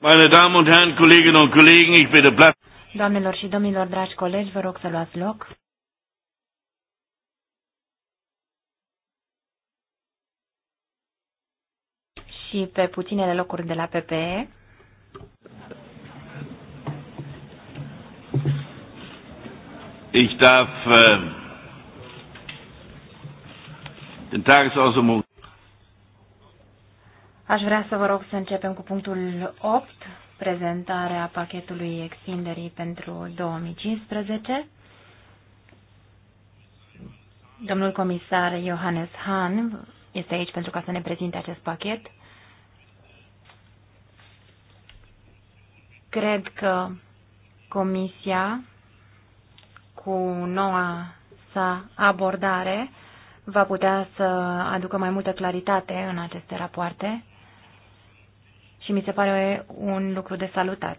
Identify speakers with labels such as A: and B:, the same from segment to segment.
A: Meine Damen
B: und Herren, Kolleginnen und Kollegen, ich bitte Platz.
A: Doamnelor și domnilor, dragi colegi, vă rog să luați loc. Și pe puținele locuri de la PPE. Ich darf äh, den Tagesordnungspunkt Aș vrea să vă rog să începem cu punctul 8, prezentarea pachetului extinderii pentru 2015. Domnul comisar Johannes Hahn este aici pentru ca să ne prezinte acest pachet. Cred că Comisia, cu noua sa abordare, va putea să aducă mai multă claritate în aceste rapoarte și mi se pare un lucru de salutat.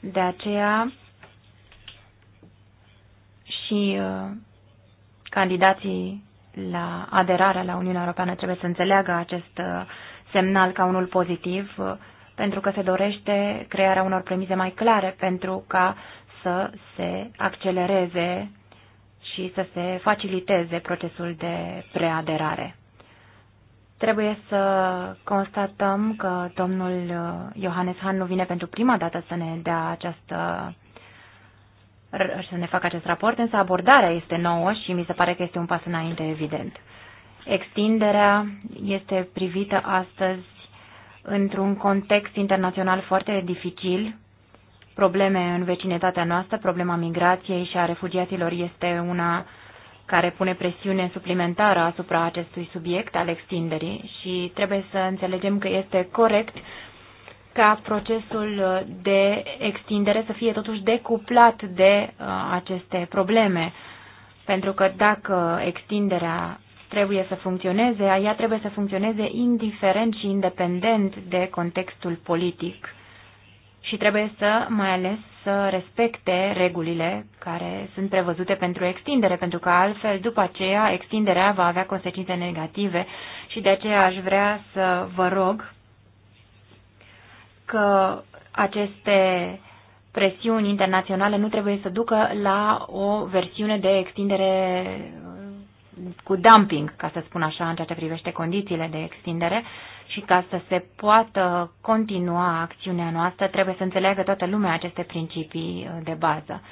A: De aceea și uh, candidații la aderarea la Uniunea Europeană trebuie să înțeleagă acest uh, semnal ca unul pozitiv, uh, pentru că se dorește crearea unor premize mai clare pentru ca să se accelereze și să se faciliteze procesul de preaderare. Trebuie să constatăm că domnul uh, Johannes Han nu vine pentru prima dată să ne dea această să ne facă acest raport, însă abordarea este nouă și mi se pare că este un pas înainte evident. Extinderea este privită astăzi într-un context internațional foarte dificil. Probleme în vecinătatea noastră, problema migrației și a refugiaților este una care pune presiune suplimentară asupra acestui subiect al extinderii și trebuie să înțelegem că este corect ca procesul de extindere să fie totuși decuplat de uh, aceste probleme. Pentru că dacă extinderea trebuie să funcționeze, ea trebuie să funcționeze indiferent și independent de contextul politic și trebuie să, mai ales, să respecte regulile care sunt prevăzute pentru extindere, pentru că altfel, după aceea, extinderea va avea consecințe negative și de aceea aș vrea să vă rog că aceste presiuni internaționale nu trebuie să ducă la o versiune de extindere cu dumping, ca să spun așa, în ceea ce privește condițiile de extindere și ca să se poată continua acțiunea noastră, trebuie să înțeleagă toată lumea aceste principii uh, de bază.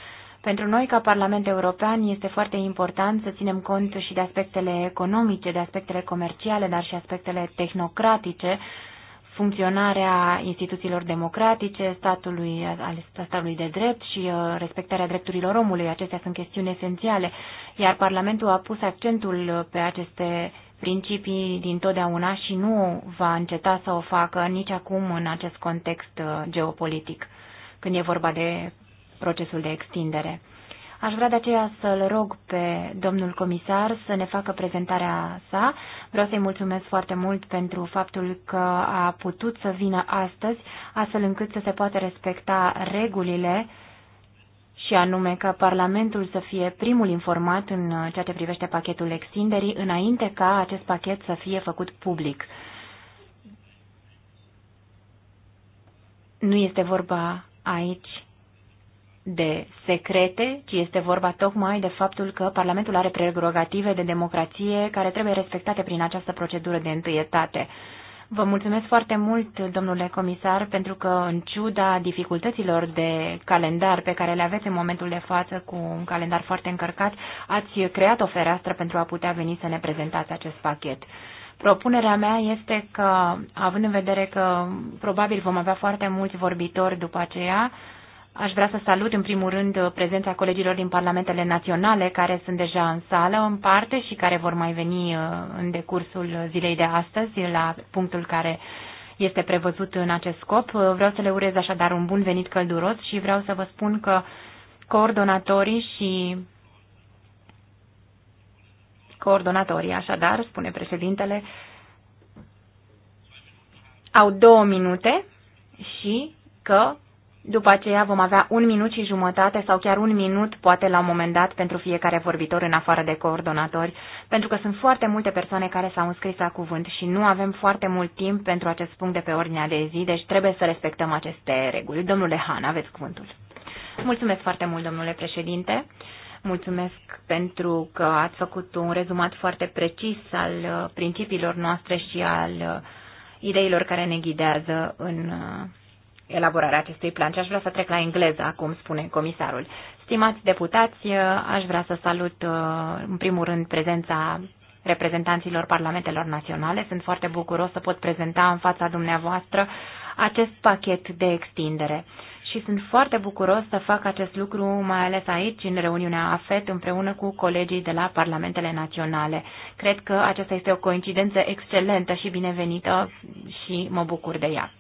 A: Pentru noi, ca Parlament European, este foarte important să ținem cont și de aspectele economice, de aspectele comerciale, dar și aspectele tehnocratice funcționarea instituțiilor democratice, statului, al statului de drept și uh, respectarea drepturilor omului. Acestea sunt chestiuni esențiale, iar Parlamentul a pus accentul pe aceste principii din totdeauna și nu va înceta să o facă nici acum în acest context uh, geopolitic, când e vorba de procesul de extindere. Aș vrea de aceea să-l rog pe domnul comisar să ne facă prezentarea sa. Vreau să-i mulțumesc foarte mult pentru faptul că a putut să vină astăzi, astfel încât să se poată respecta regulile și anume ca Parlamentul să fie primul informat în ceea ce privește pachetul extinderii, înainte ca acest pachet să fie făcut public. Nu este vorba aici de secrete, ci este vorba tocmai de faptul că Parlamentul are prerogative de democrație care trebuie respectate prin această procedură de întâietate. Vă mulțumesc foarte mult, domnule comisar, pentru că, în ciuda dificultăților de calendar pe care le aveți în momentul de față, cu un calendar foarte încărcat, ați creat o fereastră pentru a putea veni să ne prezentați acest pachet. Propunerea mea este că, având în vedere că probabil vom avea foarte mulți vorbitori după aceea, Aș vrea să salut în primul rând prezența colegilor din parlamentele naționale care sunt deja în sală în parte și care vor mai veni uh, în decursul zilei de astăzi la punctul care este prevăzut în acest scop. Uh, vreau să le urez așadar un bun venit călduros și vreau să vă spun că coordonatorii și coordonatorii, așadar, spune președintele, au două minute și că după aceea vom avea un minut și jumătate sau chiar un minut, poate la un moment dat, pentru fiecare vorbitor în afară de coordonatori, pentru că sunt foarte multe persoane care s-au înscris la cuvânt și nu avem foarte mult timp pentru acest punct de pe ordinea de zi, deci trebuie să respectăm aceste reguli. Domnule Han, aveți cuvântul. Mulțumesc foarte mult, domnule președinte. Mulțumesc pentru că ați făcut un rezumat foarte precis al uh, principiilor noastre și al uh, ideilor care ne ghidează în uh, elaborarea acestui plan. Și aș vrea să trec la engleză acum, spune comisarul. Stimați deputați, aș vrea să salut uh, în primul rând prezența reprezentanților parlamentelor naționale. Sunt foarte bucuros să pot prezenta în fața dumneavoastră acest pachet de extindere. Și sunt foarte bucuros să fac acest lucru, mai ales aici, în reuniunea AFET, împreună cu colegii de la Parlamentele Naționale. Cred că aceasta este o coincidență excelentă și binevenită și mă bucur de ea.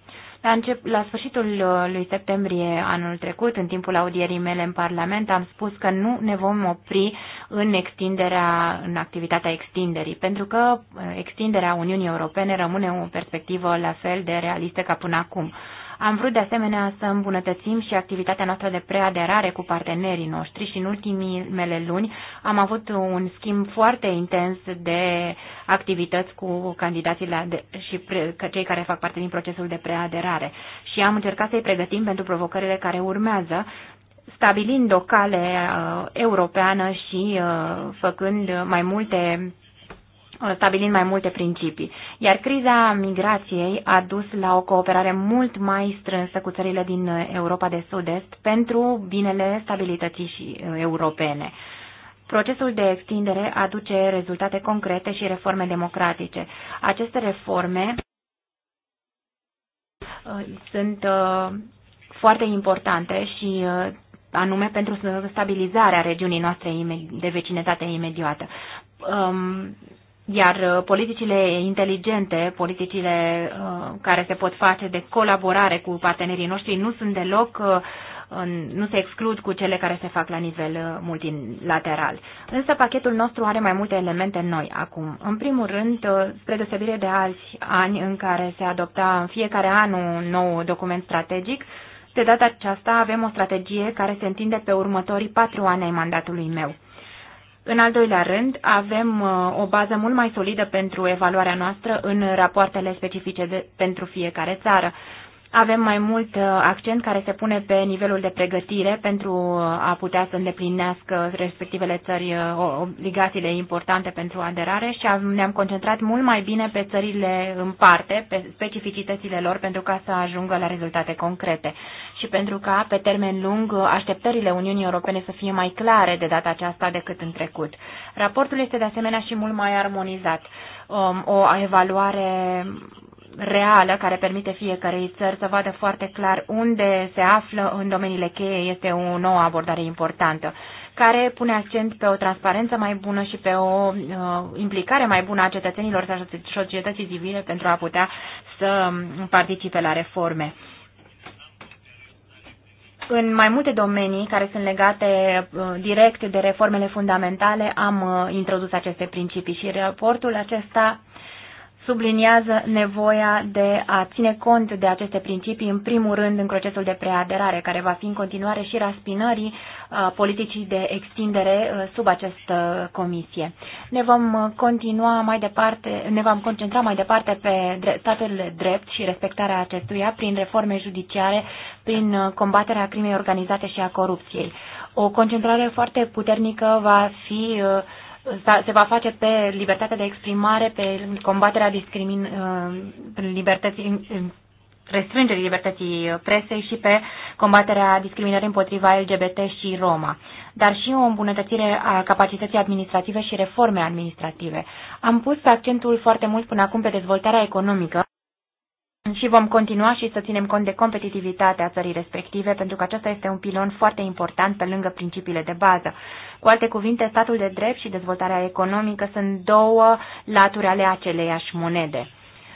A: La, încep, la sfârșitul uh, lui septembrie anul trecut, în timpul audierii mele în Parlament, am spus că nu ne vom opri în extinderea, în activitatea extinderii, pentru că uh, extinderea Uniunii Europene rămâne o perspectivă la fel de realistă ca până acum. Am vrut de asemenea să îmbunătățim și activitatea noastră de preaderare cu partenerii noștri și în ultimele luni am avut un schimb foarte intens de activități cu candidații la de- și pre- cei care fac parte din procesul de preaderare și am încercat să-i pregătim pentru provocările care urmează, stabilind o cale uh, europeană și uh, făcând mai multe stabilind mai multe principii. Iar criza migrației a dus la o cooperare mult mai strânsă cu țările din uh, Europa de Sud-Est pentru binele stabilității și uh, europene. Procesul de extindere aduce rezultate concrete și reforme democratice. Aceste reforme uh, sunt foarte importante și anume pentru stabilizarea regiunii noastre de vecinătate imediată um, iar uh, politicile inteligente, politicile uh, care se pot face de colaborare cu partenerii noștri nu sunt deloc uh, nu se exclud cu cele care se fac la nivel multilateral. Însă pachetul nostru are mai multe elemente noi acum. În primul rând, spre deosebire de alți ani în care se adopta în fiecare an un nou document strategic, de data aceasta avem o strategie care se întinde pe următorii patru ani ai mandatului meu. În al doilea rând, avem uh, o bază mult mai solidă pentru evaluarea noastră în rapoartele specifice de, pentru fiecare țară avem mai mult uh, accent care se pune pe nivelul de pregătire pentru uh, a putea să îndeplinească respectivele țări uh, obligațiile importante pentru aderare și ne-am concentrat mult mai bine pe țările în parte, pe specificitățile lor pentru ca să ajungă la rezultate concrete și pentru ca pe termen lung așteptările Uniunii Europene să fie mai clare de data aceasta decât în trecut. Raportul este de asemenea și mult mai armonizat. Um, o evaluare reală care permite fiecarei țări să vadă foarte clar unde se află în domeniile cheie este o nouă abordare importantă care pune accent pe o transparență mai bună și pe o uh, implicare mai bună a cetățenilor și a societății civile pentru a putea să participe la reforme. În mai multe domenii care sunt legate uh, direct de reformele fundamentale am uh, introdus aceste principii și raportul acesta subliniază nevoia de a ține cont de aceste principii, în primul rând în procesul de preaderare, care va fi în continuare și raspinării uh, politicii de extindere uh, sub această uh, comisie. Ne vom continua mai departe, ne vom concentra mai departe pe statul drept și respectarea acestuia prin reforme judiciare, prin combaterea crimei organizate și a corupției. O concentrare foarte puternică va fi uh, se va face pe libertatea de exprimare, pe combaterea discrimin, uh, libertății, restrângerii libertății presei și pe combaterea discriminării împotriva LGBT și Roma, dar și o îmbunătățire a capacității administrative și reforme administrative. Am pus accentul foarte mult până acum pe dezvoltarea economică și vom continua și să ținem cont de competitivitatea țării respective, pentru că acesta este un pilon foarte important pe lângă principiile de bază. Cu alte cuvinte, statul de drept și dezvoltarea economică sunt două laturi ale aceleiași monede.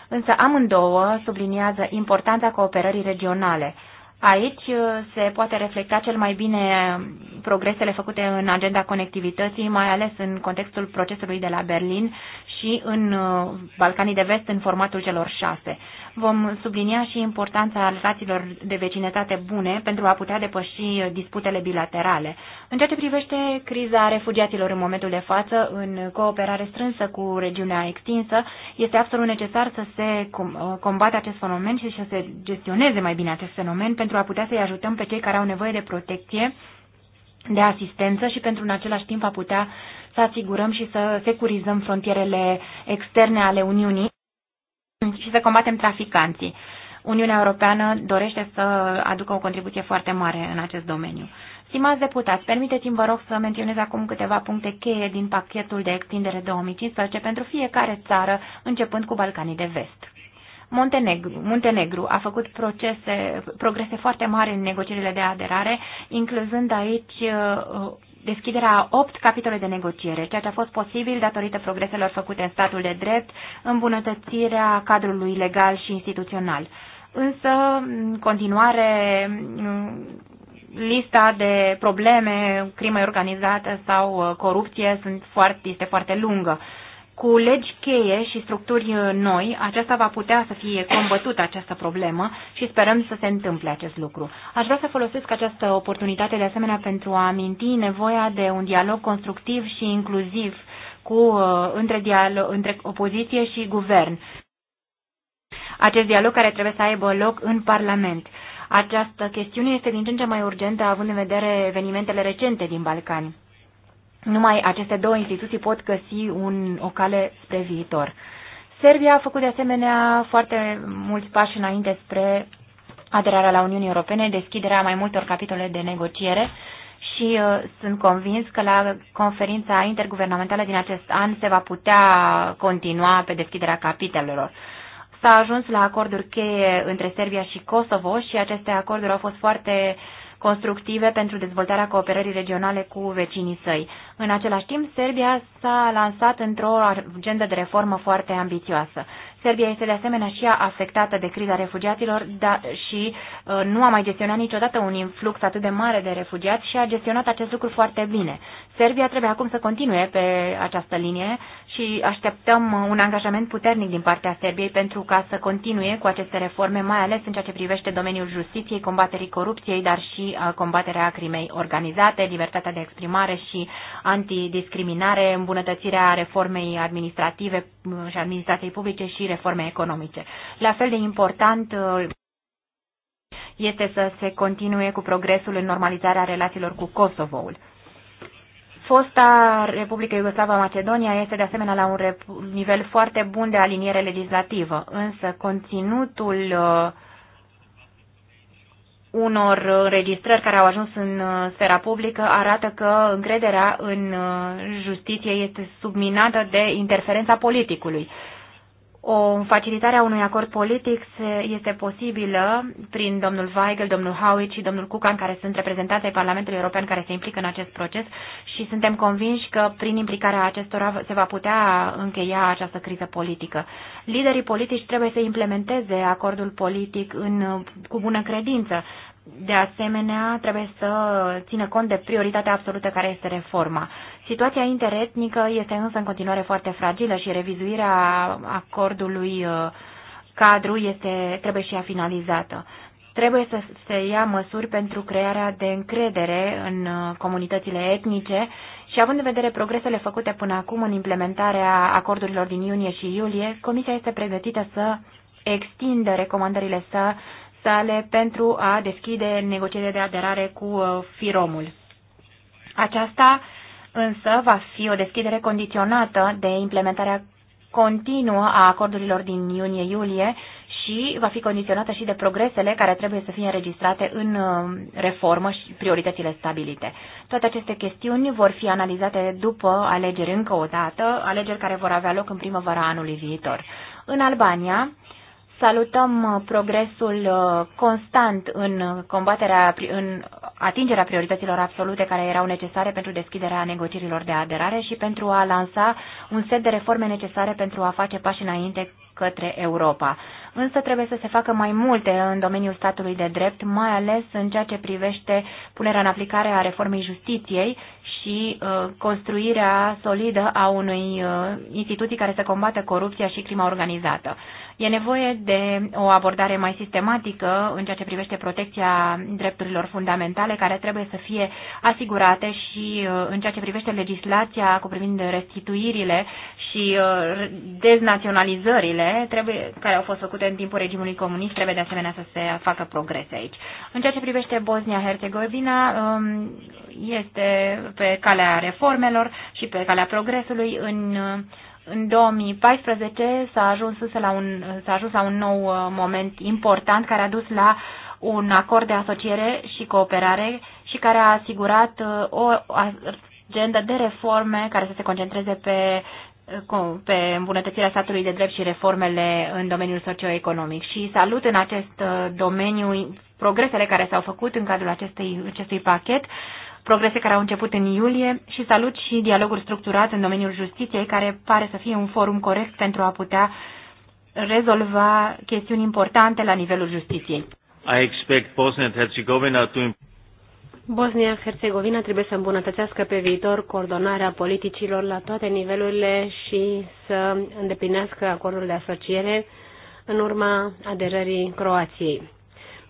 A: Însă amândouă subliniază importanța cooperării regionale. Aici uh, se poate reflecta cel mai bine um, progresele făcute în agenda conectivității, mai ales în contextul procesului de la Berlin și în uh, Balcanii de Vest în formatul celor șase. Vom sublinia și importanța relațiilor de vecinătate bune pentru a putea depăși disputele bilaterale. În ceea ce privește criza refugiaților în momentul de față, în cooperare strânsă cu regiunea extinsă, este absolut necesar să se combate acest fenomen și să se gestioneze mai bine acest fenomen pentru a putea să-i ajutăm pe cei care au nevoie de protecție de asistență și pentru în același timp a putea să asigurăm și să securizăm frontierele externe ale Uniunii și să combatem traficanții. Uniunea Europeană dorește să aducă o contribuție foarte mare în acest domeniu. Stimați deputați, permiteți-mi, vă rog, să menționez acum câteva puncte cheie din pachetul de extindere 2015 pentru fiecare țară, începând cu Balcanii de Vest. Montenegru, Montenegru a făcut procese, progrese foarte mari în negocierile de aderare, incluzând aici uh, deschiderea a opt capitole de negociere, ceea ce a fost posibil datorită progreselor făcute în statul de drept, îmbunătățirea cadrului legal și instituțional. Însă, în continuare, lista de probleme, crimă organizată sau uh, corupție sunt foarte, este foarte lungă cu legi cheie și structuri uh, noi, aceasta va putea să fie combătută această problemă și sperăm să se întâmple acest lucru. Aș vrea să folosesc această oportunitate de asemenea pentru a aminti nevoia de un dialog constructiv și inclusiv cu, uh, între, dialog, între opoziție și guvern. Acest dialog care trebuie să aibă loc în Parlament. Această chestiune este din ce în ce mai urgentă având în vedere evenimentele recente din Balcani. Numai aceste două instituții pot găsi un, o cale spre viitor. Serbia a făcut de asemenea foarte mulți pași înainte spre aderarea la Uniunea Europene, deschiderea mai multor capitole de negociere și uh, sunt convins că la conferința interguvernamentală din acest an se va putea continua pe deschiderea capitolelor. S-a ajuns la acorduri cheie între Serbia și Kosovo și aceste acorduri au fost foarte uh, constructive pentru dezvoltarea cooperării regionale cu vecinii săi. În același timp, Serbia s-a lansat într-o agendă de reformă foarte ambițioasă. Serbia este de asemenea și ea afectată de criza refugiaților da, și uh, nu a mai gestionat niciodată un influx atât de mare de refugiați și a gestionat acest lucru foarte bine. Serbia trebuie acum să continue pe această linie și așteptăm un angajament puternic din partea Serbiei pentru ca să continue cu aceste reforme, mai ales în ceea ce privește domeniul justiției, combaterii corupției, dar și uh, combaterea crimei organizate, libertatea de exprimare și antidiscriminare, îmbunătățirea reformei administrative uh, și administrației publice și reforme economice. La fel de important uh, este să se continue cu progresul în normalizarea relațiilor cu Kosovoul. Fosta Republica Iugoslavă Macedonia este de asemenea la un nivel foarte bun de aliniere legislativă, însă conținutul uh, unor înregistrări care au ajuns în uh, sfera publică arată că încrederea în justiție este subminată de interferența politicului o facilitare a unui acord politic este posibilă prin domnul Weigel, domnul Howitt și domnul Cucan, care sunt reprezentanți ai Parlamentului European care se implică în acest proces și suntem convinși că prin implicarea acestora se va putea încheia această criză politică. Liderii politici trebuie să implementeze acordul politic în, cu bună credință de asemenea, trebuie să țină cont de prioritatea absolută care este reforma. Situația interetnică este însă în continuare foarte fragilă și revizuirea acordului uh, cadru este, trebuie și ea finalizată. Trebuie să se ia măsuri pentru crearea de încredere în uh, comunitățile etnice și având în vedere progresele făcute până acum în implementarea acordurilor din iunie și iulie, Comisia este pregătită să extindă recomandările sa sale pentru a deschide negocierile de aderare cu uh, Firomul. Aceasta însă va fi o deschidere condiționată de implementarea continuă a acordurilor din iunie-iulie și va fi condiționată și de progresele care trebuie să fie înregistrate în uh, reformă și prioritățile stabilite. Toate aceste chestiuni vor fi analizate după alegeri încă o dată, alegeri care vor avea loc în primăvara anului viitor. În Albania, Salutăm uh, progresul uh, constant în uh, combaterea, în atingerea priorităților absolute care erau necesare pentru deschiderea negocierilor de aderare și pentru a lansa un set de reforme necesare pentru a face pași înainte către Europa. Însă trebuie să se facă mai multe în domeniul statului de drept, mai ales în ceea ce privește punerea în aplicare a reformei justiției și uh, construirea solidă a unui uh, instituții care să combată corupția și crima organizată. E nevoie de o abordare mai sistematică în ceea ce privește protecția drepturilor fundamentale care trebuie să fie asigurate și uh, în ceea ce privește legislația cu privind restituirile și uh, deznaționalizările trebuie, care au fost făcute în timpul regimului comunist, trebuie de asemenea să se facă progrese aici. În ceea ce privește Bosnia-Herzegovina, um, este pe calea reformelor și pe calea progresului în uh, în 2014 s-a ajuns, la un, s-a ajuns la un nou uh, moment important care a dus la un acord de asociere și cooperare și care a asigurat uh, o agenda de reforme care să se concentreze pe uh, pe îmbunătățirea statului de drept și reformele în domeniul socioeconomic. Și salut în acest domeniu progresele care s-au făcut în cadrul acestei, acestui pachet progrese care au început în iulie și salut și dialogul structurat în domeniul justiției, care pare să fie un forum corect pentru a putea rezolva chestiuni importante la nivelul justiției.
B: I expect Bosnia and Herzegovina to
C: Bosnia-Herzegovina trebuie să îmbunătățească pe viitor coordonarea politicilor la toate nivelurile și să îndeplinească acordul de asociere în urma aderării Croației.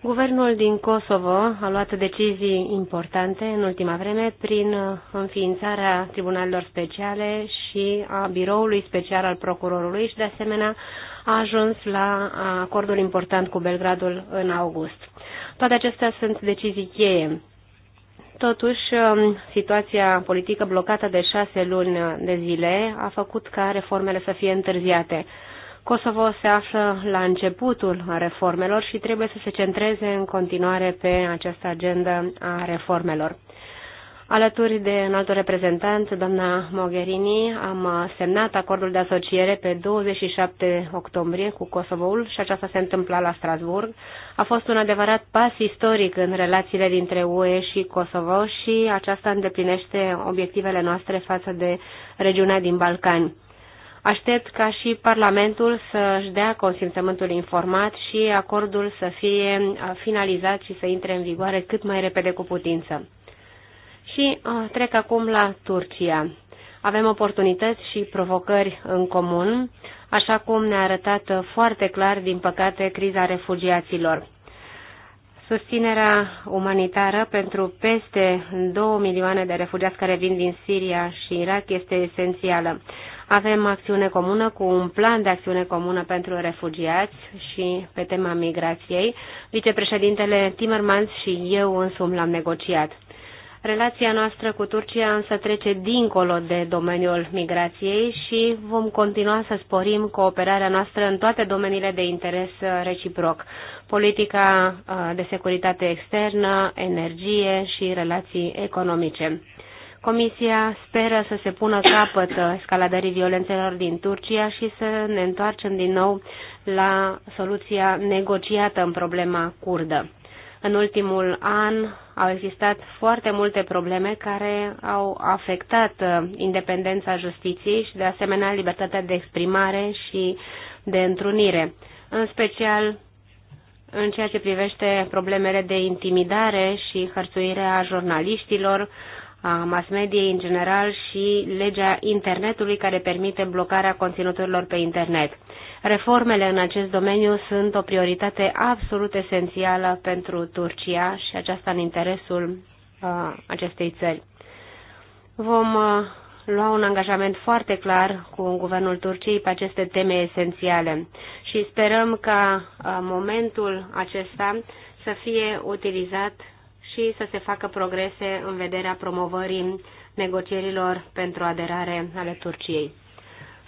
C: Guvernul din Kosovo a luat decizii importante în ultima vreme prin uh, înființarea tribunalelor speciale și a biroului special al procurorului și, de asemenea, a ajuns la acordul important cu Belgradul în august. Toate acestea sunt decizii cheie. Totuși, um, situația politică blocată de șase luni de zile a făcut ca reformele să fie întârziate. Kosovo se află la începutul reformelor și trebuie să se centreze în continuare pe această agendă a reformelor. Alături de un alt reprezentant, doamna Mogherini, am semnat acordul de asociere pe 27 octombrie cu Kosovoul și aceasta se întâmpla la Strasburg. A fost un adevărat pas istoric în relațiile dintre UE și Kosovo și aceasta îndeplinește obiectivele noastre față de regiunea din Balcani. Aștept ca și Parlamentul să-și dea consimțământul informat și acordul să fie finalizat și să intre în vigoare cât mai repede cu putință. Și trec acum la Turcia. Avem oportunități și provocări în comun, așa cum ne-a arătat foarte clar, din păcate, criza refugiaților. Susținerea umanitară pentru peste 2 milioane de refugiați care vin din Siria și Irak este esențială. Avem acțiune comună cu un plan de acțiune comună pentru refugiați și pe tema migrației. Vicepreședintele Timmermans și eu însumi l-am negociat. Relația noastră cu Turcia însă trece dincolo de domeniul migrației și vom continua să sporim cooperarea noastră în toate domeniile de interes reciproc. Politica uh, de securitate externă, energie și relații economice. Comisia speră să se pună capăt escaladării violențelor din Turcia și să ne întoarcem din nou la soluția negociată în problema curdă. În ultimul an au existat foarte multe probleme care au afectat independența justiției și, de asemenea, libertatea de exprimare și de întrunire, în special în ceea ce privește problemele de intimidare și hărțuirea jurnaliștilor, a mass mediei în general și legea internetului care permite blocarea conținuturilor pe internet. Reformele în acest domeniu sunt o prioritate absolut esențială pentru Turcia și aceasta în interesul uh, acestei țări. Vom uh, lua un angajament foarte clar cu guvernul Turciei pe aceste teme esențiale și sperăm ca uh, momentul acesta să fie utilizat și să se facă progrese în vederea promovării negocierilor pentru aderare ale Turciei.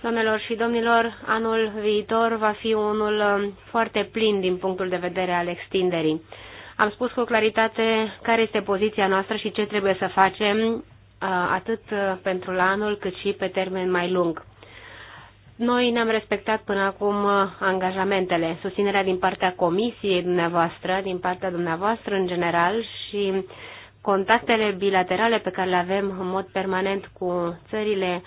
C: Doamnelor și domnilor, anul viitor va fi unul um, foarte plin din punctul de vedere al extinderii. Am spus cu claritate care este poziția noastră și ce trebuie să facem uh, atât uh, pentru la anul cât și pe termen mai lung. Noi ne-am respectat până acum uh, angajamentele, susținerea din partea comisiei dumneavoastră, din partea dumneavoastră în general și contactele bilaterale pe care le avem în mod permanent cu țările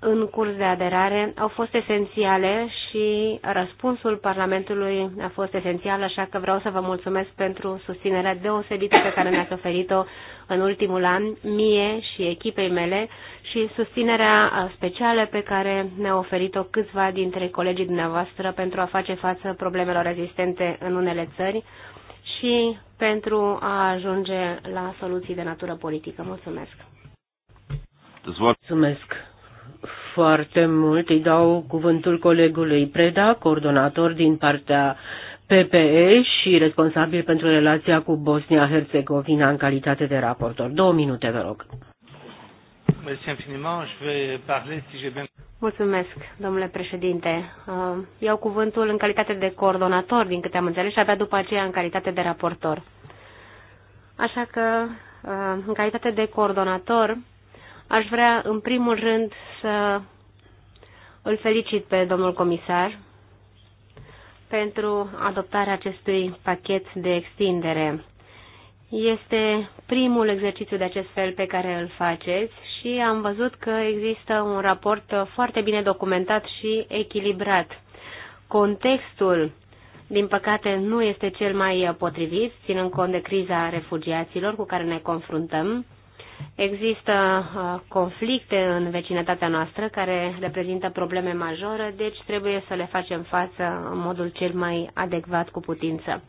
C: în curs de aderare au fost esențiale și răspunsul Parlamentului a fost esențial, așa că vreau să vă mulțumesc pentru susținerea deosebită pe care mi-ați oferit-o în ultimul an, mie și echipei mele, și susținerea specială pe care ne-a oferit-o câțiva dintre colegii dumneavoastră pentru a face față problemelor rezistente în unele țări și pentru a ajunge la soluții de natură politică. Mulțumesc!
B: Mulțumesc! foarte mult. Îi dau cuvântul colegului Preda, coordonator din partea PPE și responsabil pentru relația cu Bosnia-Herzegovina în calitate de raportor. Două minute, vă rog.
C: Mulțumesc, domnule președinte. Uh, iau cuvântul în calitate de coordonator, din câte am înțeles, și abia după aceea în calitate de raportor. Așa că, uh, în calitate de coordonator, Aș vrea, în primul rând, să îl felicit pe domnul comisar pentru adoptarea acestui pachet de extindere. Este primul exercițiu de acest fel pe care îl faceți și am văzut că există un raport foarte bine documentat și echilibrat. Contextul, din păcate, nu este cel mai potrivit, ținând cont de criza refugiaților cu care ne confruntăm, Există uh, conflicte în vecinătatea noastră care reprezintă probleme majore, deci trebuie să le facem față în modul cel mai adecvat cu putință.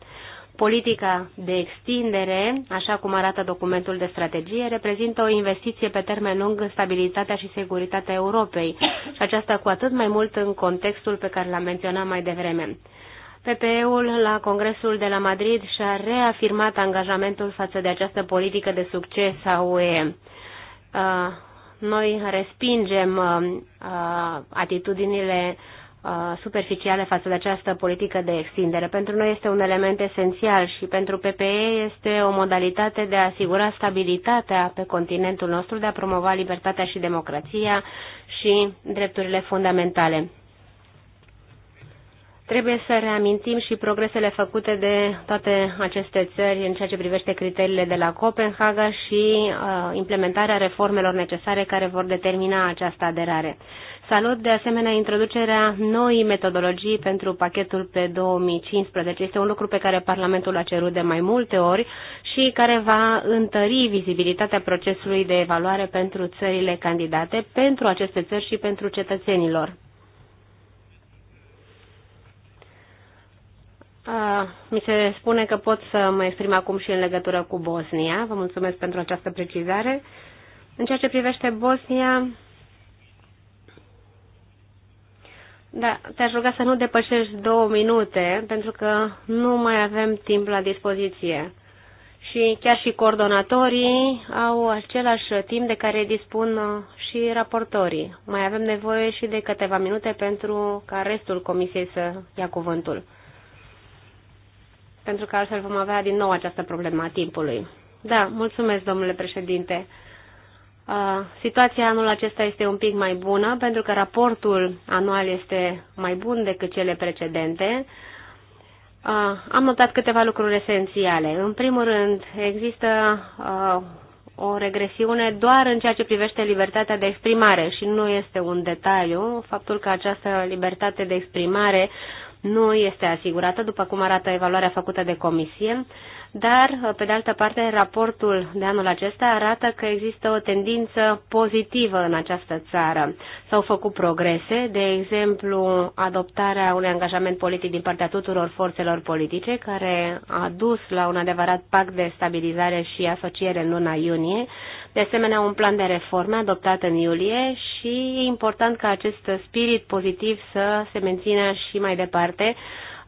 C: Politica de extindere, așa cum arată documentul de strategie, reprezintă o investiție pe termen lung în stabilitatea și securitatea Europei și aceasta cu atât mai mult în contextul pe care l-am menționat mai devreme. PPE-ul la Congresul de la Madrid și-a reafirmat angajamentul față de această politică de succes a UE. Uh, noi respingem uh, uh, atitudinile superficiale față de această politică de extindere. Pentru noi este un element esențial și pentru PPE este o modalitate de a asigura stabilitatea pe continentul nostru, de a promova libertatea și democrația și drepturile fundamentale. Trebuie să reamintim și progresele făcute de toate aceste țări în ceea ce privește criteriile de la Copenhaga și uh, implementarea reformelor necesare care vor determina această aderare. Salut de asemenea introducerea noii metodologii pentru pachetul pe 2015. Este un lucru pe care Parlamentul a cerut de mai multe ori și care va întări vizibilitatea procesului de evaluare pentru țările candidate, pentru aceste țări și pentru cetățenilor. Mi se spune că pot să mă exprim acum și în legătură cu Bosnia. Vă mulțumesc pentru această precizare. În ceea ce privește Bosnia, da, te-aș ruga să nu depășești două minute, pentru că nu mai avem timp la dispoziție. Și chiar și coordonatorii au același timp de care dispun și raportorii. Mai avem nevoie și de câteva minute pentru ca restul comisiei să ia cuvântul pentru că altfel vom avea din nou această problemă a timpului. Da, mulțumesc, domnule președinte. Uh, situația anul acesta este un pic mai bună, pentru că raportul anual este mai bun decât cele precedente. Uh, am notat câteva lucruri esențiale. În primul rând, există uh, o regresiune doar în ceea ce privește libertatea de exprimare și nu este un detaliu faptul că această libertate de exprimare nu este asigurată, după cum arată evaluarea făcută de comisie, dar, pe de altă parte, raportul de anul acesta arată că există o tendință pozitivă în această țară. S-au făcut progrese, de exemplu, adoptarea unui angajament politic din partea tuturor forțelor politice, care a dus la un adevărat pact de stabilizare și asociere în luna iunie, de asemenea un plan de reforme adoptat în iulie și e important ca acest spirit pozitiv să se mențină și mai departe,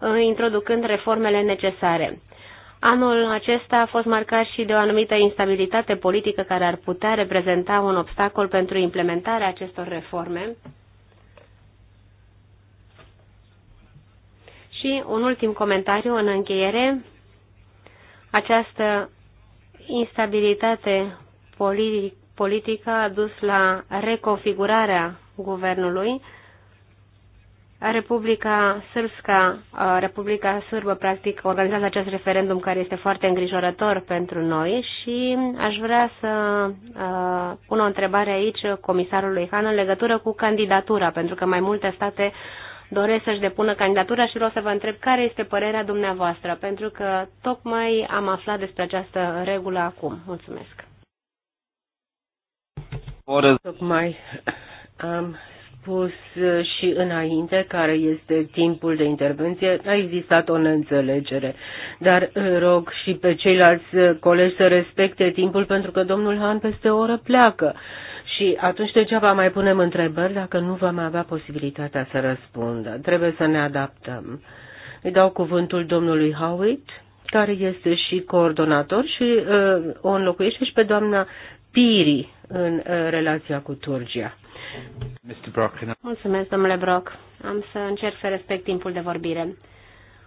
C: uh, introducând reformele necesare. Anul acesta a fost marcat și de o anumită instabilitate politică care ar putea reprezenta un obstacol pentru implementarea acestor reforme. Și un ultim comentariu în încheiere. Această instabilitate politic, politică a dus la reconfigurarea guvernului. Republica Sârbska, Republica Sârbă, practic, organizează acest referendum care este foarte îngrijorător pentru noi și aș vrea să uh, pun o întrebare aici comisarului Han în legătură cu candidatura, pentru că mai multe state doresc să-și depună candidatura și vreau să vă întreb care este părerea dumneavoastră, pentru că tocmai am aflat despre
B: această regulă acum. Mulțumesc. Tocmai am spus uh, și înainte care este timpul de intervenție. A existat o neînțelegere, dar uh, rog și pe ceilalți uh, colegi să respecte timpul pentru că domnul Han peste o oră pleacă și atunci degeaba mai punem întrebări dacă nu vom avea posibilitatea să răspundă. Trebuie să ne adaptăm. Îi dau cuvântul domnului Howitt, care este și coordonator și uh, o înlocuiește și pe doamna Piri, în uh, relația cu Turgia. Mulțumesc, domnule Brock. Am să încerc să respect timpul de
C: vorbire.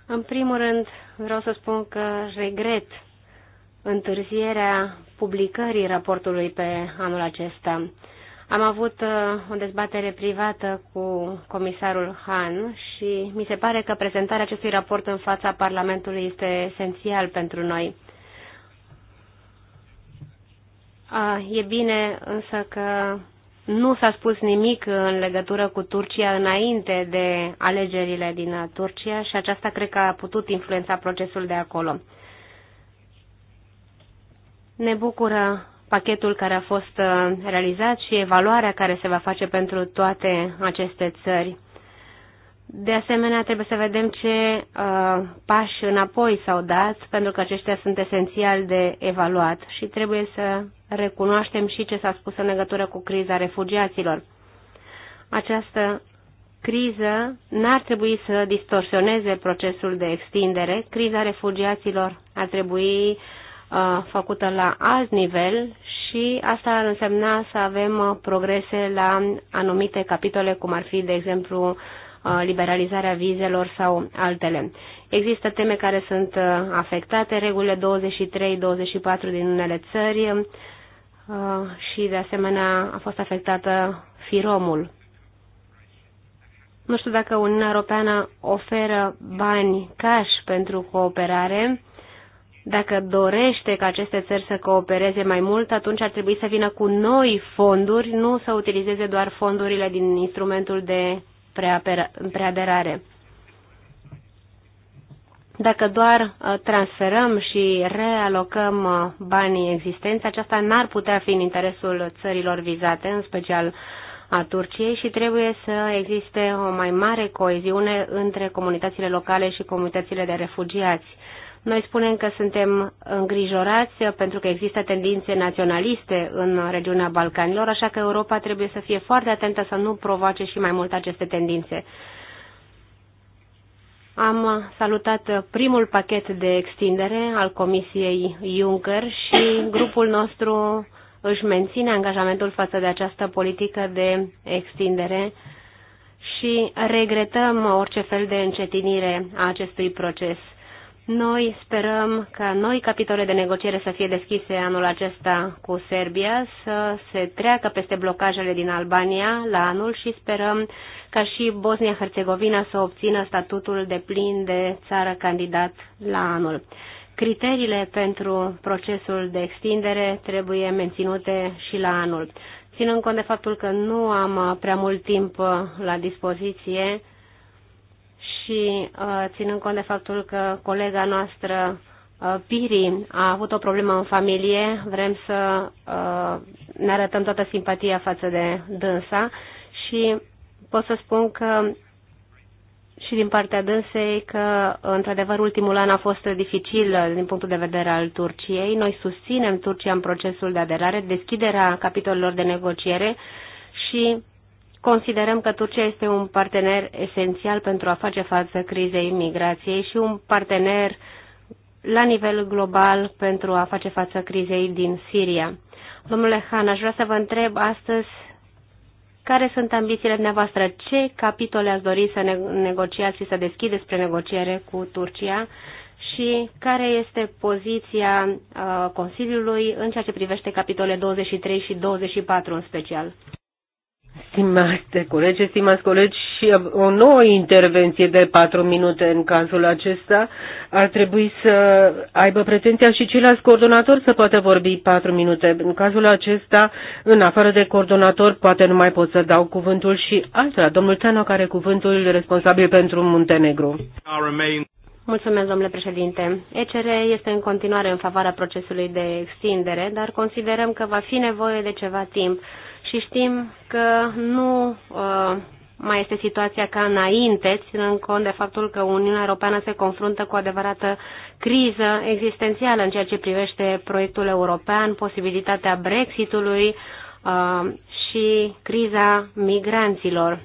C: În primul rând, vreau să spun că regret întârzierea publicării raportului pe anul acesta. Am avut uh, o dezbatere privată cu comisarul Han și mi se pare că prezentarea acestui raport în fața Parlamentului este esențial pentru noi. E bine însă că nu s-a spus nimic în legătură cu Turcia înainte de alegerile din Turcia și aceasta cred că a putut influența procesul de acolo. Ne bucură pachetul care a fost uh, realizat și evaluarea care se va face pentru toate aceste țări. De asemenea, trebuie să vedem ce uh, pași înapoi s-au dat, pentru că aceștia sunt esențial de evaluat și trebuie să recunoaștem și ce s-a spus în legătură cu criza refugiaților. Această criză n-ar trebui să distorsioneze procesul de extindere. Criza refugiaților ar trebui uh, făcută la alt nivel și asta ar însemna să avem uh, progrese la anumite capitole, cum ar fi, de exemplu, liberalizarea vizelor sau altele. Există teme care sunt afectate, regulile 23-24 din unele țări și de asemenea a fost afectată firomul. Nu știu dacă Uniunea Europeană oferă bani cash pentru cooperare. Dacă dorește ca aceste țări să coopereze mai mult, atunci ar trebui să vină cu noi fonduri, nu să utilizeze doar fondurile din instrumentul de preaderare. Dacă doar uh, transferăm și realocăm uh, banii existenți, aceasta n-ar putea fi în interesul țărilor vizate, în special a Turciei și trebuie să existe o mai mare coeziune între comunitățile locale și comunitățile de refugiați. Noi spunem că suntem îngrijorați pentru că există tendințe naționaliste în regiunea Balcanilor, așa că Europa trebuie să fie foarte atentă să nu provoace și mai mult aceste tendințe. Am salutat primul pachet de extindere al Comisiei Juncker și grupul nostru își menține angajamentul față de această politică de extindere și regretăm orice fel de încetinire a acestui proces. Noi sperăm ca noi capitole de negociere să fie deschise anul acesta cu Serbia, să se treacă peste blocajele din Albania la anul și sperăm ca și Bosnia-Herzegovina să obțină statutul de plin de țară candidat la anul. Criteriile pentru procesul de extindere trebuie menținute și la anul. Ținând cont de faptul că nu am prea mult timp la dispoziție, și uh, ținând cont de faptul că colega noastră uh, Piri a avut o problemă în familie, vrem să uh, ne arătăm toată simpatia față de dânsa și pot să spun că și din partea dânsei că, într-adevăr, ultimul an a fost dificil din punctul de vedere al Turciei. Noi susținem Turcia în procesul de aderare, deschiderea capitolelor de negociere și Considerăm că Turcia este un partener esențial pentru a face față crizei migrației și un partener la nivel global pentru a face față crizei din Siria. Domnule Han, aș vrea să vă întreb astăzi care sunt ambițiile dumneavoastră, ce capitole ați dori să negociați și să deschideți spre negociere cu Turcia și care este poziția uh, Consiliului în ceea ce privește capitole 23 și 24 în special.
B: Stimate colegi, stimați colegi, și o nouă intervenție de patru minute în cazul acesta ar trebui să aibă pretenția și ceilalți coordonatori să poată vorbi patru minute. În cazul acesta, în afară de coordonator, poate nu mai pot să dau cuvântul și altora. Domnul Țano, care cuvântul responsabil pentru Muntenegru.
C: Mulțumesc, domnule președinte. ECR este în continuare în favoarea procesului de extindere, dar considerăm că va fi nevoie de ceva timp și știm că nu uh, mai este situația ca înainte, ținând cont de faptul că Uniunea Europeană se confruntă cu o adevărată criză existențială în ceea ce privește proiectul european, posibilitatea Brexitului uh, și criza migranților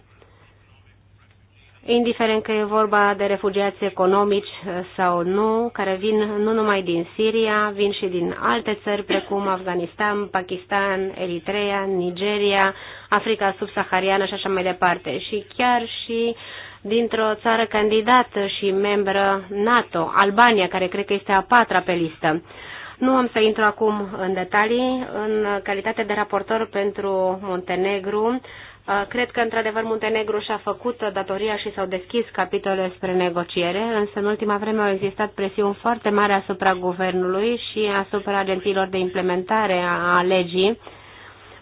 C: indiferent că e vorba de refugiați economici eh, sau nu, care vin nu numai din Siria, vin și din alte țări precum Afganistan, Pakistan, Eritrea, Nigeria, Africa subsahariană și așa mai departe. Și chiar și dintr-o țară candidată și membră NATO, Albania, care cred că este a patra pe listă. Nu am să intru acum în detalii. În calitate de raportor pentru Montenegru, Uh, cred că, într-adevăr, Muntenegru și-a făcut datoria și s-au deschis capitole spre negociere, însă în ultima vreme au existat presiuni foarte mari asupra guvernului și asupra agențiilor de implementare a legii.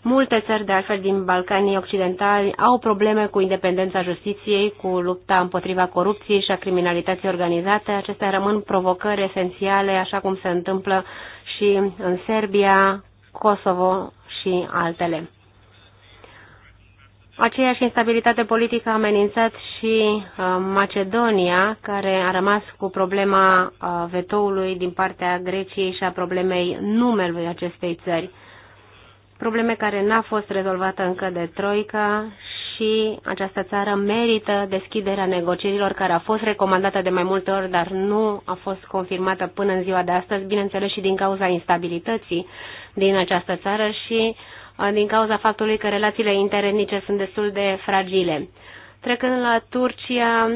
C: Multe țări, de altfel, din Balcanii Occidentali au probleme cu independența justiției, cu lupta împotriva corupției și a criminalității organizate. Acestea rămân provocări esențiale, așa cum se întâmplă și în Serbia, Kosovo și altele. Aceeași instabilitate politică a amenințat și uh, Macedonia, care a rămas cu problema uh, vetoului din partea Greciei și a problemei numelui acestei țări. Probleme care n-a fost rezolvată încă de Troica și această țară merită deschiderea negocierilor care a fost recomandată de mai multe ori, dar nu a fost confirmată până în ziua de astăzi, bineînțeles și din cauza instabilității din această țară și uh, din cauza faptului că relațiile interetnice sunt destul de fragile. Trecând la Turcia,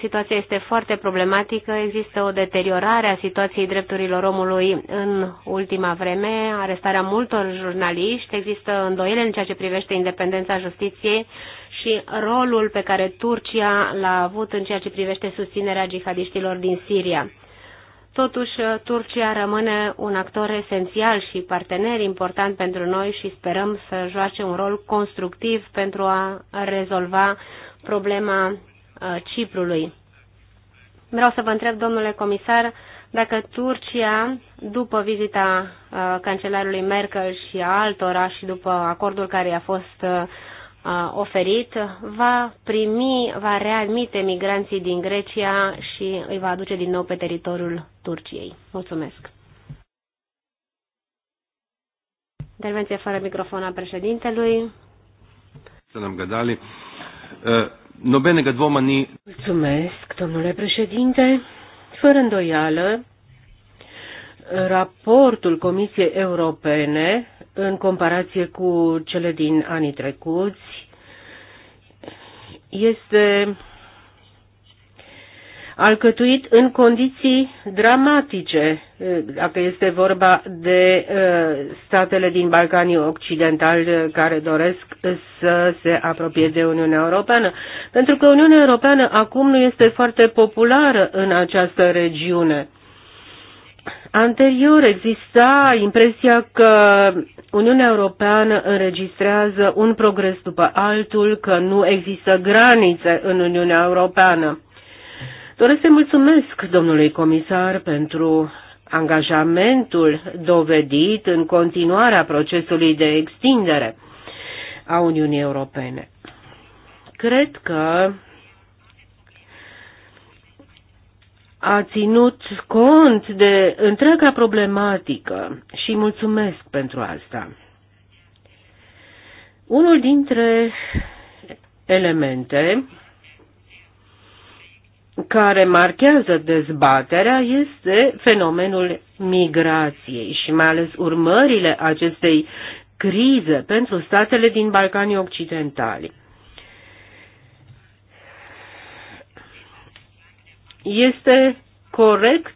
C: situația este foarte problematică. Există o deteriorare a situației drepturilor omului în ultima vreme, arestarea multor jurnaliști, există îndoiele în ceea ce privește independența justiției și rolul pe care Turcia l-a avut în ceea ce privește susținerea jihadiștilor din Siria. Totuși, Turcia rămâne un actor esențial și partener important pentru noi și sperăm să joace un rol constructiv pentru a rezolva problema uh, Ciprului. Vreau să vă întreb, domnule comisar, dacă Turcia, după vizita uh, cancelarului Merkel și a altora și după acordul care a fost uh, oferit va primi, va readmite migranții din Grecia și îi va aduce din nou pe teritoriul Turciei. Mulțumesc. Intervenție fără microfon a președintelui.
B: Să ne Mulțumesc, domnule președinte. Fără îndoială, raportul Comisiei Europene în comparație cu cele din anii trecuți este alcătuit în condiții dramatice, dacă este vorba de uh, statele din Balcanii Occidentali care doresc să se apropie de Uniunea Europeană, pentru că Uniunea Europeană acum nu este foarte populară în această regiune. Anterior exista impresia că Uniunea Europeană înregistrează un progres după altul, că nu există granițe în Uniunea Europeană. Doresc să mulțumesc domnului comisar pentru angajamentul dovedit în continuarea procesului de extindere a Uniunii Europene. Cred că a ținut cont de întreaga problematică și mulțumesc pentru asta. Unul dintre elemente care marchează dezbaterea este fenomenul migrației și mai ales urmările acestei crize pentru statele din Balcanii Occidentali. este corect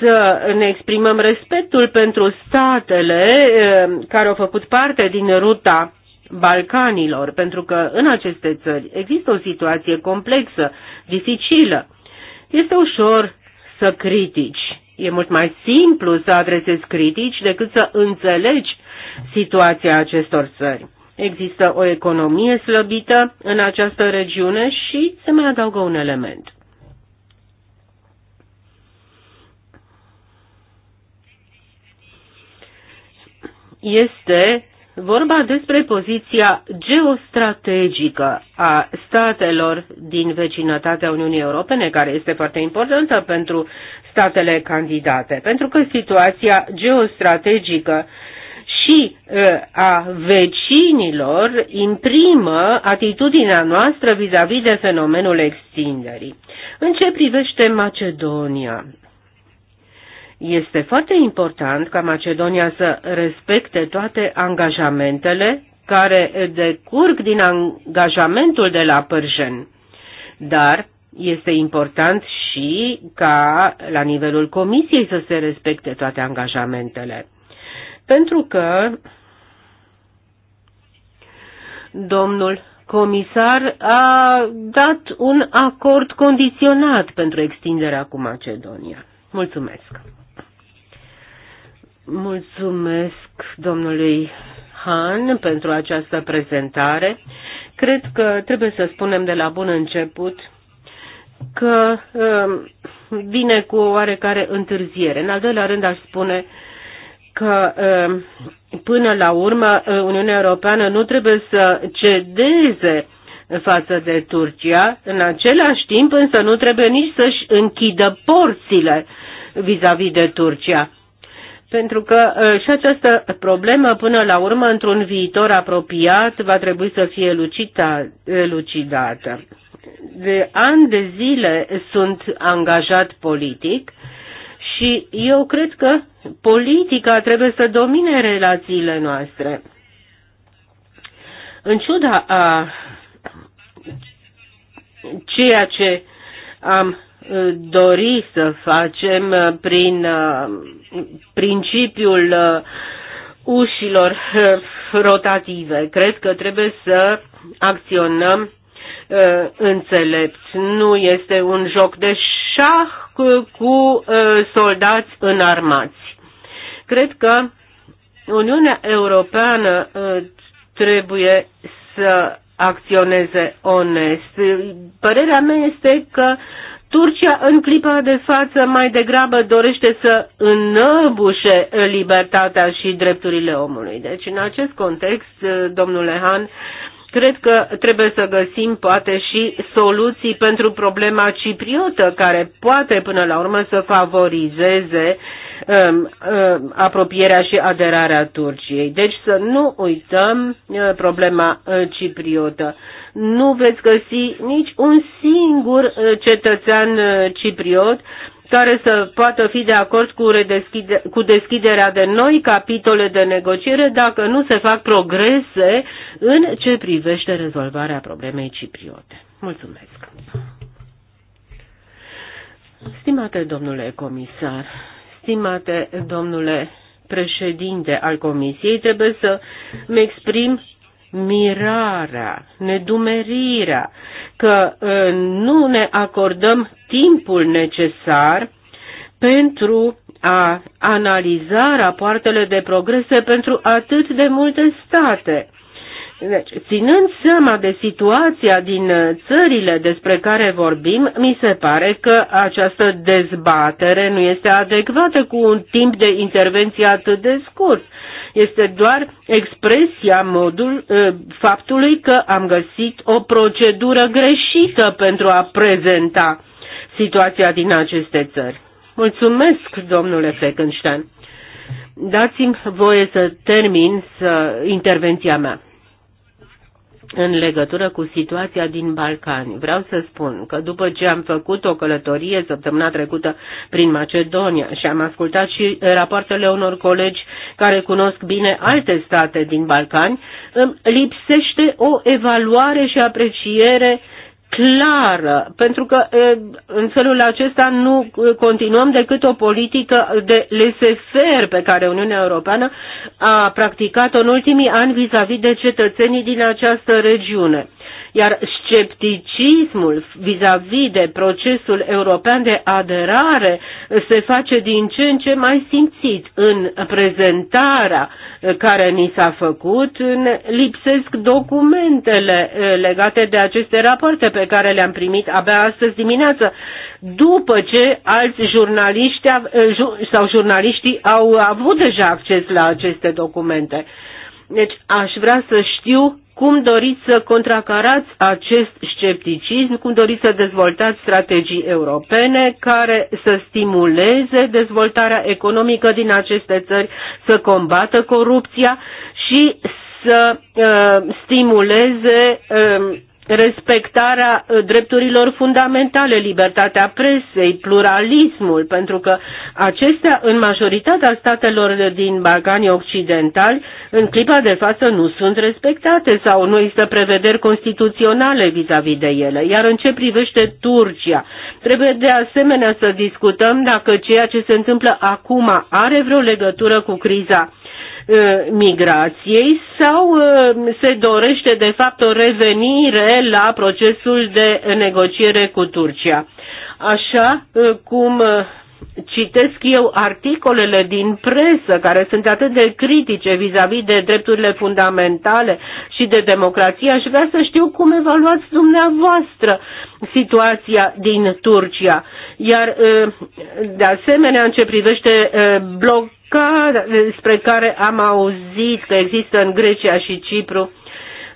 B: să ne exprimăm respectul pentru statele eh, care au făcut parte din ruta Balcanilor, pentru că în aceste țări există o situație complexă, dificilă. Este ușor să critici. E mult mai simplu să adresezi critici decât să înțelegi situația acestor țări. Există o economie slăbită în această regiune și se mai adaugă un element. este vorba despre poziția geostrategică a statelor din vecinătatea Uniunii Europene, care este foarte importantă pentru statele candidate, pentru că situația geostrategică și a vecinilor imprimă atitudinea noastră vis-a-vis -vis de fenomenul extinderii. În ce privește Macedonia, este foarte important ca Macedonia să respecte toate angajamentele care decurg din angajamentul de la Pârjen. Dar este important și ca la nivelul Comisiei să se respecte toate angajamentele. Pentru că domnul comisar a dat un acord condiționat pentru extinderea cu Macedonia. Mulțumesc! Mulțumesc domnului Han pentru această prezentare. Cred că trebuie să spunem de la bun început că um, vine cu o oarecare întârziere. În al doilea rând aș spune că um, până la urmă uh, Uniunea Europeană nu trebuie să cedeze față de Turcia, în același timp însă nu trebuie nici să-și închidă porțile vis-a-vis -vis de Turcia pentru că și această problemă, până la urmă, într-un viitor apropiat, va trebui să fie lucita, lucidată. De ani de zile sunt angajat politic și eu cred că politica trebuie să domine relațiile noastre. În ciuda a ceea ce am dori să facem uh, prin uh, principiul uh, ușilor rotative. Cred că trebuie să acționăm înțelept. Nu este un joc de șah cu, cu soldați înarmați. Cred că Uniunea Europeană trebuie să acționeze onest. Părerea mea este că Turcia în clipa de față mai degrabă dorește să înăbușe libertatea și drepturile omului. Deci în acest context, domnule Han, cred că trebuie să găsim poate și soluții pentru problema cipriotă, care poate până la urmă să favorizeze Um, um, apropierea și aderarea Turciei. Deci să nu uităm uh, problema uh, cipriotă. Nu veți găsi nici un singur uh, cetățean cipriot care să poată fi de acord cu, redeschide, cu deschiderea de noi capitole de negociere dacă nu se fac progrese în ce privește rezolvarea problemei cipriote. Mulțumesc! Stimate domnule comisar, Stimate domnule președinte al Comisiei, trebuie să mi exprim mirarea, nedumerirea că ă, nu ne acordăm timpul necesar pentru a analiza rapoartele de progrese pentru atât de multe state. Deci, ținând seama de situația din uh, țările despre care vorbim, mi se pare că această dezbatere nu este adecvată cu un timp de intervenție atât de scurt. Este doar expresia modul, uh, faptului că am găsit o procedură greșită pentru a prezenta situația din aceste țări. Mulțumesc, domnule Fleckenstein. Dați-mi voie să termin să intervenția mea în legătură cu situația din Balcani. Vreau să spun că după ce am făcut o călătorie săptămâna trecută prin Macedonia și am ascultat și rapoartele unor colegi care cunosc bine alte state din Balcani, îmi lipsește o evaluare și apreciere clară, pentru că în felul acesta nu continuăm decât o politică de laissez-faire pe care Uniunea Europeană a practicat-o în ultimii ani vis-a-vis -vis de cetățenii din această regiune. Iar scepticismul vis-a-vis -vis de procesul european de aderare se face din ce în ce mai simțit. În prezentarea eh, care ni s-a făcut, lipsesc documentele eh, legate de aceste rapoarte pe care le-am primit abia astăzi dimineață, după ce alți jurnaliști eh, sau jurnaliștii au avut deja acces la aceste documente. Deci aș vrea să știu cum doriți să contracarați acest scepticism, cum doriți să dezvoltați strategii europene care să stimuleze dezvoltarea economică din aceste țări, să combată corupția și să uh, stimuleze uh, respectarea uh, drepturilor fundamentale, libertatea presei, pluralismul, pentru că acestea în majoritatea statelor din Balcanii Occidentali în clipa de față nu sunt respectate sau nu există prevederi constituționale vis-a-vis -vis de ele. Iar în ce privește Turcia, trebuie de asemenea să discutăm dacă ceea ce se întâmplă acum are vreo legătură cu criza Uh, migrației sau uh, se dorește de fapt o revenire la procesul de negociere cu Turcia. Așa uh, cum citesc eu articolele din presă care sunt atât de critice vis-a-vis -vis de drepturile fundamentale și de democrație, aș vrea să știu cum evaluați dumneavoastră situația din Turcia. Iar de asemenea, în ce privește bloc care, da, despre care am auzit că există în Grecia și Cipru.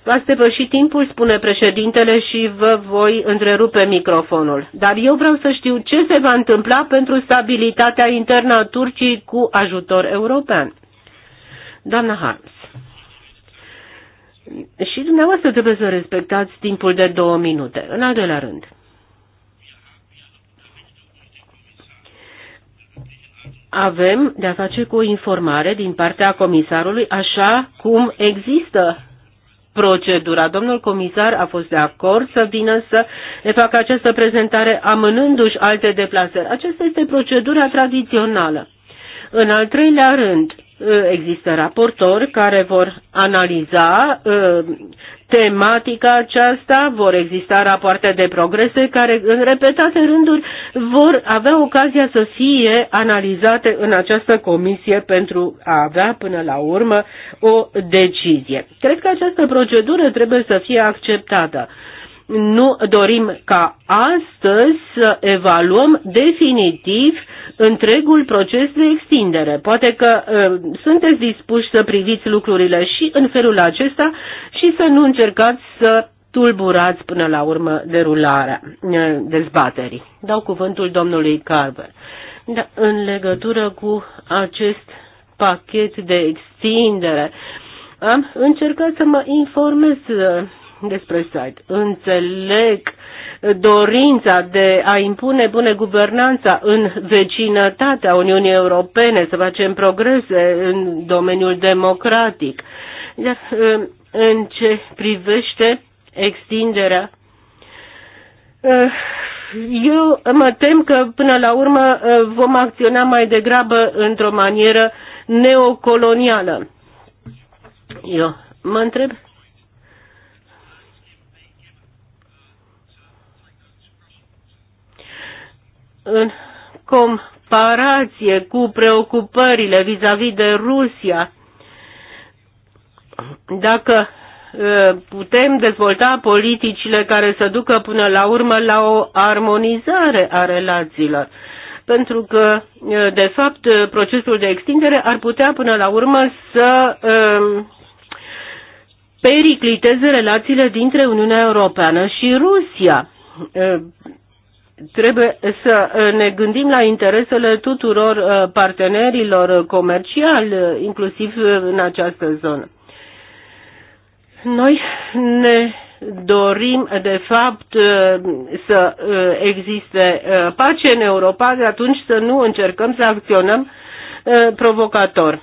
B: V-ați depășit timpul, spune președintele, și vă voi întrerupe microfonul. Dar eu vreau să știu ce se va întâmpla pentru stabilitatea internă a Turciei cu ajutor european. Doamna Harms, și dumneavoastră trebuie să respectați timpul de două minute. În al doilea rând, avem de-a face cu o informare din partea comisarului, așa cum există procedura. Domnul comisar a fost de acord să vină să ne facă această prezentare amânându-și alte deplasări. Aceasta este procedura tradițională. În al treilea rând, Ă, există raportori care vor analiza ă, tematica aceasta, vor exista rapoarte de progrese care în repetate rânduri vor avea ocazia să fie analizate în această comisie pentru a avea până la urmă o decizie. Cred că această procedură trebuie să fie acceptată nu dorim ca astăzi să evaluăm definitiv întregul proces de extindere. Poate că uh, sunteți dispuși să priviți lucrurile și în felul acesta și să nu încercați să tulburați până la urmă derularea ă, dezbaterii. Dau cuvântul domnului Carver. Da, în legătură cu acest pachet de extindere, am încercat să mă informez ă, despre site. Înțeleg dorința de a impune bune guvernanța în vecinătatea Uniunii Europene, să facem progrese în domeniul democratic. Iar uh, în ce privește extinderea uh, eu mă tem că până la urmă uh, vom acționa mai degrabă într-o manieră neocolonială. Eu mă întreb în comparație cu preocupările vis-a-vis -vis de Rusia, dacă putem dezvolta politicile care să ducă până la urmă la o armonizare a relațiilor. Pentru că, de fapt, procesul de extindere ar putea până la urmă să pericliteze relațiile dintre Uniunea Europeană și Rusia trebuie să uh, ne gândim la interesele tuturor uh, partenerilor uh, comerciali, inclusiv în această zonă. Noi ne dorim, de fapt, să existe pace în Europa, de atunci să nu încercăm să acționăm provocator.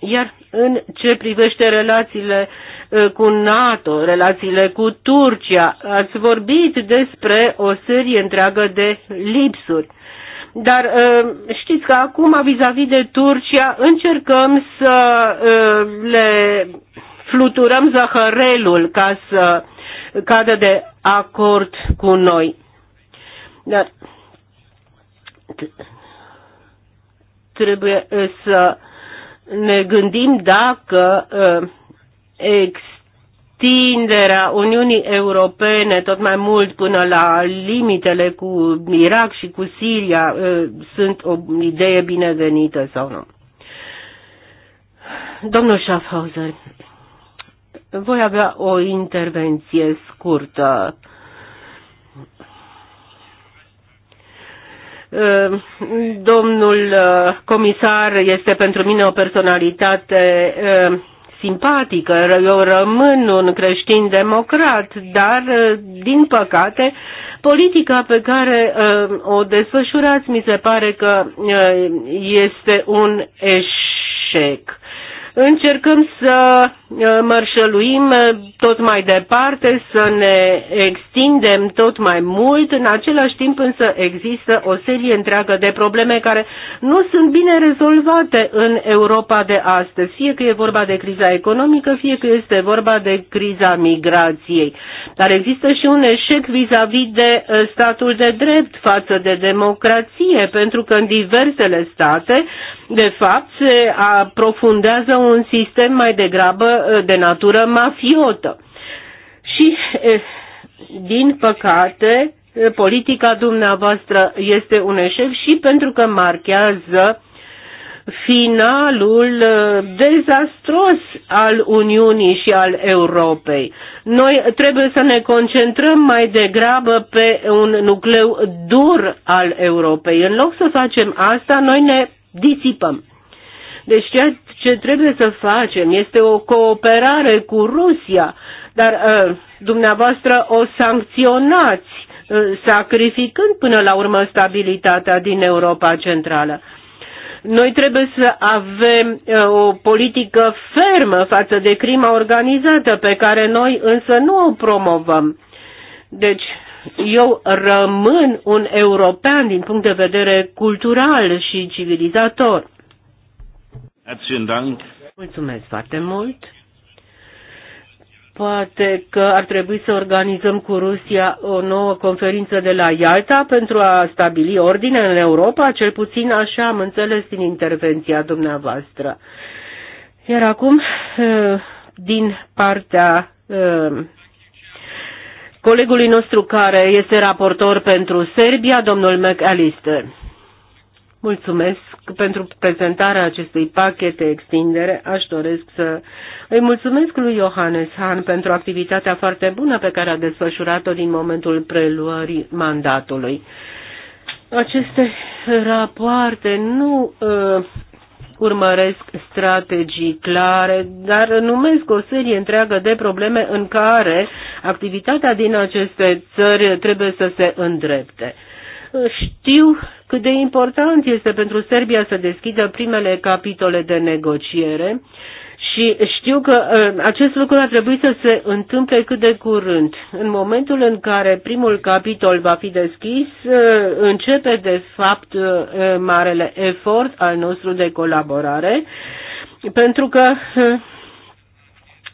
B: Iar în ce privește relațiile Eh, cu NATO, relațiile cu Turcia. Ați vorbit despre o serie întreagă de lipsuri. Dar eh, știți că acum, vis-a-vis -vis de Turcia, încercăm să eh, le fluturăm zahărelul ca să cadă de acord cu noi. Dar trebuie să ne gândim dacă extinderea Uniunii Europene tot mai mult până la limitele cu Irak și cu Siria uh, sunt o idee binevenită sau nu? Domnul Schaffhauser, voi avea o intervenție scurtă. Uh, domnul uh, comisar este pentru mine o personalitate simpatică, eu rămân un creștin democrat, dar, uh, din păcate, politica pe care uh, o desfășurați mi se pare că uh, este un eșec. Încercăm să uh, mărșăluim uh, tot mai departe, să ne extindem tot mai mult, în același timp însă există o serie întreagă de probleme care nu sunt bine rezolvate în Europa de astăzi, fie că e vorba de criza economică, fie că este vorba de criza migrației. Dar există și un eșec vis-a-vis -vis de uh, statul de drept față de democrație, pentru că în diversele state, de fapt, se aprofundează un un sistem mai degrabă uh, de natură mafiotă. Și, eh, din păcate, eh, politica dumneavoastră este un eșec și pentru că marchează finalul eh, dezastros al Uniunii și al Europei. Noi trebuie să ne concentrăm mai degrabă pe un nucleu dur al Europei. În loc să facem asta, noi ne disipăm. Deci ceea ce trebuie să facem este o cooperare cu Rusia, dar uh, dumneavoastră o sancționați, uh, sacrificând până la urmă stabilitatea din Europa Centrală. Noi trebuie să avem uh, o politică fermă față de crima organizată, pe care noi însă nu o promovăm. Deci, eu rămân un european din punct de vedere cultural și civilizator. Mulțumesc foarte mult. Poate că ar trebui să organizăm cu Rusia o nouă conferință de la Ialta pentru a stabili ordine în Europa, cel puțin așa am înțeles din intervenția dumneavoastră. Iar acum, eh, din partea eh, colegului nostru care este raportor pentru Serbia, domnul McAllister. Mulțumesc pentru prezentarea acestui pachet de extindere. Aș doresc să îi mulțumesc lui Johannes Hahn pentru activitatea foarte bună pe care a desfășurat-o din momentul preluării mandatului. Aceste rapoarte nu uh, urmăresc strategii clare, dar numesc o serie întreagă de probleme în care activitatea din aceste țări trebuie să se îndrepte știu cât de important este pentru Serbia să deschidă primele capitole de negociere și știu că uh, acest lucru ar trebui să se întâmple cât de curând. În momentul în care primul capitol va fi deschis, uh, începe de fapt uh, marele efort al nostru de colaborare, pentru că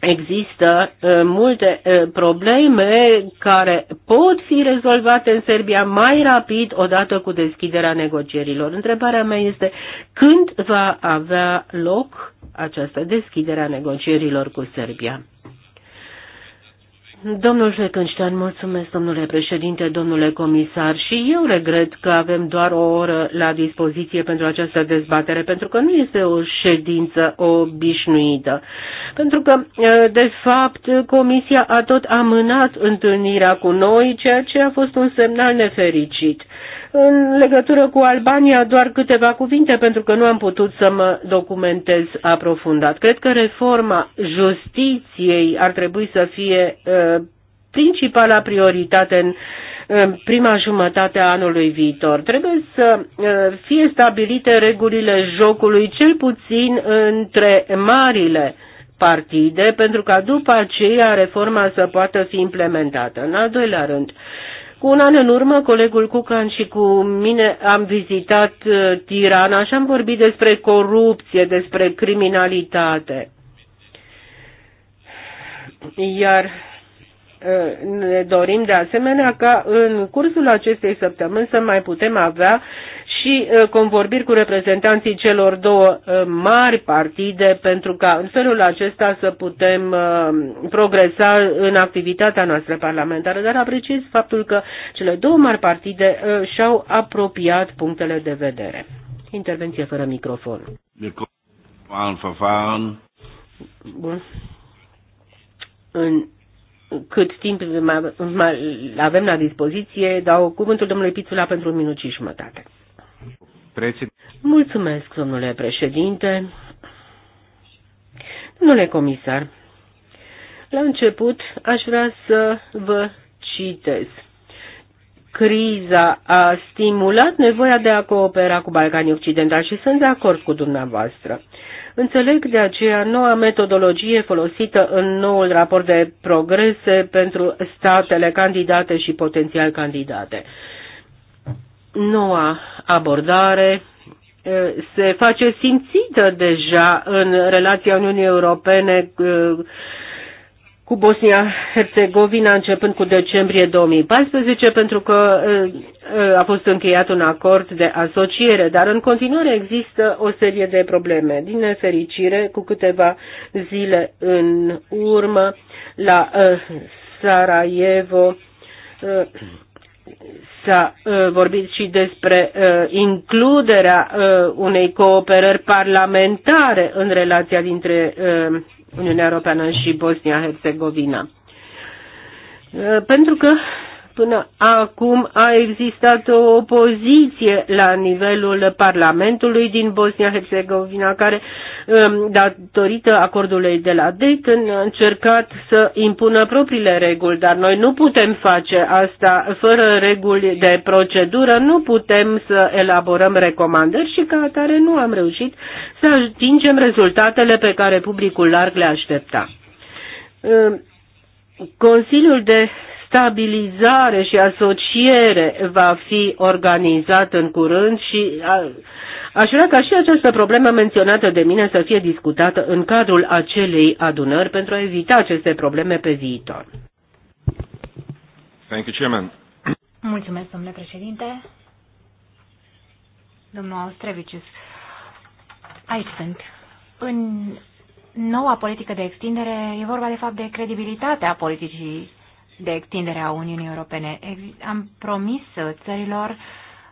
B: Există multe probleme care pot fi rezolvate în Serbia mai rapid odată cu deschiderea negocierilor. Întrebarea mea este când va avea loc această deschidere a negocierilor cu Serbia? Domnul Fleckenstein, mulțumesc, domnule președinte, domnule comisar, și eu regret că avem doar o oră la dispoziție pentru această dezbatere, pentru că nu este o ședință obișnuită. Pentru că, de fapt, comisia a tot amânat întâlnirea cu noi, ceea ce a fost un semnal nefericit. În legătură cu Albania, doar câteva cuvinte, pentru că nu am putut să mă documentez aprofundat. Cred că reforma justiției ar trebui să fie uh, principala prioritate în prima jumătate a anului viitor. Trebuie să uh, fie stabilite regulile jocului cel puțin între marile partide, pentru ca după aceea reforma să poată fi implementată. În al doilea rând, cu un an în urmă, colegul Cucan și cu mine am vizitat uh, Tirana și am vorbit despre corupție, despre criminalitate. Iar uh, ne dorim de asemenea ca în cursul acestei săptămâni să mai putem avea și uh, convorbiri cu reprezentanții celor două uh, mari partide pentru ca în felul acesta să putem uh, progresa în activitatea noastră parlamentară, dar apreciez faptul că cele două mari partide și-au apropiat punctele de vedere. Intervenție fără microfon. Bun. În cât timp mai avem la dispoziție, dau cuvântul domnului Pițula pentru un minut și jumătate. Mulțumesc, domnule președinte. Domnule comisar, la început aș vrea să vă citez. Criza a stimulat nevoia de a coopera cu Balcanii Occidentali și sunt de acord cu dumneavoastră. Înțeleg de aceea noua metodologie folosită în noul raport de progrese pentru statele candidate și potențial candidate noua abordare se face simțită deja în relația Uniunii Europene cu Bosnia-Herzegovina începând cu decembrie 2014 pentru că a fost încheiat un acord de asociere, dar în continuare există o serie de probleme. Din nefericire, cu câteva zile în urmă la Sarajevo S-a uh, vorbit și despre uh, includerea uh, unei cooperări parlamentare în relația dintre Uniunea Europeană și Bosnia-Herzegovina. Pentru că Până acum a existat o opoziție la nivelul Parlamentului din Bosnia-Herzegovina care, um, datorită acordului de la Dayton, a încercat să impună propriile reguli, dar noi nu putem face asta fără reguli de procedură, nu putem să elaborăm recomandări și ca atare nu am reușit să atingem rezultatele pe care publicul larg le aștepta. Um, Consiliul de stabilizare și asociere va fi organizat în curând și aș vrea ca și această problemă menționată de mine să fie discutată în cadrul acelei adunări pentru a evita aceste probleme pe viitor. Thank you, Chairman.
A: Mulțumesc, domnule președinte. Domnul Austrevicius, aici sunt. În noua politică de extindere e vorba de fapt de credibilitatea politicii de extindere a Uniunii Europene. Am promis țărilor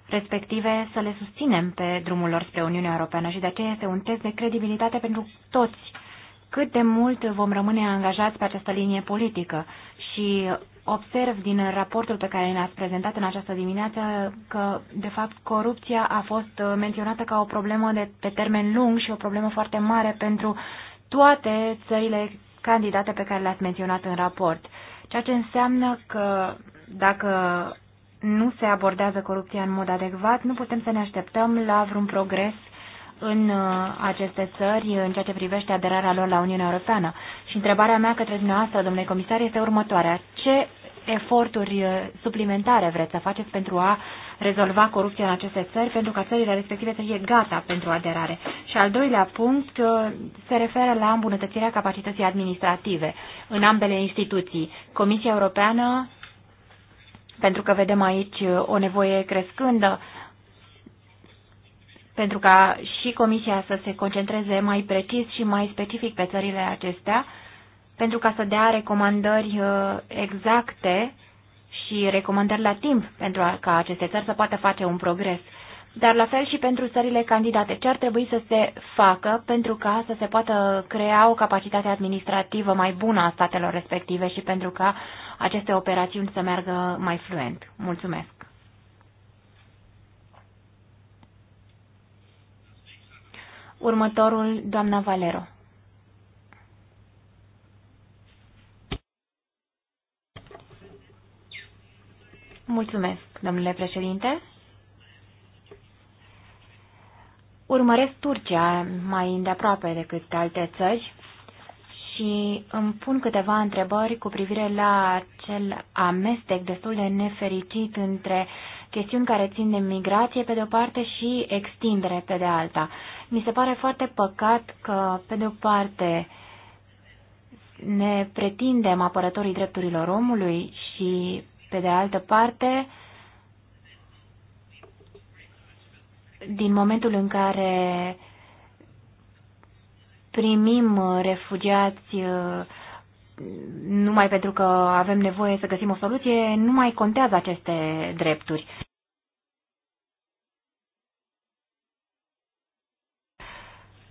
A: respective să le susținem pe drumul lor spre Uniunea Europeană și de aceea este un test de credibilitate pentru toți. Cât de mult vom rămâne angajați pe această linie politică și observ din raportul pe care ne ați prezentat în această dimineață că, de fapt, corupția a fost menționată ca o problemă de, pe termen lung și o problemă foarte mare pentru toate țările candidate pe care le-ați menționat în raport. Ceea ce înseamnă că dacă nu se abordează corupția în mod adecvat, nu putem să ne așteptăm la vreun progres în uh, aceste țări în ceea ce privește aderarea lor la Uniunea Europeană. Și întrebarea mea către dumneavoastră, domnule comisar, este următoarea. Ce eforturi uh, suplimentare vreți să faceți pentru a rezolva corupția în aceste țări, pentru ca țările respective să fie gata pentru aderare. Și al doilea punct uh, se referă la îmbunătățirea capacității administrative în ambele instituții. Comisia Europeană, pentru că vedem aici uh, o nevoie crescândă, pentru ca și Comisia să se concentreze mai precis și mai specific pe țările acestea, pentru ca să dea recomandări uh, exacte și recomandări la timp pentru ca aceste țări să poată face un progres. Dar la fel și pentru țările candidate, ce ar trebui să se facă pentru ca să se poată crea o capacitate administrativă mai bună a statelor respective și pentru ca aceste operațiuni să meargă mai fluent? Mulțumesc! Următorul, doamna Valero. Mulțumesc, domnule președinte. Urmăresc Turcia mai îndeaproape decât alte țări și îmi pun câteva întrebări cu privire la acel amestec destul de nefericit între chestiuni care țin de migrație pe de o parte și extindere pe de alta. Mi se pare foarte păcat că pe de o parte ne pretindem apărătorii drepturilor omului și pe de altă parte, din momentul în care primim refugiați uh, numai pentru că avem nevoie să găsim o soluție, nu mai contează aceste drepturi.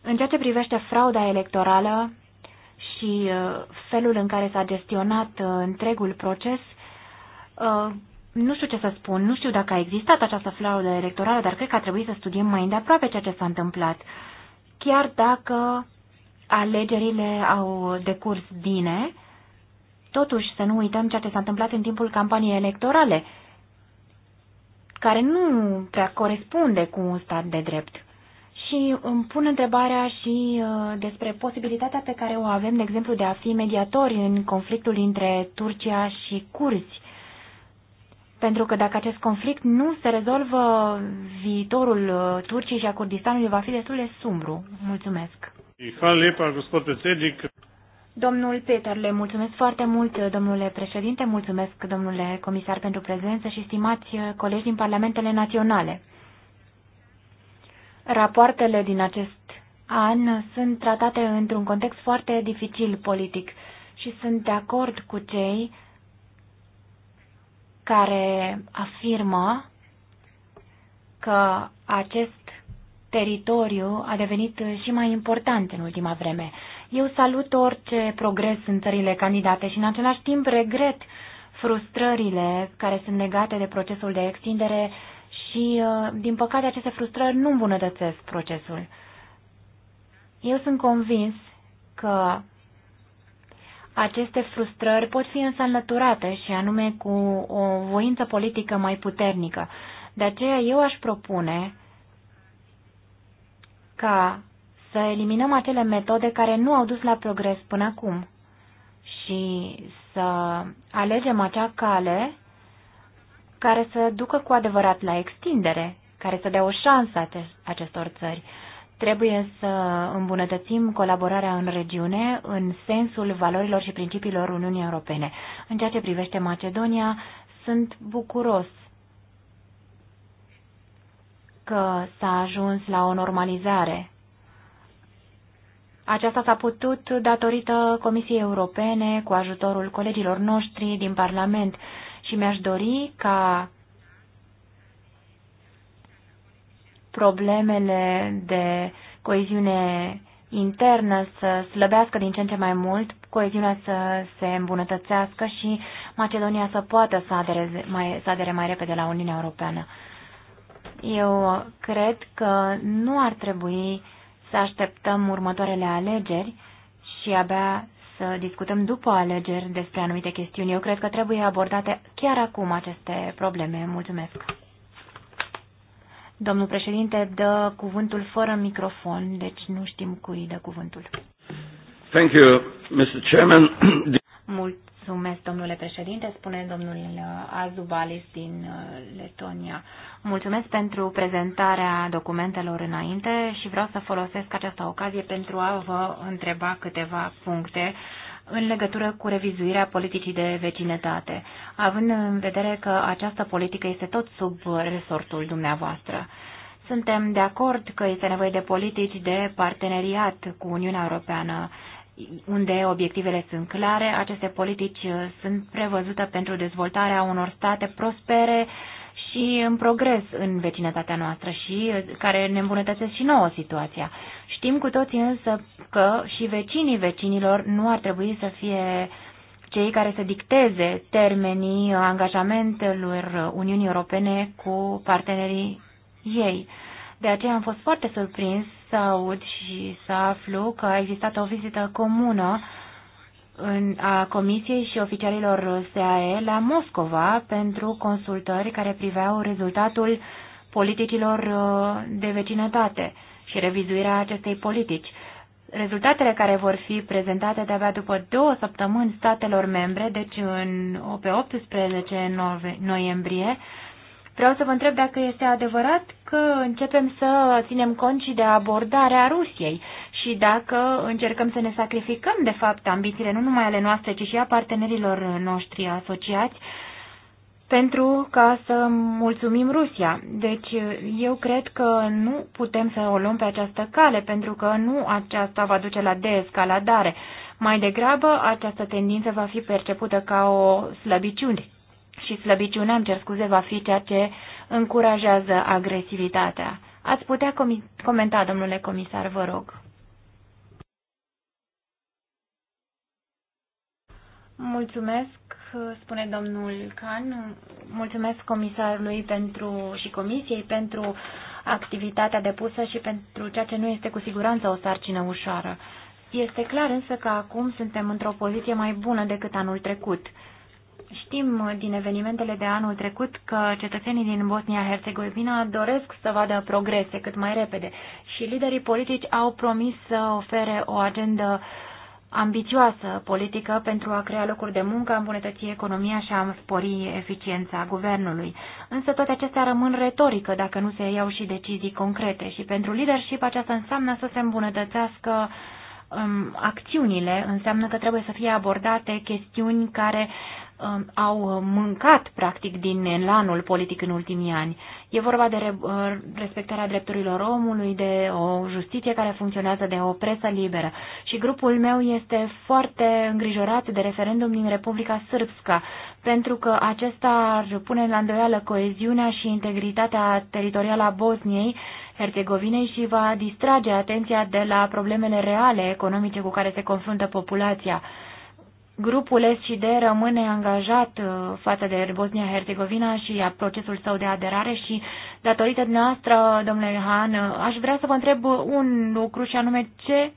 A: În ceea ce privește frauda electorală și uh, felul în care s-a gestionat uh, întregul proces, Uh, nu știu ce să spun, nu știu dacă a existat această fraudă electorală, dar cred că a trebuit să studiem mai îndeaproape ceea ce s-a întâmplat. Chiar dacă alegerile au decurs bine, totuși să nu uităm ceea ce s-a întâmplat în timpul campaniei electorale, care nu prea corespunde cu un stat de drept. Și îmi pun întrebarea și uh, despre posibilitatea pe care o avem, de exemplu, de a fi mediatori în conflictul între Turcia și curzi pentru că dacă acest conflict nu se rezolvă, viitorul uh, Turciei și a Kurdistanului va fi destul de sumbru. Mulțumesc. Domnul Peter, le mulțumesc foarte mult, uh, domnule președinte, mulțumesc, domnule comisar, pentru prezență și stimați uh, colegi din Parlamentele Naționale. Rapoartele din acest an sunt tratate într-un context foarte dificil politic și sunt de acord cu cei care afirmă că acest teritoriu a devenit și mai important în ultima vreme. Eu salut orice progres în țările candidate și în același timp regret frustrările care sunt legate de procesul de extindere și, uh, din păcate, aceste frustrări nu îmbunătățesc procesul. Eu sunt convins că aceste frustrări pot fi însă înlăturate și anume cu o voință politică mai puternică. De aceea eu aș propune ca să eliminăm acele metode care nu au dus la progres până acum și să alegem acea cale care să ducă cu adevărat la extindere, care să dea o șansă acestor țări. Trebuie să îmbunătățim colaborarea în regiune în sensul valorilor și principiilor Uniunii Europene. În ceea ce privește Macedonia, sunt bucuros că s-a ajuns la o normalizare. Aceasta s-a putut datorită Comisiei Europene cu ajutorul colegilor noștri din Parlament și mi-aș dori ca problemele de coeziune internă să slăbească din ce în ce mai mult, coeziunea să se îmbunătățească și Macedonia să poată să adere mai, să adere mai repede la Uniunea Europeană. Eu cred că nu ar trebui să așteptăm următoarele alegeri și abia să discutăm după alegeri despre anumite chestiuni. Eu cred că trebuie abordate chiar acum aceste probleme. Mulțumesc! Domnul președinte dă cuvântul fără microfon, deci nu știm cui dă cuvântul. Thank you, Mr. Chairman. Mulțumesc, domnule președinte, spune domnul Azubalis din uh, Letonia. Mulțumesc pentru prezentarea documentelor înainte și vreau să folosesc această ocazie pentru a vă întreba câteva puncte în legătură cu revizuirea politicii de vecinătate, având în vedere că această politică este tot sub resortul dumneavoastră. Suntem de acord că este nevoie de politici de parteneriat cu Uniunea Europeană, unde obiectivele sunt clare. Aceste politici sunt prevăzute pentru dezvoltarea unor state prospere, și în progres în vecinătatea noastră și eh, care ne îmbunătățesc și nouă situația. Știm cu toții însă că și vecinii vecinilor nu ar trebui să fie cei care să dicteze termenii angajamentelor Uniunii Europene cu partenerii ei. De aceea am fost foarte surprins să aud și să aflu că a existat o vizită comună în, a Comisiei și oficialilor SAE la Moscova pentru consultări care priveau rezultatul politicilor uh, de vecinătate și revizuirea acestei politici. Rezultatele care vor fi prezentate de-abia după două săptămâni statelor membre, deci în, pe 18 noiembrie, Vreau să vă întreb dacă este adevărat că începem să ținem cont și de abordarea Rusiei și dacă încercăm să ne sacrificăm, de fapt, ambițiile nu numai ale noastre, ci și a partenerilor noștri asociați, pentru ca să mulțumim Rusia. Deci eu cred că nu putem să o luăm pe această cale, pentru că nu aceasta va duce la deescaladare. Mai degrabă, această tendință va fi percepută ca o slăbiciune și slăbiciunea, îmi cer scuze, va fi ceea ce încurajează agresivitatea. Ați putea com comenta, domnule comisar, vă rog. Mulțumesc, spune domnul Can. Mulțumesc comisarului pentru, și comisiei pentru activitatea depusă și pentru ceea ce nu este cu siguranță o sarcină ușoară. Este clar însă că acum suntem într-o poziție mai bună decât anul trecut. Știm din evenimentele de anul trecut că cetățenii din Bosnia-Herzegovina doresc să vadă progrese cât mai repede și liderii politici au promis să ofere o agendă ambițioasă politică pentru a crea locuri de muncă, a îmbunătăți economia și a spori eficiența guvernului. Însă toate acestea rămân retorică dacă nu se iau și decizii concrete și pentru leadership aceasta înseamnă să se îmbunătățească um, acțiunile, înseamnă că trebuie să fie abordate chestiuni care Um, au mâncat, practic, din elanul politic în ultimii ani. E vorba de uh, respectarea drepturilor omului, de o justiție care funcționează, de o presă liberă. Și grupul meu este foarte îngrijorat de referendum din Republica Sârbska, pentru că acesta ar pune la îndoială coeziunea și integritatea teritorială a Bosniei, Herțegovinei și va distrage atenția de la problemele reale economice cu care se confruntă populația. Grupul SCD rămâne angajat uh, față de Bosnia-Herzegovina și a procesul său de aderare și datorită noastră, domnule Han, uh, aș vrea să vă întreb un lucru și anume ce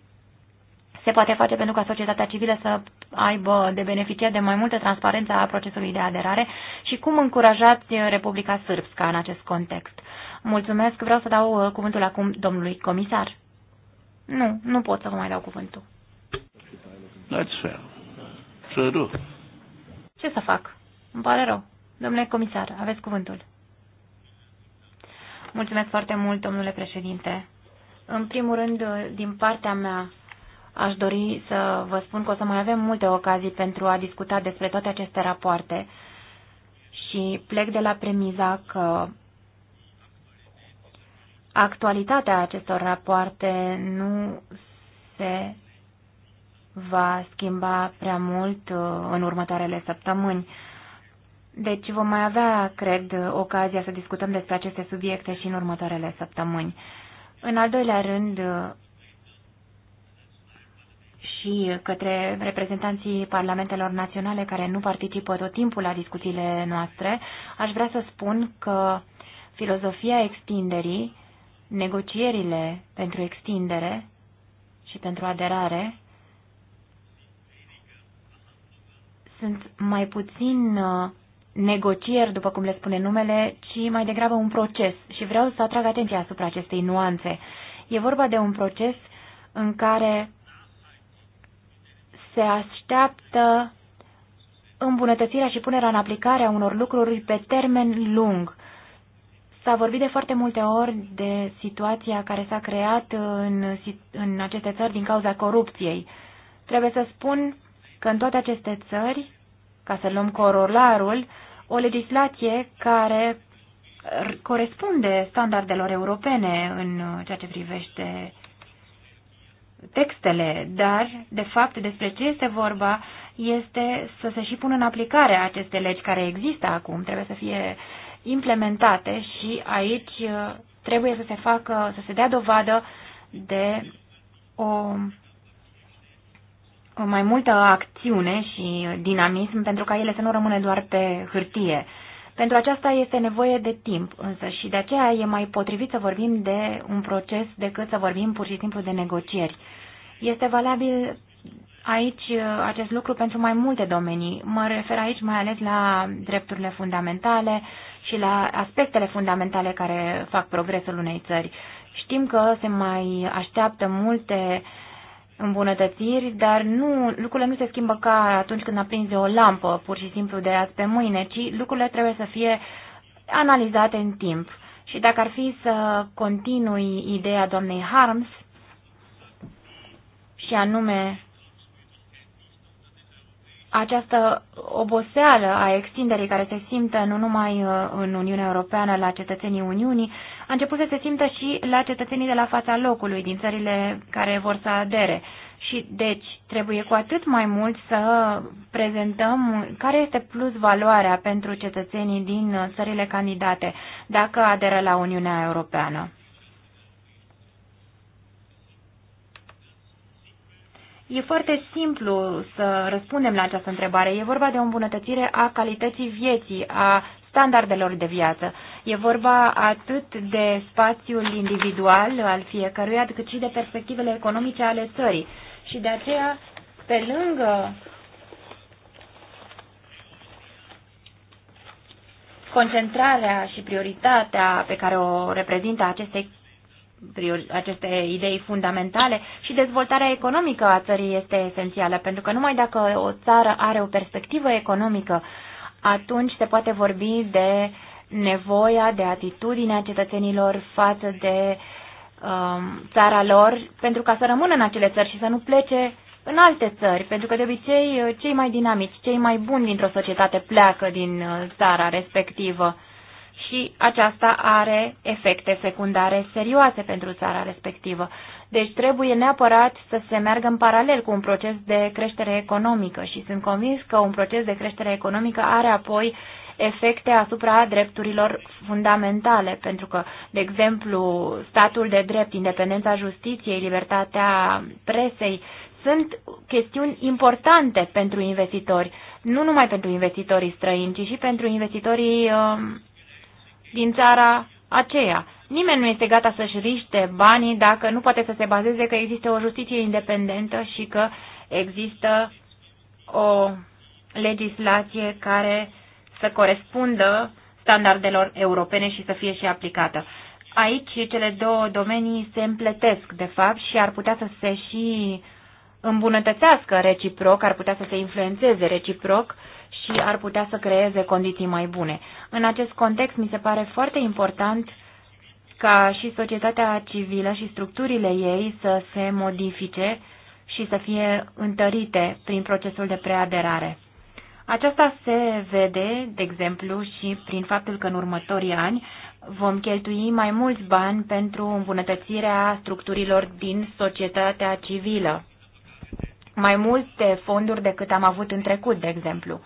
A: se poate face pentru ca societatea civilă să aibă de beneficiat de mai multă transparență a procesului de aderare și cum încurajați Republica Sârbska în acest context. Mulțumesc, vreau să dau uh, cuvântul acum domnului comisar. Nu, nu pot să vă mai dau cuvântul.
C: That's fair să rău.
A: Ce să fac? Îmi pare rău. Domnule comisar, aveți cuvântul. Mulțumesc foarte mult, domnule președinte. În primul rând, din partea mea, aș dori să vă spun că o să mai avem multe ocazii pentru a discuta despre toate aceste rapoarte și plec de la premiza că actualitatea acestor rapoarte nu se va schimba prea mult uh, în următoarele săptămâni. Deci vom mai avea, cred, ocazia să discutăm despre aceste subiecte și în următoarele săptămâni. În al doilea rând, uh, și către reprezentanții parlamentelor naționale care nu participă tot timpul la discuțiile noastre, aș vrea să spun că filozofia extinderii, negocierile pentru extindere și pentru aderare, sunt mai puțin uh, negocieri, după cum le spune numele, ci mai degrabă un proces. Și vreau să atrag atenția asupra acestei nuanțe. E vorba de un proces în care se așteaptă îmbunătățirea și punerea în aplicare a unor lucruri pe termen lung. S-a vorbit de foarte multe ori de situația care s-a creat în, în aceste țări din cauza corupției. Trebuie să spun că în toate aceste țări, ca să luăm corolarul, o legislație care corespunde standardelor europene în ceea ce privește textele, dar, de fapt, despre ce este vorba este să se și pună în aplicare aceste legi care există acum, trebuie să fie implementate și aici uh, trebuie să se facă, să se dea dovadă de o mai multă acțiune și dinamism pentru ca ele să nu rămână doar pe hârtie. Pentru aceasta este nevoie de timp, însă și de aceea e mai potrivit să vorbim de un proces decât să vorbim pur și simplu de negocieri. Este valabil aici uh, acest lucru pentru mai multe domenii. Mă refer aici mai ales la drepturile fundamentale și la aspectele fundamentale care fac progresul unei țări. Știm că se mai așteaptă multe uh, îmbunătățiri, dar nu, lucrurile nu se schimbă ca atunci când aprinzi o lampă, pur și simplu de azi pe mâine, ci lucrurile trebuie să fie analizate în timp. Și dacă ar fi să continui ideea doamnei Harms, și anume această oboseală a extinderii care se simte nu numai uh, în Uniunea Europeană la cetățenii Uniunii, a început să se simtă și la cetățenii de la fața locului, din țările care vor să adere. Și deci trebuie cu atât mai mult să prezentăm care este plus valoarea pentru cetățenii din țările candidate dacă aderă la Uniunea Europeană. E foarte simplu să răspundem la această întrebare. E vorba de o îmbunătățire a calității vieții, a standardelor de viață. E vorba atât de spațiul individual al fiecăruia, cât și de perspectivele economice ale țării. Și de aceea, pe lângă concentrarea și prioritatea pe care o reprezintă aceste, aceste idei fundamentale și dezvoltarea economică a țării este esențială, pentru că numai dacă o țară are o perspectivă economică atunci se poate vorbi de nevoia, de atitudinea cetățenilor față de um, țara lor, pentru ca să rămână în acele țări și să nu plece în alte țări, pentru că de obicei uh, cei mai dinamici, cei mai buni dintr-o societate pleacă din uh, țara respectivă și aceasta are efecte secundare serioase pentru țara respectivă. Deci trebuie neapărat să se meargă în paralel cu un proces de creștere economică și sunt convins că un proces de creștere economică are apoi efecte asupra drepturilor fundamentale, pentru că, de exemplu, statul de drept, independența justiției, libertatea presei, sunt chestiuni importante pentru investitori, nu numai pentru investitorii străini, ci și pentru investitorii uh, din țara aceea. Nimeni nu este gata să-și riște banii dacă nu poate să se bazeze că există o justiție independentă și că există o legislație care să corespundă standardelor europene și să fie și aplicată. Aici cele două domenii se împletesc, de fapt, și ar putea să se și îmbunătățească reciproc, ar putea să se influențeze reciproc și ar putea să creeze condiții mai bune. În acest context, mi se pare foarte important ca și societatea civilă și structurile ei să se modifice și să fie întărite prin procesul de preaderare. Aceasta se vede, de exemplu, și prin faptul că în următorii ani vom cheltui mai mulți bani pentru îmbunătățirea structurilor din societatea civilă. Mai multe fonduri decât am avut în trecut, de exemplu.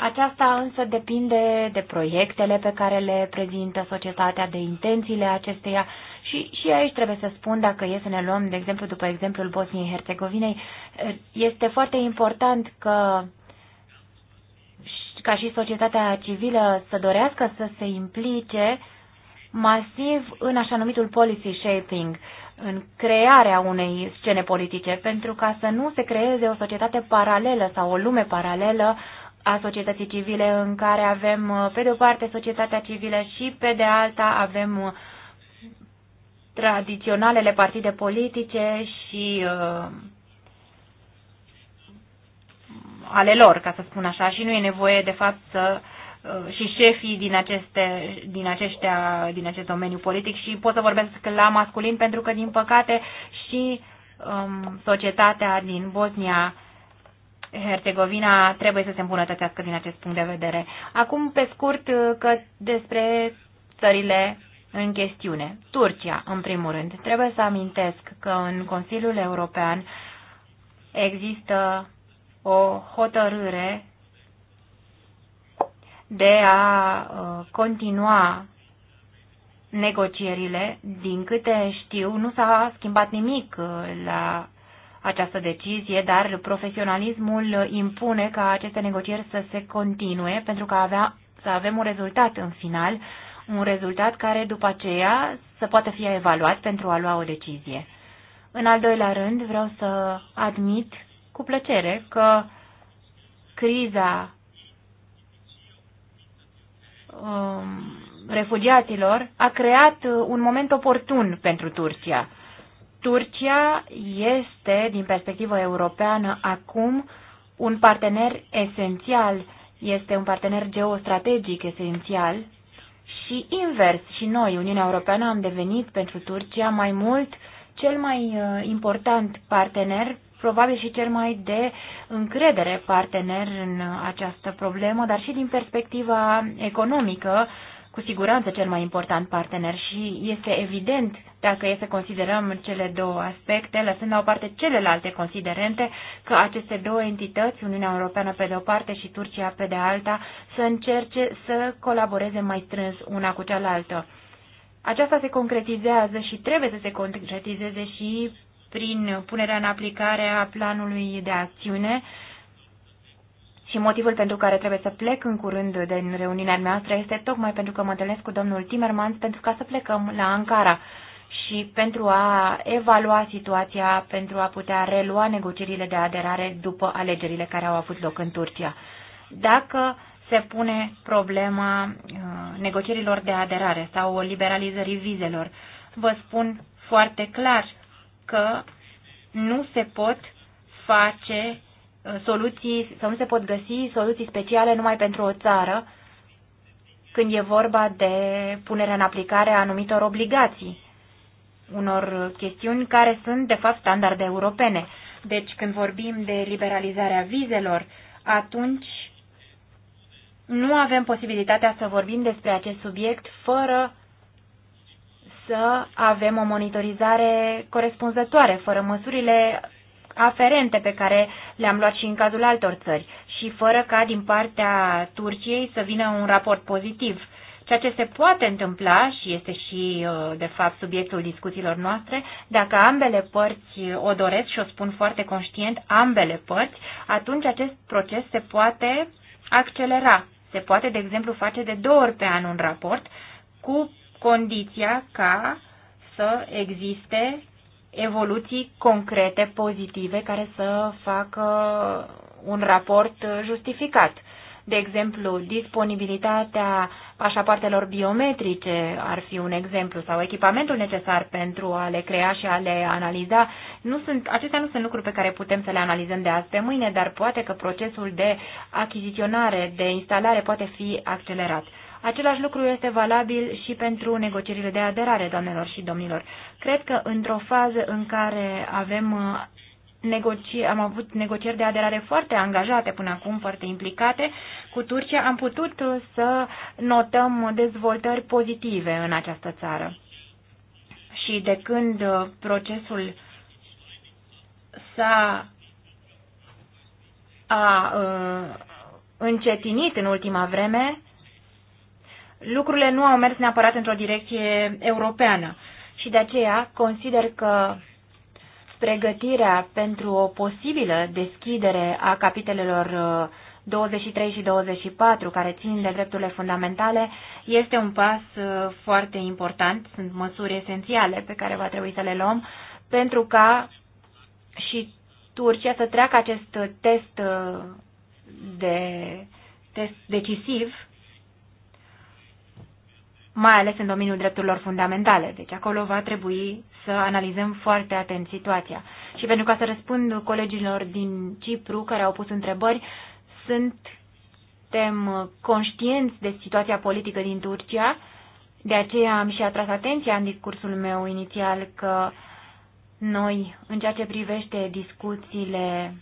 A: Aceasta însă depinde de proiectele pe care le prezintă societatea, de intențiile acesteia și, și aici trebuie să spun, dacă e să ne luăm, de exemplu, după exemplul bosniei herțegovinei este foarte important că ca și societatea civilă să dorească să se implice masiv în așa numitul policy shaping, în crearea unei scene politice, pentru ca să nu se creeze o societate paralelă sau o lume paralelă a societății civile în care avem, uh, pe de o parte, societatea civilă și, pe de alta, avem uh, tradiționalele partide politice și uh, ale lor, ca să spun așa, și nu e nevoie, de fapt, să uh, și șefii din, aceste, din, aceștia, din acest domeniu politic și pot să vorbesc la masculin pentru că, din păcate, și um, societatea din Bosnia Herțegovina trebuie să se îmbunătățească din acest punct de vedere. Acum, pe scurt, că despre țările în chestiune. Turcia, în primul rând. Trebuie să amintesc că în Consiliul European există o hotărâre de a uh, continua negocierile. Din câte știu, nu s-a schimbat nimic uh, la această decizie, dar profesionalismul impune ca aceste negocieri să se continue pentru că avea, să avem un rezultat în final, un rezultat care după aceea să poată fi evaluat pentru a lua o decizie. În al doilea rând, vreau să admit cu plăcere că criza um, refugiaților a creat un moment oportun pentru Turcia Turcia este, din perspectivă europeană, acum un partener esențial, este un partener geostrategic esențial și invers, și noi, Uniunea Europeană, am devenit pentru Turcia mai mult cel mai uh, important partener, probabil și cel mai de încredere partener în această problemă, dar și din perspectiva economică, cu siguranță cel mai important partener și este evident dacă e să considerăm cele două aspecte, lăsând la o parte celelalte considerente că aceste două entități, Uniunea Europeană pe de o parte și Turcia pe de alta, să încerce să colaboreze mai strâns una cu cealaltă. Aceasta se concretizează și trebuie să se concretizeze și prin punerea în aplicare a planului de acțiune și motivul pentru care trebuie să plec în curând din reuniunea noastră este tocmai pentru că mă întâlnesc cu domnul Timmermans pentru ca să plecăm la Ankara și pentru a evalua situația, pentru a putea relua negocierile de aderare după alegerile care au avut loc în Turcia. Dacă se pune problema uh, negocierilor de aderare sau liberalizării vizelor, vă spun foarte clar că nu se pot face uh, soluții, sau nu se pot găsi soluții speciale numai pentru o țară când e vorba de punerea în aplicare a anumitor obligații unor chestiuni care sunt, de fapt, standarde europene. Deci, când vorbim de liberalizarea vizelor, atunci nu avem posibilitatea să vorbim despre acest subiect fără să avem o monitorizare corespunzătoare, fără măsurile aferente pe care le-am luat și în cazul altor țări și fără ca din partea Turciei să vină un raport pozitiv. Ceea ce se poate întâmpla și este și, uh, de fapt, subiectul discuțiilor noastre, dacă ambele părți uh, o doresc și o spun foarte conștient, ambele părți, atunci acest proces se poate accelera. Se poate, de exemplu, face de două ori pe an un raport cu condiția ca să existe evoluții concrete, pozitive, care să facă un raport uh, justificat. De exemplu, disponibilitatea pașapoartelor biometrice ar fi un exemplu sau echipamentul necesar pentru a le crea și a le analiza. Nu sunt, acestea nu sunt lucruri pe care putem să le analizăm de azi pe mâine, dar poate că procesul de achiziționare, de instalare poate fi accelerat. Același lucru este valabil și pentru negocierile de aderare, doamnelor și domnilor. Cred că într-o fază în care avem negoci- am avut negocieri de aderare foarte angajate până acum, foarte implicate cu Turcia, am putut să notăm dezvoltări pozitive în această țară. Și de când uh, procesul s-a a, uh, încetinit în ultima vreme, lucrurile nu au mers neapărat într-o direcție europeană. Și de aceea consider că pregătirea pentru o posibilă deschidere a capitelelor 23 uh, și 24, care țin de drepturile fundamentale, este un pas uh, foarte important, sunt măsuri esențiale pe care va trebui să le luăm, pentru ca și Turcia să treacă acest test uh, de test decisiv mai ales în domeniul drepturilor fundamentale. Deci acolo va trebui să analizăm foarte atent situația. Și pentru ca să răspund colegilor din Cipru care au pus întrebări, suntem conștienți de situația politică din Turcia, de aceea am și atras atenția în discursul meu inițial că noi, în ceea ce privește discuțiile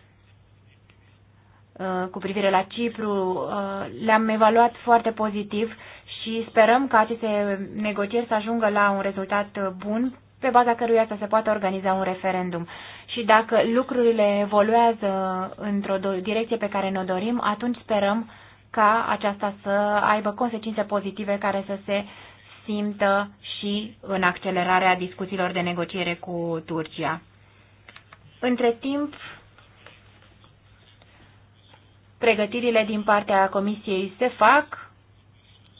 A: uh, cu privire la Cipru, uh, le-am evaluat foarte pozitiv și sperăm ca aceste negocieri să ajungă la un rezultat bun pe baza căruia să se poată organiza un referendum. Și dacă lucrurile evoluează într-o direcție pe care ne-o dorim, atunci sperăm ca aceasta să aibă consecințe pozitive care să se simtă și în accelerarea discuțiilor de negociere cu Turcia. Între timp, pregătirile din partea Comisiei se fac,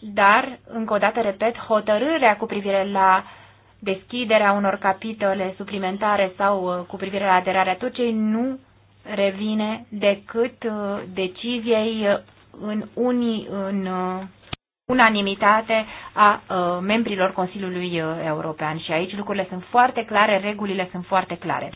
A: dar, încă o dată repet, hotărârea cu privire la deschiderea unor capitole suplimentare sau uh, cu privire la aderarea Turciei nu revine decât uh, deciziei uh, în, unii, în unanimitate a membrilor Consiliului European. Și aici lucrurile sunt foarte clare, regulile sunt foarte clare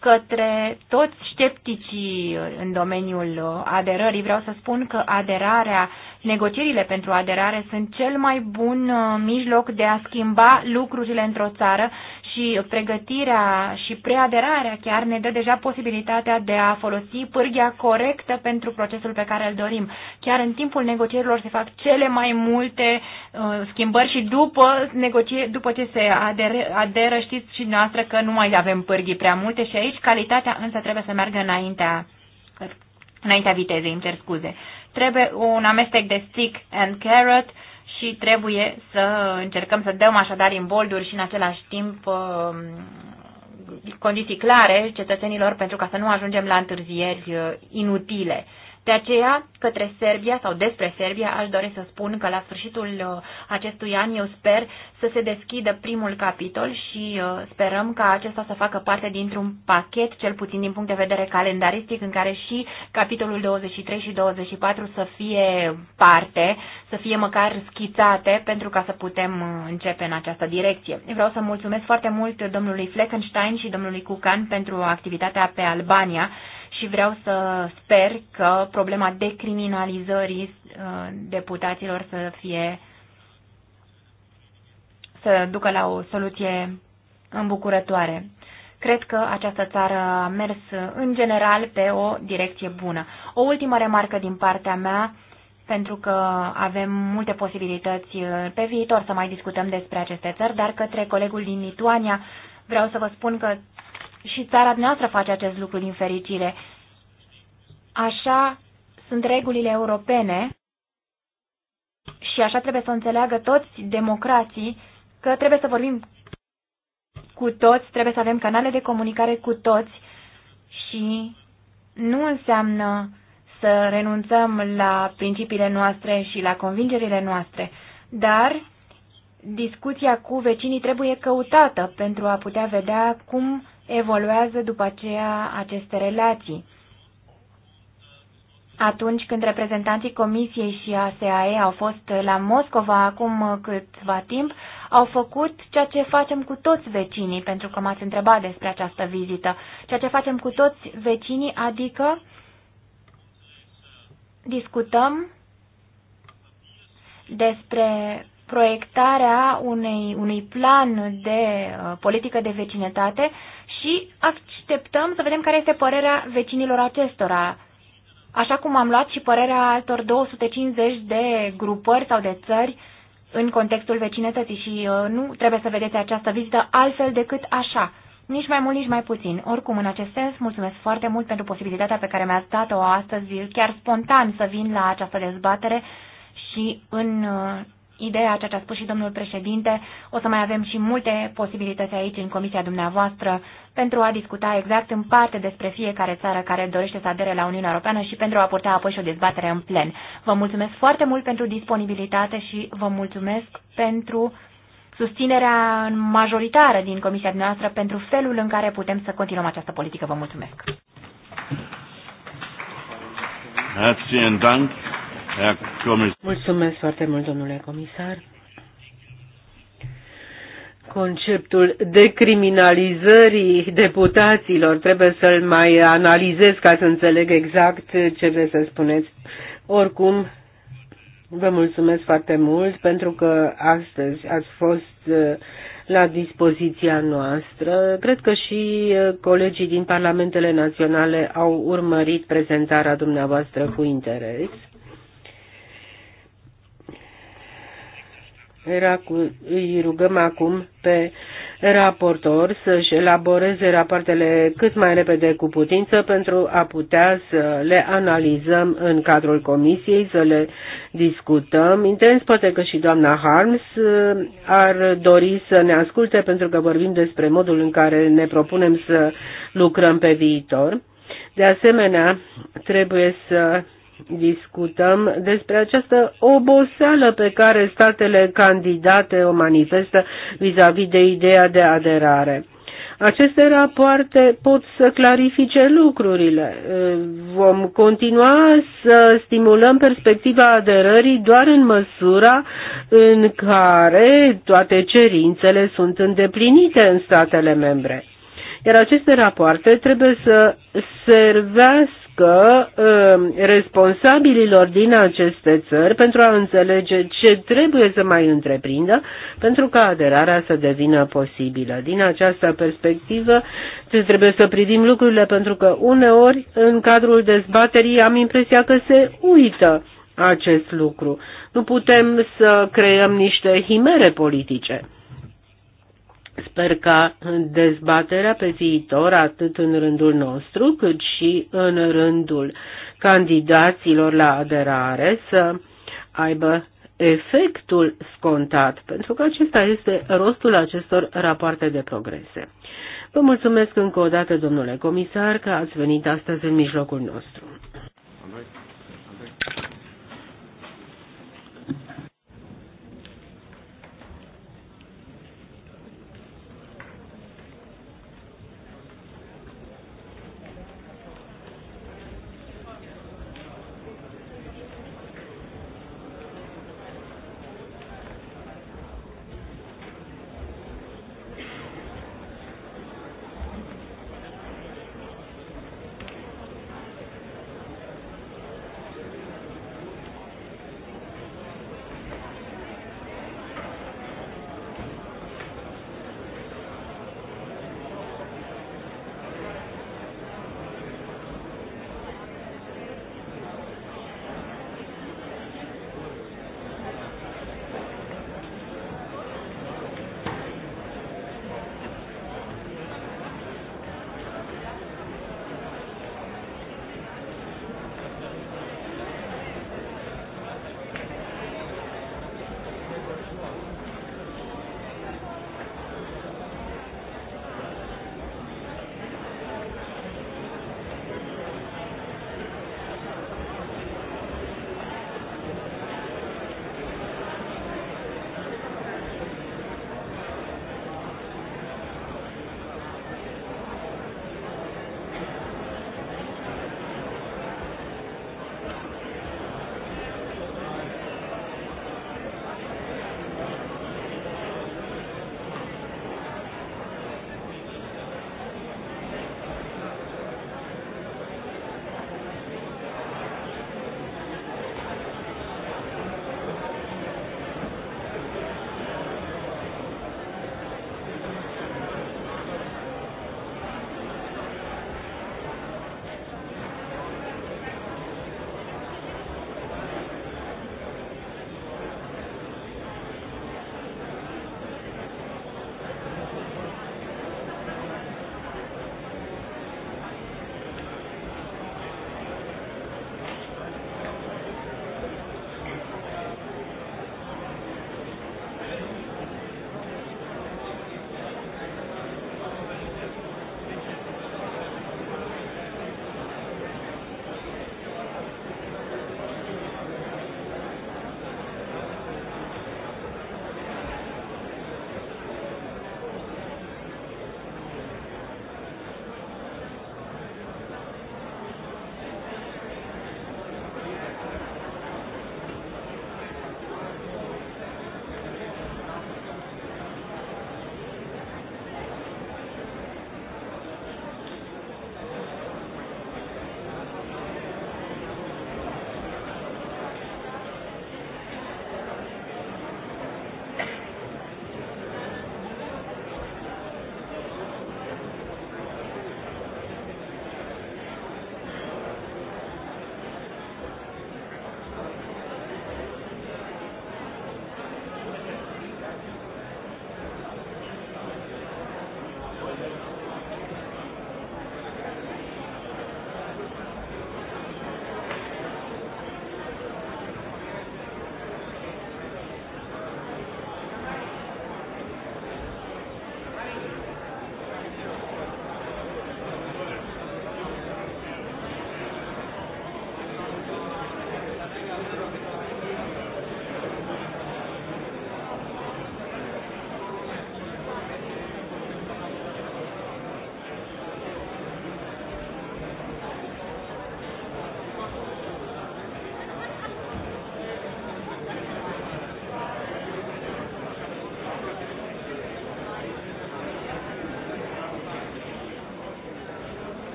A: către toți scepticii în domeniul aderării. Vreau să spun că aderarea Negocierile pentru aderare sunt cel mai bun uh, mijloc de a schimba lucrurile într-o țară și pregătirea și preaderarea chiar ne dă deja posibilitatea de a folosi pârghia corectă pentru procesul pe care îl dorim. Chiar în timpul negocierilor se fac cele mai multe uh, schimbări și după, negocie, după ce se adere, aderă știți și noastră că nu mai avem pârghii prea multe și aici calitatea însă trebuie să meargă înaintea, înaintea vitezei, îmi cer scuze. Trebuie un amestec de stick and carrot și trebuie să încercăm să dăm așadar imbolduri și în același timp um, condiții clare cetățenilor pentru ca să nu ajungem la întârzieri uh, inutile. De aceea, către Serbia sau despre Serbia, aș dori să spun că la sfârșitul uh, acestui an eu sper să se deschidă primul capitol și uh, sperăm ca acesta să facă parte dintr-un pachet, cel puțin din punct de vedere calendaristic, în care și capitolul 23 și 24 să fie parte, să fie măcar schițate pentru ca să putem uh, începe în această direcție. Vreau să mulțumesc foarte mult domnului Fleckenstein și domnului Cucan pentru activitatea pe Albania și vreau să sper că problema decriminalizării uh, deputaților să fie să ducă la o soluție îmbucurătoare. Cred că această țară a mers în general pe o direcție bună. O ultimă remarcă din partea mea, pentru că avem multe posibilități uh, pe viitor să mai discutăm despre aceste țări, dar către colegul din Lituania vreau să vă spun că și țara noastră face acest lucru din fericire. Așa sunt regulile europene și așa trebuie să înțeleagă toți democrații că trebuie să vorbim cu toți, trebuie să avem canale de comunicare cu toți și nu înseamnă să renunțăm la principiile noastre și la convingerile noastre, dar discuția cu vecinii trebuie căutată pentru a putea vedea cum evoluează după aceea aceste relații. Atunci când reprezentanții Comisiei și ASAE au fost la Moscova acum câtva timp, au făcut ceea ce facem cu toți vecinii, pentru că m-ați întrebat despre această vizită, ceea ce facem cu toți vecinii, adică discutăm despre proiectarea unei, unui plan de uh, politică de vecinătate și așteptăm să vedem care este părerea vecinilor acestora. Așa cum am luat și părerea altor 250 de grupări sau de țări în contextul vecinătății și uh, nu trebuie să vedeți această vizită altfel decât așa. Nici mai mult, nici mai puțin. Oricum, în acest sens, mulțumesc foarte mult pentru posibilitatea pe care mi-ați dat-o astăzi, chiar spontan, să vin la această dezbatere și în uh, ideea, ceea ce a spus și domnul președinte, o să mai avem și multe posibilități aici în comisia dumneavoastră pentru a discuta exact în parte despre fiecare țară care dorește să adere la Uniunea Europeană și pentru a purta apoi și o dezbatere în plen. Vă mulțumesc foarte mult pentru disponibilitate și vă mulțumesc pentru susținerea majoritară din comisia noastră pentru felul în care putem să continuăm această politică. Vă mulțumesc! Herzlichen Dank.
B: Mulțumesc foarte mult, domnule comisar. Conceptul decriminalizării deputaților trebuie să-l mai analizez ca să înțeleg exact ce vreți să spuneți. Oricum, vă mulțumesc foarte mult pentru că astăzi ați fost uh, la dispoziția noastră. Cred că și uh, colegii din Parlamentele Naționale au urmărit prezentarea dumneavoastră cu interes. îi rugăm acum pe raportor să-și elaboreze rapoartele cât mai repede cu putință pentru a putea să le analizăm în cadrul comisiei, să le discutăm intens. Poate că și doamna Harms uh, ar dori să ne asculte pentru că vorbim despre modul în care ne propunem să lucrăm pe viitor. De asemenea, trebuie să discutăm despre această oboseală pe care statele candidate o manifestă vis-a-vis -vis de ideea de aderare. Aceste rapoarte pot să clarifice lucrurile. Vom continua să stimulăm perspectiva aderării doar în măsura în care toate cerințele sunt îndeplinite în statele membre. Iar aceste rapoarte trebuie să servească uh, responsabililor din aceste țări pentru a înțelege ce trebuie să mai întreprindă pentru ca aderarea să devină posibilă. Din această perspectivă trebuie să privim lucrurile pentru că uneori în cadrul dezbaterii am impresia că se uită acest lucru. Nu putem să creăm niște himere politice. Sper ca dezbaterea pe viitor, atât în rândul nostru, cât și în rândul candidaților la aderare, să aibă efectul scontat, pentru că acesta este rostul acestor rapoarte de progrese. Vă mulțumesc încă o dată, domnule comisar, că ați venit astăzi în mijlocul nostru.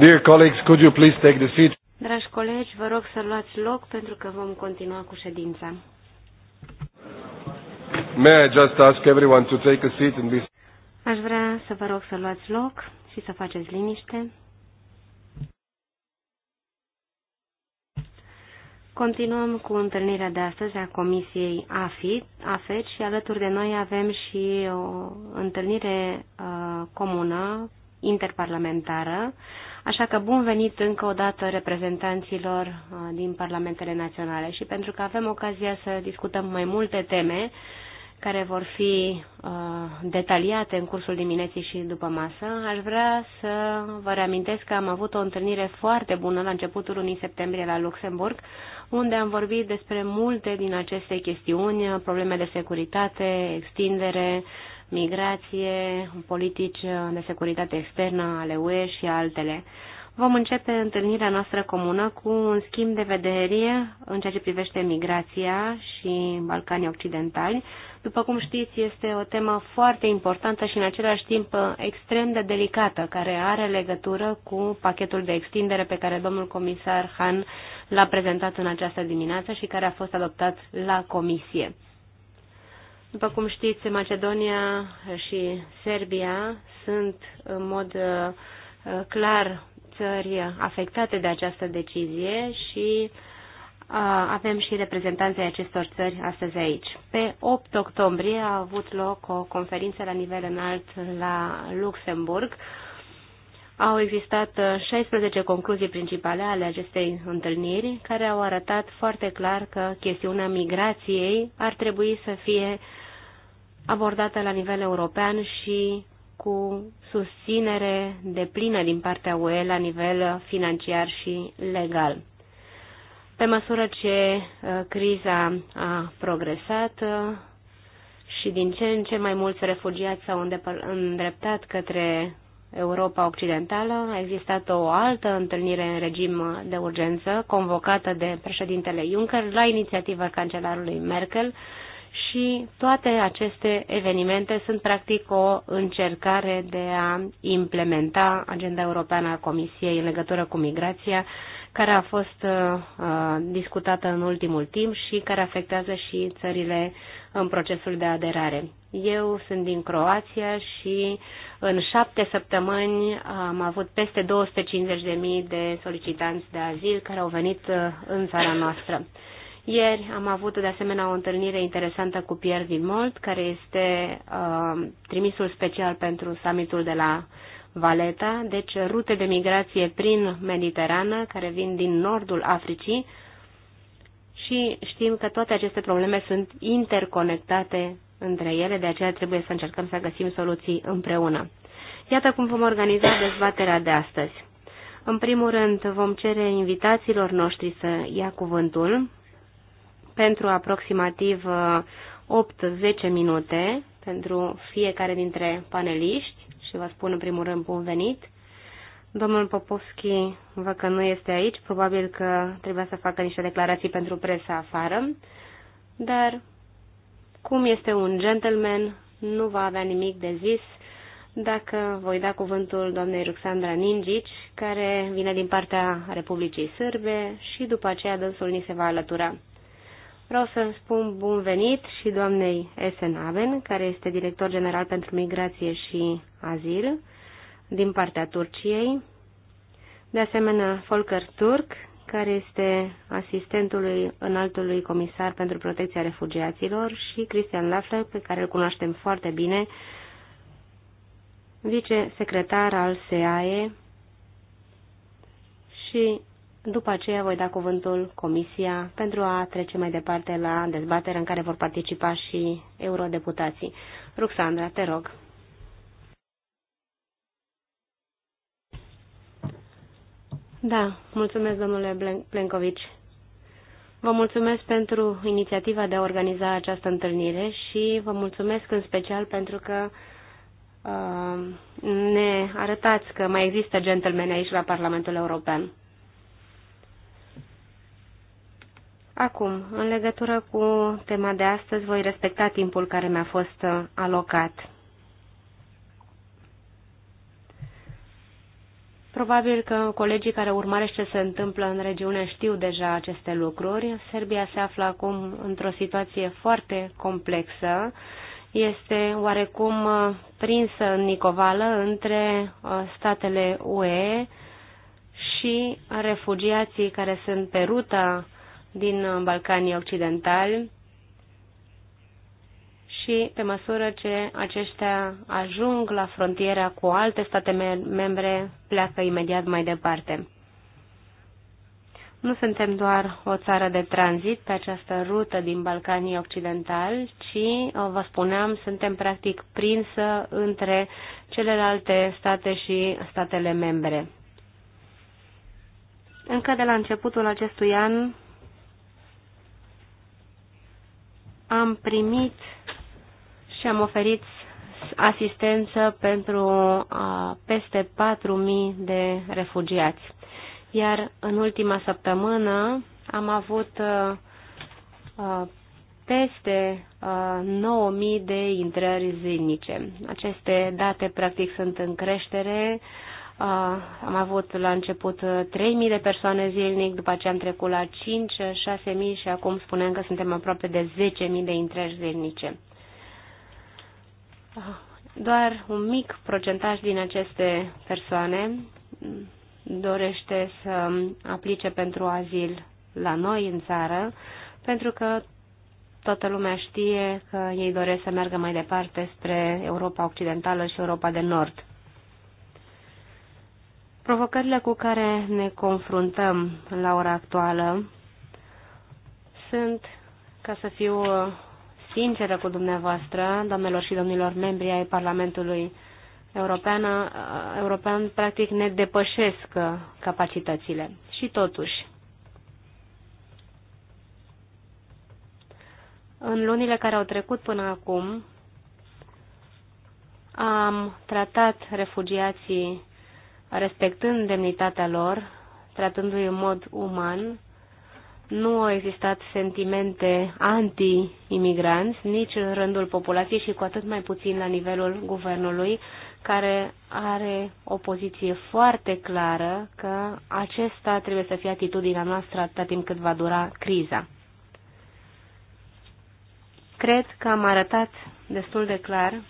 C: Dear colleagues, could you please take the seat? Dragi colegi, vă rog să luați loc pentru că vom continua cu ședința.
B: May I just ask everyone to take a seat and be...
C: Aș vrea să vă rog să luați loc și să faceți liniște. Continuăm cu întâlnirea de astăzi a Comisiei AFIT, AFET și alături de noi avem și o întâlnire uh, comună interparlamentară Așa că bun venit încă o dată reprezentanților uh, din Parlamentele Naționale și pentru că avem ocazia să discutăm mai multe teme care vor fi uh, detaliate în cursul dimineții și după masă, aș vrea să vă reamintesc că am avut o întâlnire foarte bună la începutul lunii septembrie la Luxemburg, unde am vorbit despre multe din aceste chestiuni, uh, probleme de securitate, extindere, uh, migrație, politici de securitate externă ale UE și altele. Vom începe întâlnirea noastră comună cu un schimb de vedere în ceea ce privește migrația și Balcanii Occidentali. După cum știți, este o temă foarte importantă și în același timp extrem de delicată, care are legătură cu pachetul de extindere pe care domnul comisar Han l-a prezentat în această dimineață și care a fost adoptat la comisie. După cum știți, Macedonia și Serbia sunt în mod uh, clar țări afectate de această decizie și uh, avem și reprezentanții acestor țări astăzi aici. Pe 8 octombrie a avut loc o conferință la nivel înalt la Luxemburg. Au existat 16 uh, concluzii principale ale acestei întâlniri, care au arătat foarte clar că chestiunea migrației ar trebui să fie uh, abordată la nivel european și cu susținere de plină din partea UE la nivel financiar și legal. Pe măsură ce uh, criza a progresat uh, și din ce în ce mai mulți refugiați s-au îndreptat către Europa Occidentală, a existat o altă întâlnire în regim de urgență convocată de președintele Juncker la inițiativa cancelarului Merkel, și toate aceste evenimente sunt practic o încercare de a implementa agenda europeană a Comisiei în legătură cu migrația, care a fost uh, uh, discutată în ultimul timp și care afectează și țările în procesul de aderare. Eu sunt din Croația și în șapte săptămâni am avut peste 250.000 de solicitanți de azil care au venit uh, în țara noastră. Ieri am avut de asemenea o întâlnire interesantă cu Pierre Vimolt, care este uh, trimisul special pentru summitul de la Valeta, deci rute de migrație prin Mediterană, care vin din nordul Africii și știm că toate aceste probleme sunt interconectate între ele, de aceea trebuie să încercăm să găsim soluții împreună. Iată cum vom organiza dezbaterea de astăzi. În primul rând, vom cere invitațiilor noștri să ia cuvântul, pentru aproximativ 8-10 uh, minute pentru fiecare dintre paneliști și vă spun în primul rând bun venit. Domnul Popovski văd că nu este aici, probabil că trebuia să facă niște declarații pentru presa afară, dar cum este un gentleman, nu va avea nimic de zis dacă voi da cuvântul doamnei Ruxandra Ningici, care vine din partea Republicii Sârbe și după aceea dânsul ni se va alătura. Vreau să spun bun venit și doamnei Aven, care este director general pentru migrație și azil din partea Turciei. De asemenea, Folker Turk, care este asistentului înaltului comisar pentru protecția refugiaților, și Cristian Lafle, pe care îl cunoaștem foarte bine, vicesecretar al SEAE și după aceea voi da cuvântul Comisia pentru a trece mai departe la dezbatere în care vor participa și eurodeputații. Ruxandra, te rog. Da, mulțumesc, domnule Plencovici. Vă mulțumesc pentru inițiativa de a organiza această întâlnire și vă mulțumesc în special pentru că uh, ne arătați că mai există gentlemen aici la Parlamentul European. Acum, în legătură cu tema de astăzi, voi respecta timpul care mi-a fost uh, alocat. Probabil că colegii care urmăresc ce se întâmplă în regiune știu deja aceste lucruri. Serbia se află acum într-o situație foarte complexă. Este oarecum uh, prinsă în nicovală între uh, statele UE și refugiații care sunt pe ruta din uh, Balcanii Occidentali și pe măsură ce aceștia ajung la frontiera cu alte state membre, pleacă imediat mai departe. Nu suntem doar o țară de tranzit pe această rută din Balcanii Occidentali, ci, uh, vă spuneam, suntem practic prinsă între celelalte state și statele membre. Încă de la începutul acestui an, am primit și am oferit asistență pentru a, peste 4.000 de refugiați. Iar în ultima săptămână am avut a, a, peste 9.000 de intrări zilnice. Aceste date practic sunt în creștere am avut la început 3.000 de persoane zilnic, după ce am trecut la 5-6.000 și acum spunem că suntem aproape de 10.000 de intrări zilnice. Doar un mic procentaj din aceste persoane dorește să aplice pentru azil la noi în țară, pentru că toată lumea știe că ei doresc să meargă mai departe spre Europa Occidentală și Europa de Nord. Provocările cu care ne confruntăm la ora actuală sunt, ca să fiu sinceră cu dumneavoastră, doamnelor și domnilor membri ai Parlamentului European, European practic ne depășesc capacitățile. Și totuși, în lunile care au trecut până acum, am tratat refugiații respectând demnitatea lor, tratându-i în mod uman, nu au existat sentimente anti-imigranți, nici în rândul populației și cu atât mai puțin la nivelul guvernului, care are o poziție foarte clară că acesta trebuie să fie atitudinea noastră atât timp cât va dura criza. Cred că am arătat destul de clar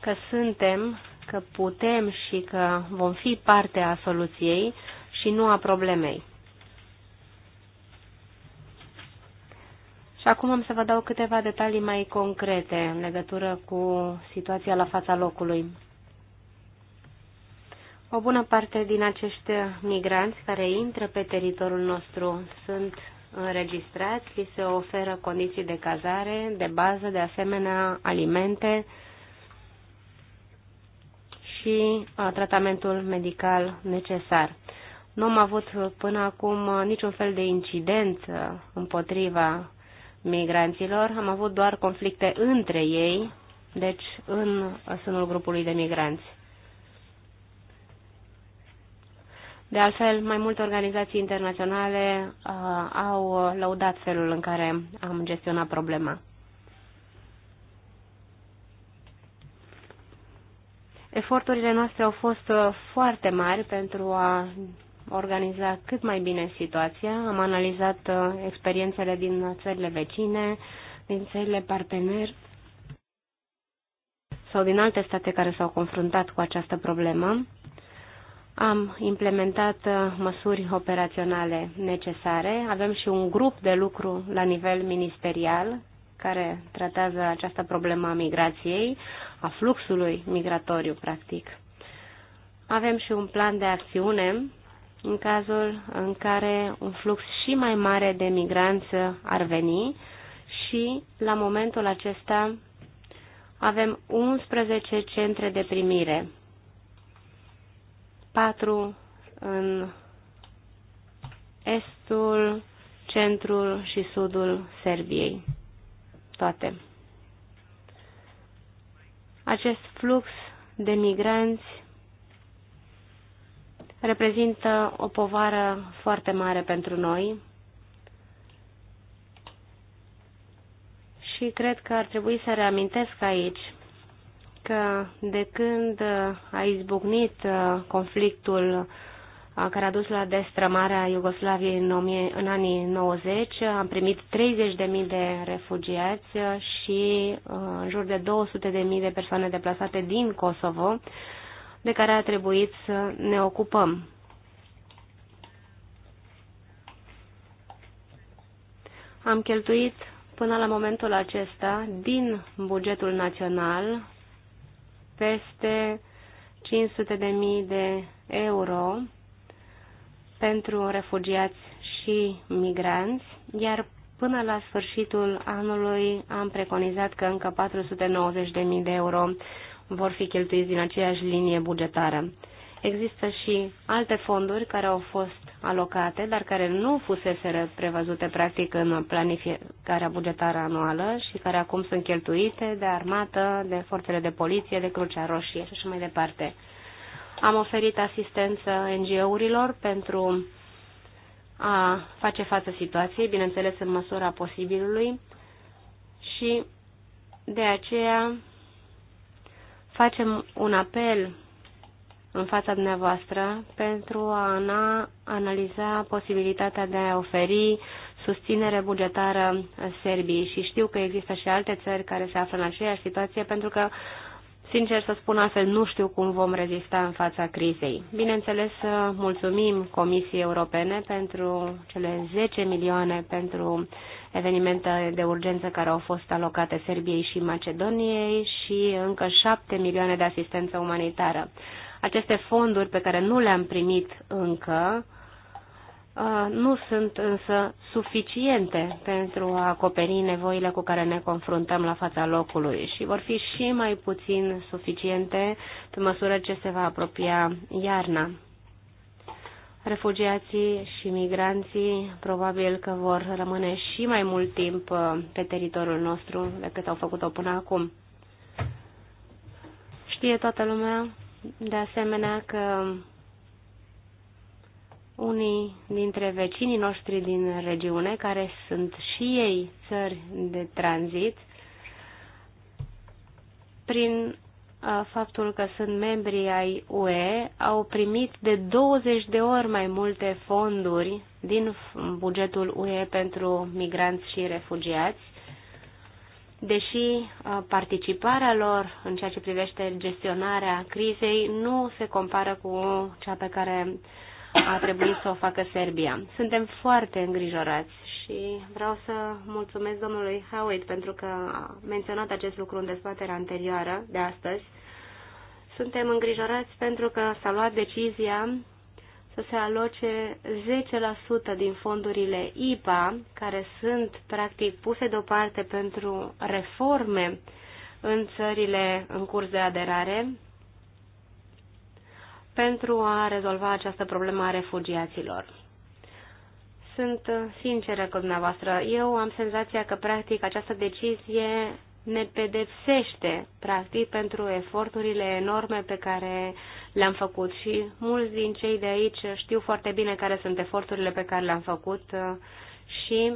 C: că suntem că putem și că vom fi parte a soluției și nu a problemei. Și acum am să vă dau câteva detalii mai concrete în legătură cu situația la fața locului. O bună parte din acești migranți care intră pe teritoriul nostru sunt înregistrați, li se oferă condiții de cazare, de bază, de asemenea alimente, și uh, tratamentul medical necesar. Nu am avut până acum uh, niciun fel de incident împotriva migranților, am avut doar conflicte între ei, deci în sânul grupului de migranți. De altfel, mai multe organizații internaționale uh, au lăudat felul în care am gestionat problema. Eforturile noastre au fost uh, foarte mari pentru a organiza cât mai bine situația. Am analizat uh, experiențele din țările vecine, din țările parteneri sau din alte state care s-au confruntat cu această problemă. Am implementat uh, măsuri operaționale necesare. Avem și un grup de lucru la nivel ministerial care tratează această problemă a migrației a fluxului migratoriu, practic. Avem și un plan de acțiune în cazul în care un flux și mai mare de migranți ar veni și, la momentul acesta, avem 11 centre de primire, 4 în estul, centrul și sudul Serbiei, toate. Acest flux de migranți reprezintă o povară foarte mare pentru noi și cred că ar trebui să reamintesc aici că de când a izbucnit uh, conflictul care a dus la destrămarea Iugoslaviei în, 1000, în anii 90. Am primit 30.000 de refugiați și în jur de 200.000 de persoane deplasate din Kosovo, de care a trebuit să ne ocupăm. Am cheltuit până la momentul acesta din bugetul național peste 500.000 de euro pentru refugiați și migranți, iar până la sfârșitul anului am preconizat că încă 490.000 de euro vor fi cheltuiți din aceeași linie bugetară. Există și alte fonduri care au fost alocate, dar care nu fusese prevăzute practic în planificarea bugetară anuală și care acum sunt cheltuite de armată, de forțele de poliție, de Crucea Roșie și așa mai departe. Am oferit asistență NGO-urilor pentru a face față situației, bineînțeles în măsura posibilului, și de aceea facem un apel în fața dumneavoastră pentru a analiza posibilitatea de a oferi susținere bugetară Serbiei și știu că există și alte țări care se află în aceeași situație pentru că Sincer să spun altfel, nu știu cum vom rezista în fața crizei. Bineînțeles, mulțumim Comisiei Europene pentru cele 10 milioane pentru evenimente de urgență care au fost alocate Serbiei și Macedoniei și încă 7 milioane de asistență umanitară. Aceste fonduri pe care nu le-am primit încă, nu sunt însă suficiente pentru a acoperi nevoile cu care ne confruntăm la fața locului și vor fi și mai puțin suficiente pe măsură ce se va apropia iarna. Refugiații și migranții probabil că vor rămâne și mai mult timp pe teritoriul nostru decât au făcut-o până acum. Știe toată lumea de asemenea că unii dintre vecinii noștri din regiune, care sunt și ei țări de tranzit, prin uh, faptul că sunt membri ai UE, au primit de 20 de ori mai multe fonduri din bugetul UE pentru migranți și refugiați, deși uh, participarea lor în ceea ce privește gestionarea crizei nu se compară cu cea pe care a trebuit să o facă Serbia. Suntem foarte îngrijorați și vreau să mulțumesc domnului Howitt pentru că a menționat acest lucru în dezbaterea anterioară de astăzi. Suntem îngrijorați pentru că s-a luat decizia să se aloce 10% din fondurile IPA, care sunt practic puse deoparte pentru reforme în țările în curs de aderare, pentru a rezolva această problemă a refugiaților. Sunt uh, sinceră cu dumneavoastră. Eu am senzația că, practic, această decizie ne pedepsește, practic, pentru eforturile enorme pe care le-am făcut și mulți din cei de aici știu foarte bine care sunt eforturile pe care le-am făcut uh, și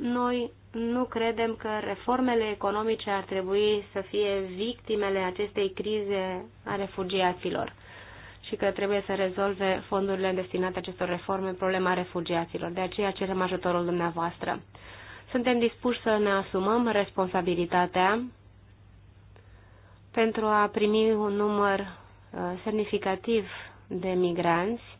C: noi nu credem că reformele economice ar trebui să fie victimele acestei crize a refugiaților și că trebuie să rezolve fondurile destinate acestor reforme problema refugiaților. De aceea cerem ajutorul dumneavoastră. Suntem dispuși să ne asumăm responsabilitatea pentru a primi un număr uh, semnificativ de migranți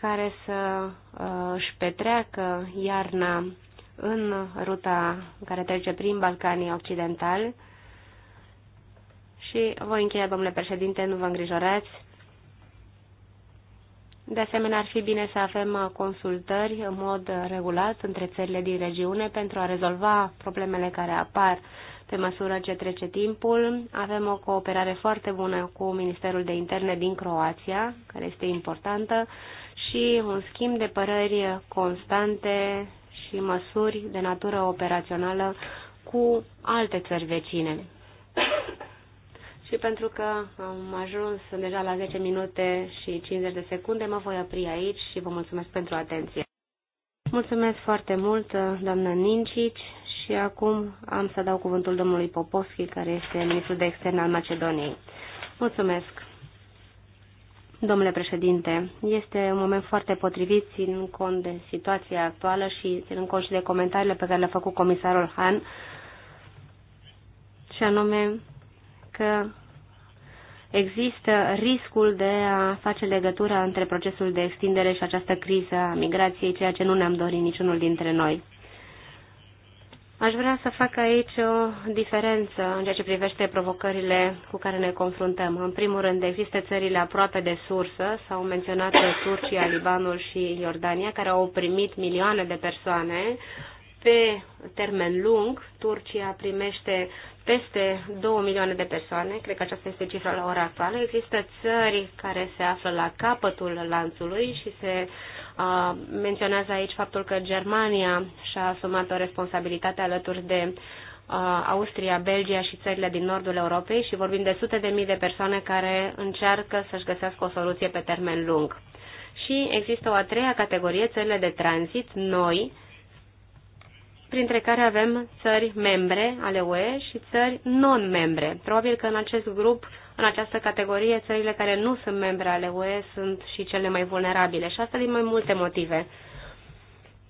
C: care să uh, își petreacă iarna în ruta care trece prin Balcanii Occidentali. Și voi încheia, domnule președinte, nu vă îngrijorați. De asemenea, ar fi bine să avem uh, consultări în mod regulat între țările din regiune pentru a rezolva problemele care apar pe măsură ce trece timpul. Avem o cooperare foarte bună cu Ministerul de Interne din Croația, care este importantă și un schimb de păreri constante și măsuri de natură operațională cu alte țări vecine. și pentru că am ajuns deja la 10 minute și 50 de secunde, mă voi opri aici și vă mulțumesc pentru atenție. Mulțumesc foarte mult, doamnă Nincici, și acum am să dau cuvântul domnului Popovski, care este ministrul de extern al Macedoniei. Mulțumesc! Domnule președinte, este un moment foarte potrivit, ținând cont de situația actuală și ținând cont și de comentariile pe care le-a făcut comisarul Han, și anume că există riscul de a face legătura între procesul de extindere și această criză a migrației, ceea ce nu ne-am dorit niciunul dintre noi. Aș vrea să fac aici o diferență în ceea ce privește provocările cu care ne confruntăm. În primul rând, există țările aproape de sursă, s-au menționat Turcia, Libanul și Iordania, care au primit milioane de persoane. Pe termen lung, Turcia primește peste 2 milioane de persoane, cred că aceasta este cifra la ora actuală. Există țări care se află la capătul lanțului și se uh, menționează aici faptul că Germania și-a asumat o responsabilitate alături de Austria, Belgia și țările din nordul Europei și vorbim de sute de mii de persoane care încearcă să-și găsească o soluție pe termen lung. Și există o a treia categorie, țările de tranzit noi, printre care avem țări membre ale UE și țări non-membre. Probabil că în acest grup în această categorie, țările care nu sunt membre ale UE sunt și cele mai vulnerabile și asta din mai multe motive.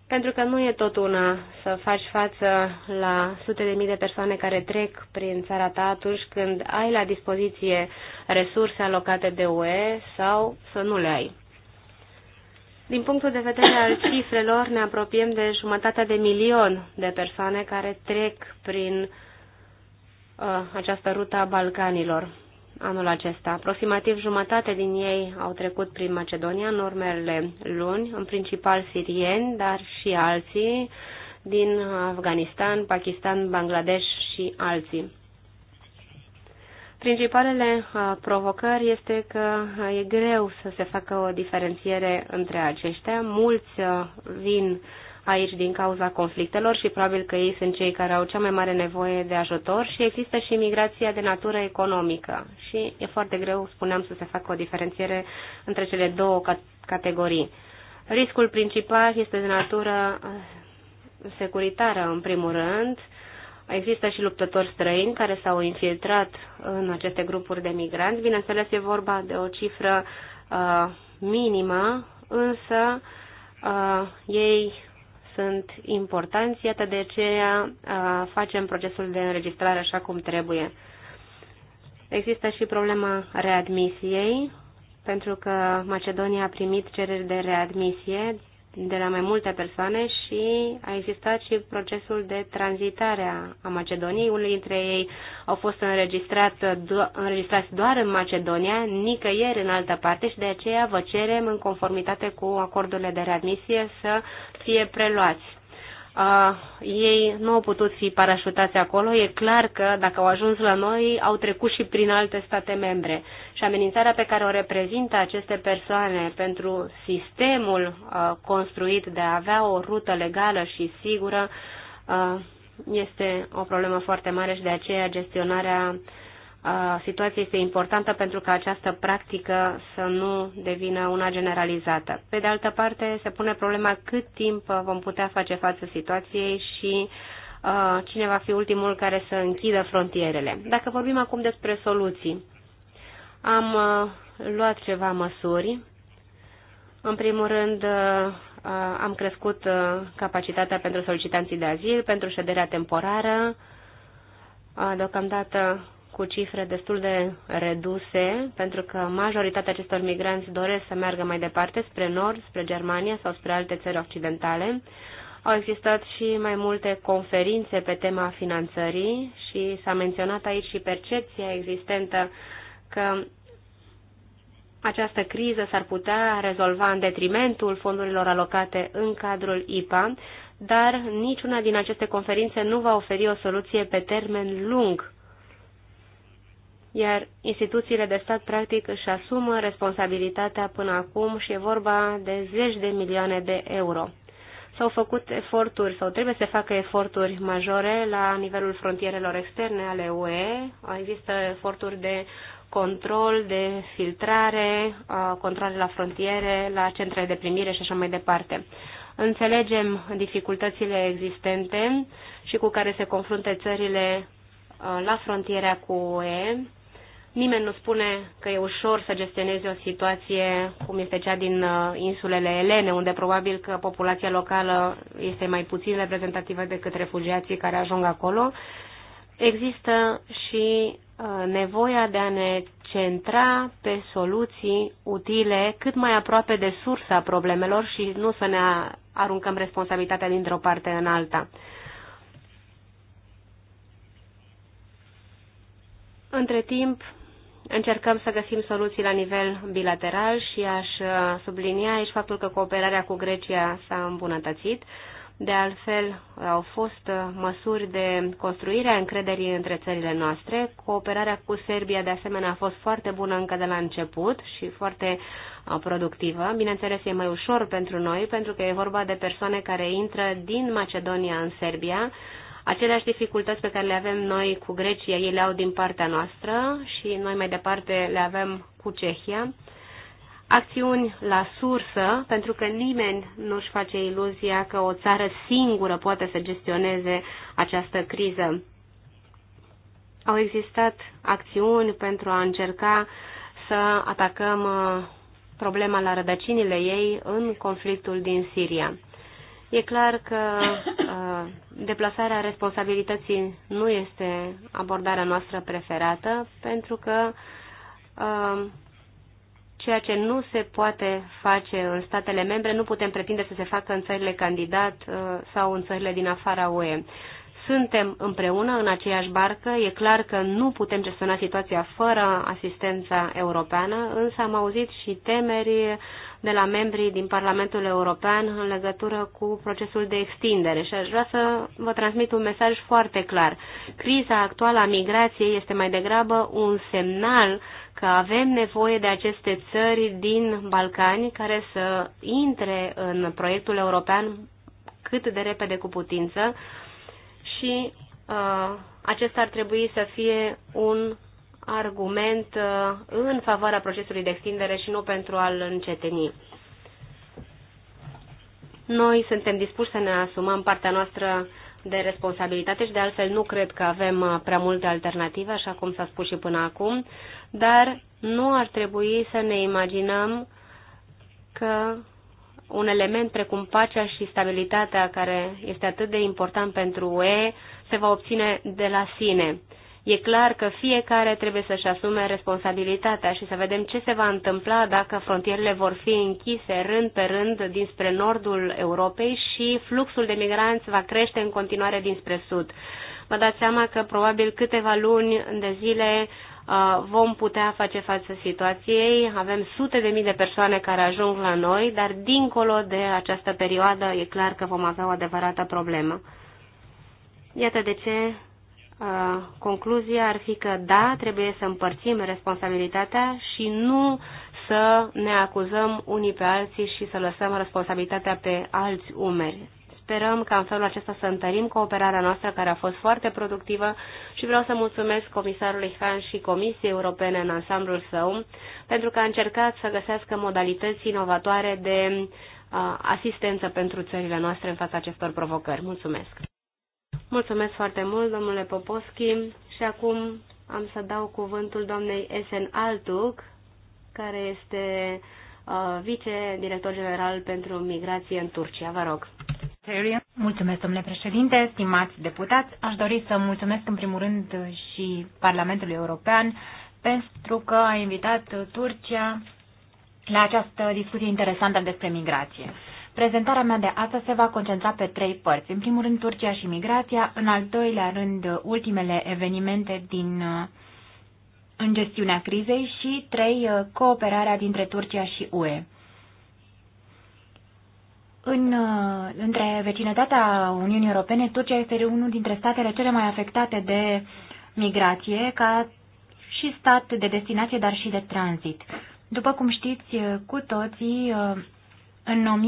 C: Pentru că nu e tot una să faci față la sute de mii de persoane care trec prin țara ta atunci când ai la dispoziție resurse alocate de UE sau să nu le ai. Din punctul de vedere al cifrelor, ne apropiem de jumătatea de milion de persoane care trec prin uh, această rută a Balcanilor anul acesta. Aproximativ jumătate din ei au trecut prin Macedonia în urmele luni, în principal sirieni, dar și alții din Afganistan, Pakistan, Bangladesh și alții. Principalele uh, provocări este că uh, e greu să se facă o diferențiere între aceștia. Mulți uh, vin aici din cauza conflictelor și probabil că ei sunt cei care au cea mai mare nevoie de ajutor și există și migrația de natură economică și e foarte greu, spuneam, să se facă o diferențiere între cele două categorii. Riscul principal este de natură uh, securitară, în primul rând. Există și luptători străini care s-au infiltrat în aceste grupuri de migranți. Bineînțeles, e vorba de o cifră uh, minimă, însă uh, ei sunt importanți, iată de ce facem procesul de înregistrare așa cum trebuie. Există și problema readmisiei, pentru că Macedonia a primit cereri de readmisie de la mai multe persoane și a existat și procesul de tranzitare a Macedoniei. Unii dintre ei au fost înregistrați, do- înregistrați doar în Macedonia, nicăieri în altă parte și de aceea vă cerem, în conformitate cu acordurile de readmisie, să fie preluați. Uh, ei nu au putut fi parașutați acolo. E clar că dacă au ajuns la noi, au trecut și prin alte state membre. Și amenințarea pe care o reprezintă aceste persoane pentru sistemul uh, construit de a avea o rută legală și sigură uh, este o problemă foarte mare și de aceea gestionarea uh, situație este importantă pentru că această practică să nu devină una generalizată. Pe de altă parte, se pune problema cât timp vom putea face față situației și cine va fi ultimul care să închidă frontierele. Dacă vorbim acum despre soluții, am luat ceva măsuri. În primul rând, am crescut capacitatea pentru solicitanții de azil, pentru șederea temporară. Deocamdată cu cifre destul de reduse, pentru că majoritatea acestor migranți doresc să meargă mai departe, spre nord, spre Germania sau spre alte țări occidentale. Au existat și mai multe conferințe pe tema finanțării și s-a menționat aici și percepția existentă că această criză s-ar putea rezolva în detrimentul fondurilor alocate în cadrul IPA, dar niciuna din aceste conferințe nu va oferi o soluție pe termen lung iar instituțiile de stat practic își asumă responsabilitatea până acum și e vorba de zeci de milioane de euro. S-au făcut eforturi sau trebuie să facă eforturi majore la nivelul frontierelor externe ale UE. Există eforturi de control, de filtrare, controle la frontiere, la centrele de primire și așa mai departe. Înțelegem dificultățile existente și cu care se confruntă țările la frontiera cu UE Nimeni nu spune că e ușor să gestioneze o situație cum este cea din uh, insulele Elene, unde probabil că populația locală este mai puțin reprezentativă decât refugiații care ajung acolo. Există și uh, nevoia de a ne centra pe soluții utile cât mai aproape de sursa problemelor și nu să ne aruncăm responsabilitatea dintr-o parte în alta. Între timp, Încercăm să găsim soluții la nivel bilateral și aș uh, sublinia aici faptul că cooperarea cu Grecia s-a îmbunătățit. De altfel, au fost uh, măsuri de construire a încrederii între țările noastre. Cooperarea cu Serbia, de asemenea, a fost foarte bună încă de la început și foarte uh, productivă. Bineînțeles, e mai ușor pentru noi, pentru că e vorba de persoane care intră din Macedonia în Serbia Aceleași dificultăți pe care le avem noi cu Grecia, ei le au din partea noastră și noi mai departe le avem cu Cehia. Acțiuni la sursă, pentru că nimeni nu-și face iluzia că o țară singură poate să gestioneze această criză. Au existat acțiuni pentru a încerca să atacăm uh, problema la rădăcinile ei în conflictul din Siria. E clar că uh, deplasarea responsabilității nu este abordarea noastră preferată, pentru că uh, ceea ce nu se poate face în statele membre nu putem pretinde să se facă în țările candidat uh, sau în țările din afara UE. Suntem împreună în aceeași barcă, e clar că nu putem gestiona situația fără asistența europeană, însă am auzit și temeri de la membrii din Parlamentul European în legătură cu procesul de extindere și aș vrea să vă transmit un mesaj foarte clar. Criza actuală a migrației este mai degrabă un semnal că avem nevoie de aceste țări din Balcani care să intre în proiectul european cât de repede cu putință și uh, acesta ar trebui să fie un argument uh, în favoarea procesului de extindere și nu pentru a-l înceteni. Noi suntem dispuși să ne asumăm partea noastră de responsabilitate și de altfel nu cred că avem uh, prea multe alternative, așa cum s-a spus și până acum, dar nu ar trebui să ne imaginăm că un element precum pacea și stabilitatea, care este atât de important pentru UE, se va obține de la sine. E clar că fiecare trebuie să-și asume responsabilitatea și să vedem ce se va întâmpla dacă frontierele vor fi închise rând pe rând dinspre nordul Europei și fluxul de migranți va crește în continuare dinspre sud. Vă dați seama că probabil câteva luni de zile uh, vom putea face față situației. Avem sute de mii de persoane care ajung la noi, dar dincolo de această perioadă e clar că vom avea o adevărată problemă. Iată de ce concluzia ar fi că da, trebuie să împărțim responsabilitatea și nu să ne acuzăm unii pe alții și să lăsăm responsabilitatea pe alți umeri. Sperăm ca în felul acesta să întărim cooperarea noastră care a fost foarte productivă și vreau să mulțumesc comisarului Han și Comisiei Europene în ansamblul său pentru că a încercat să găsească modalități inovatoare de asistență pentru țările noastre în fața acestor provocări. Mulțumesc! Mulțumesc foarte mult, domnule Poposchi. Și acum am să dau cuvântul doamnei Esen Altuc, care este uh, vice-director general pentru migrație în Turcia. Vă rog.
A: Mulțumesc, domnule președinte, stimați deputați. Aș dori să mulțumesc în primul rând și Parlamentului European pentru că a invitat Turcia la această discuție interesantă despre migrație. Prezentarea mea de astăzi se va concentra pe trei părți. În primul rând, Turcia și migrația, în al doilea rând, ultimele evenimente din uh, în gestiunea crizei și trei uh, cooperarea dintre Turcia și UE. În, uh, între vecinătatea Uniunii Europene, Turcia este unul dintre statele cele mai afectate de migrație, ca și stat de destinație, dar și de tranzit. După cum știți cu toții, în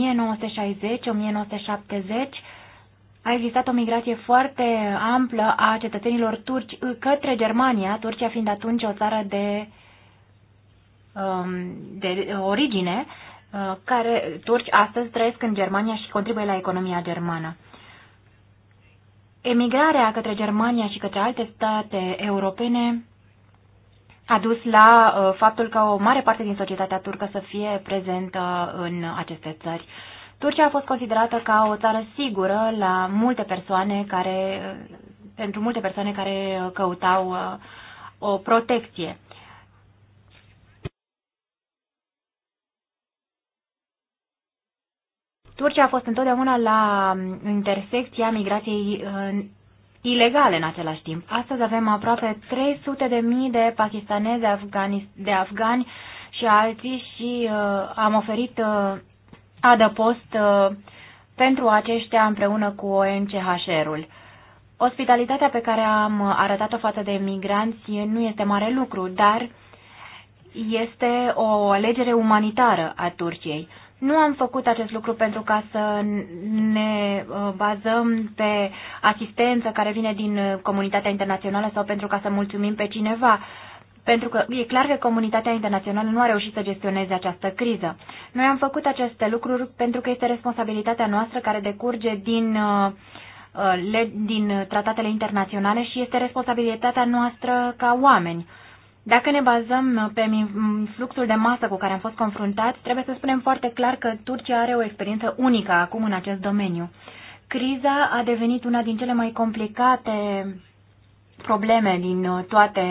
A: 1960-1970 a existat o migrație foarte amplă a cetățenilor turci către Germania, Turcia fiind atunci o țară de, um, de origine, uh, care turci astăzi trăiesc în Germania și contribuie la economia germană. Emigrarea către Germania și către alte state europene a dus la uh, faptul că o mare parte din societatea turcă să fie prezentă în aceste țări. Turcia a fost considerată ca o țară sigură la multe persoane care, uh, pentru multe persoane care căutau uh, o protecție. Turcia a fost întotdeauna la intersecția migrației ilegale în același timp. Astăzi avem aproape 300 de mii de pakistanezi, de afgani, de afgani și alții și uh, am oferit uh, adăpost uh, pentru aceștia împreună cu ONCHR-ul. Ospitalitatea pe care am arătat-o față de migranți nu este mare lucru, dar este o alegere umanitară a Turciei. Nu am făcut acest lucru pentru ca să ne uh, bazăm pe asistență care vine din uh, comunitatea internațională sau pentru ca să mulțumim pe cineva pentru că e clar că comunitatea internațională nu a reușit să gestioneze această criză. Noi am făcut aceste lucruri pentru că este responsabilitatea noastră care decurge din, uh, din tratatele internaționale și este responsabilitatea noastră ca oameni. Dacă ne bazăm uh, pe fluxul de masă cu care am fost confruntați, trebuie să spunem foarte clar că Turcia are o experiență unică acum în acest domeniu. Criza a devenit una din cele mai complicate probleme din uh, toate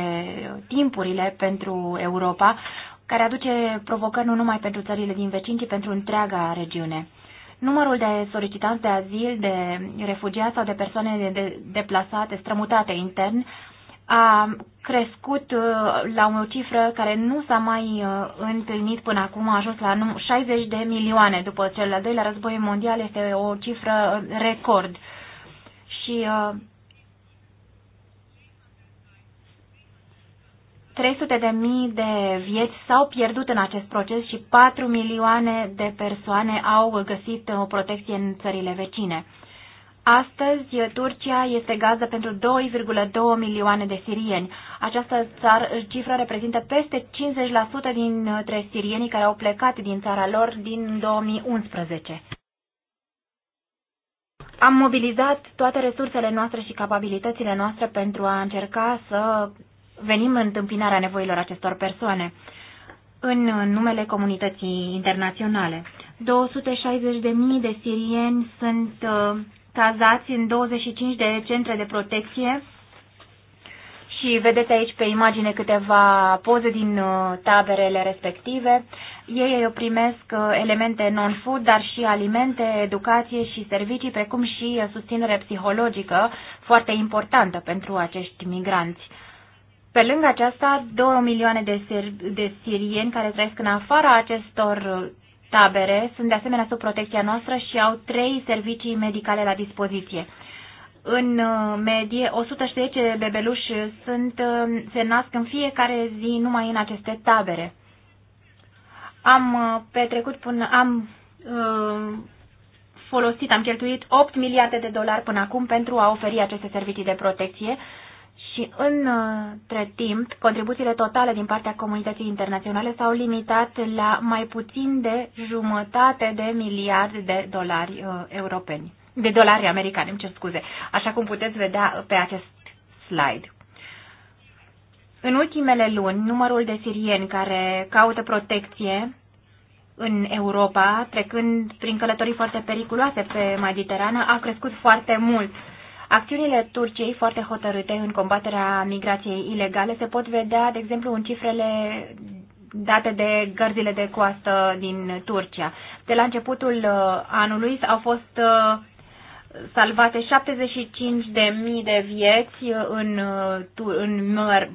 A: timpurile pentru Europa, care aduce provocări nu numai pentru țările din vecin, ci pentru întreaga regiune. Numărul de solicitanți de azil, de refugiați sau de persoane de deplasate, strămutate intern, a crescut uh, la o cifră care nu s-a mai uh, întâlnit până acum, a ajuns la 60 de milioane după cel al doilea război mondial, este o cifră uh, record. Și 300 de mii de vieți s-au pierdut în acest proces și 4 milioane de persoane au găsit o protecție în țările vecine. Astăzi, Turcia este gază pentru 2,2 milioane de sirieni. Această țară, cifră reprezintă peste 50% dintre sirienii care au plecat din țara lor din 2011. Am mobilizat toate resursele noastre și capabilitățile noastre pentru a încerca să venim în întâmpinarea nevoilor acestor persoane în numele comunității internaționale. 260.000 de sirieni sunt uh, cazați în 25 de centre de protecție și vedeți aici pe imagine câteva poze din uh, taberele respective. Ei uh, primesc uh, elemente non-food, dar și alimente, educație și servicii, precum și susținere psihologică foarte importantă pentru acești migranți. Pe lângă aceasta, 2 milioane de, sir- de sirieni care trăiesc în afara acestor tabere, sunt de asemenea sub protecția noastră și au trei servicii medicale la dispoziție. În uh, medie, 110 bebeluși sunt, uh, se nasc în fiecare zi numai în aceste tabere. Am uh, petrecut până, am folosit, am cheltuit 8 miliarde de dolari până acum pentru a oferi aceste servicii de protecție și între timp, contribuțiile totale din partea comunității internaționale s-au limitat la mai puțin de jumătate de miliard de dolari uh, europeni, de dolari americani, îmi cer scuze, așa cum puteți vedea pe acest slide. În ultimele luni, numărul de sirieni care caută protecție în Europa, trecând prin călătorii foarte periculoase pe Mediterană, a crescut foarte mult Acțiunile Turciei foarte hotărâte în combaterea migrației ilegale se pot vedea, de exemplu, în cifrele date de gărzile de coastă din Turcia. De la începutul uh, anului au fost uh, salvate 75.000 de mii de vieți uh, în, în,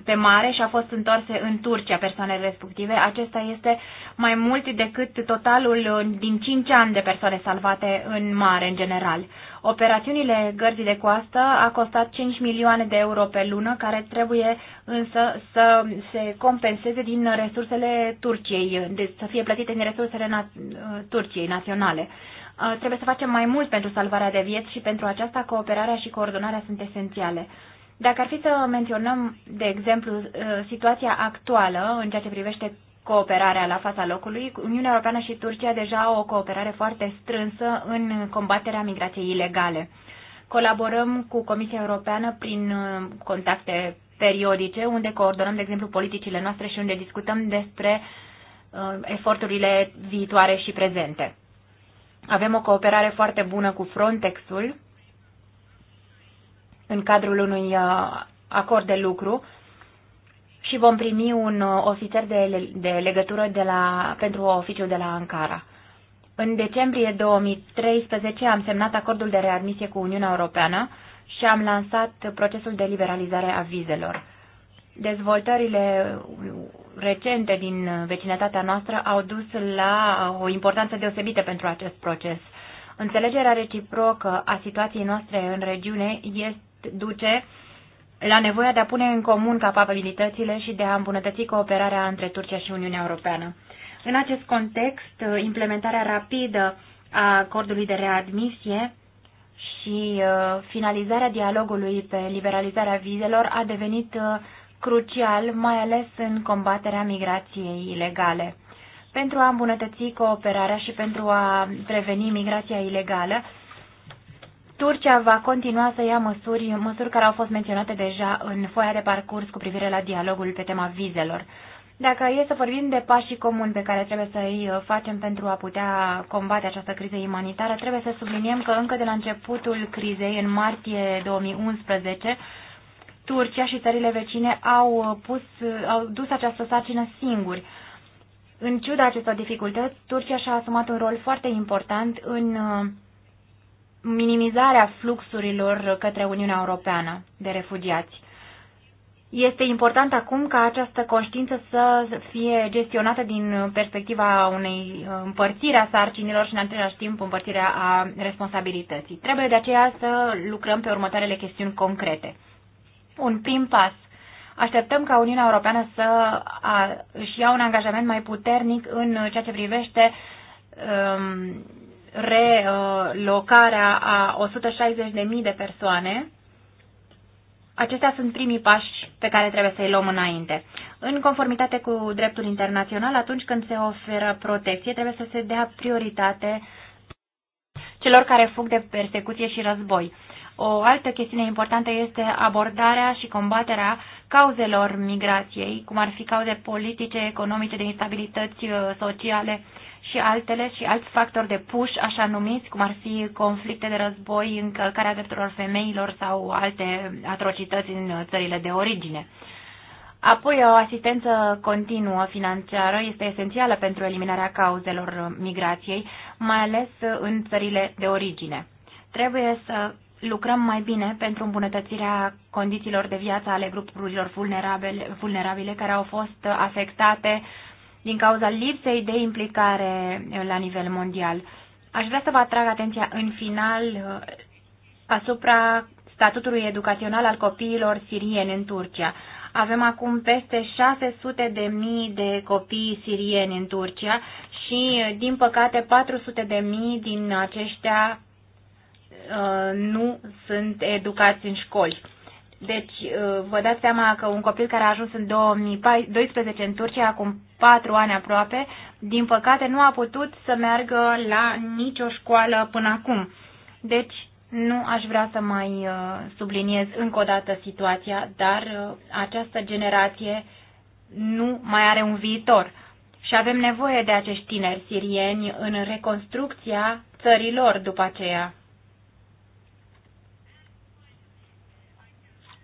A: pe mare și au fost întoarse în Turcia persoanele respective. Acesta este mai mult decât totalul din 5 ani de persoane salvate în mare în general. Operațiunile gărzii de coastă a costat 5 milioane de euro pe lună, care trebuie însă să se compenseze din resursele Turciei, deci să fie plătite din resursele na- Turciei naționale. Uh, trebuie să facem mai mult pentru salvarea de vieți și pentru aceasta cooperarea și coordonarea sunt esențiale. Dacă ar fi să menționăm, de exemplu, uh, situația actuală în ceea ce privește cooperarea la fața locului. Uniunea Europeană și Turcia deja au o cooperare foarte strânsă în combaterea migrației ilegale. Colaborăm cu Comisia Europeană prin uh, contacte periodice, unde coordonăm, de exemplu, politicile noastre și unde discutăm despre uh, eforturile viitoare și prezente. Avem o cooperare foarte bună cu Frontexul în cadrul unui uh, acord de lucru și vom primi un uh, ofițer de, de legătură de la, pentru oficiul de la Ankara. În decembrie 2013 am semnat acordul de readmisie cu Uniunea Europeană și am lansat procesul de liberalizare a vizelor. Dezvoltările recente din vecinătatea noastră au dus la uh, o importanță deosebită pentru acest proces. Înțelegerea reciprocă a situației noastre în regiune este, duce la nevoia de a pune în comun capabilitățile și de a îmbunătăți cooperarea între Turcia și Uniunea Europeană. În acest context, implementarea rapidă a acordului de readmisie și uh, finalizarea dialogului pe liberalizarea vizelor a devenit uh, crucial, mai ales în combaterea migrației ilegale. Pentru a îmbunătăți cooperarea și pentru a preveni migrația ilegală, Turcia va continua să ia măsuri, măsuri care au fost menționate deja în foaia de parcurs cu privire la dialogul pe tema vizelor. Dacă e să vorbim de pașii comuni pe care trebuie să îi uh, facem pentru a putea combate această criză umanitară, trebuie să subliniem că încă de la începutul crizei, în martie 2011, Turcia și țările vecine au, uh, pus, uh, au dus această sarcină singuri. În ciuda acestor dificultăți, Turcia și-a asumat un rol foarte important în uh, minimizarea fluxurilor către Uniunea Europeană de refugiați. Este important acum ca această conștiință să fie gestionată din perspectiva unei împărțiri a sarcinilor și în același timp împărțirea a responsabilității. Trebuie de aceea să lucrăm pe următoarele chestiuni concrete. Un prim pas. Așteptăm ca Uniunea Europeană să a, își ia un angajament mai puternic în ceea ce privește um, relocarea a 160.000 de persoane. Acestea sunt primii pași pe care trebuie să-i luăm înainte. În conformitate cu dreptul internațional, atunci când se oferă protecție, trebuie să se dea prioritate celor care fug de persecuție și război. O altă chestiune importantă este abordarea și combaterea cauzelor migrației, cum ar fi cauze politice, economice, de instabilități uh, sociale și altele și alți factori de push, așa numiți, cum ar fi conflicte de război, încălcarea drepturilor femeilor sau alte atrocități în țările de origine. Apoi, o asistență continuă financiară este esențială pentru eliminarea cauzelor migrației, mai ales în țările de origine. Trebuie să lucrăm mai bine pentru îmbunătățirea condițiilor de viață ale grupurilor vulnerabile, vulnerabile care au fost afectate uh, din cauza lipsei de implicare eh, la nivel mondial. Aș vrea să vă atrag atenția în final eh, asupra statutului educațional al copiilor sirieni în Turcia. Avem acum peste 600 de mii de copii sirieni în Turcia și, eh, din păcate, 400 de mii din aceștia nu sunt educați în școli. Deci, uh, vă dați seama că un copil care a ajuns în 2012 în Turcia, acum patru ani aproape, din păcate nu a putut să meargă la nicio școală până acum. Deci, nu aș vrea să mai uh, subliniez încă o dată situația, dar uh, această generație nu mai are un viitor. Și avem nevoie de acești tineri sirieni în reconstrucția țărilor după aceea.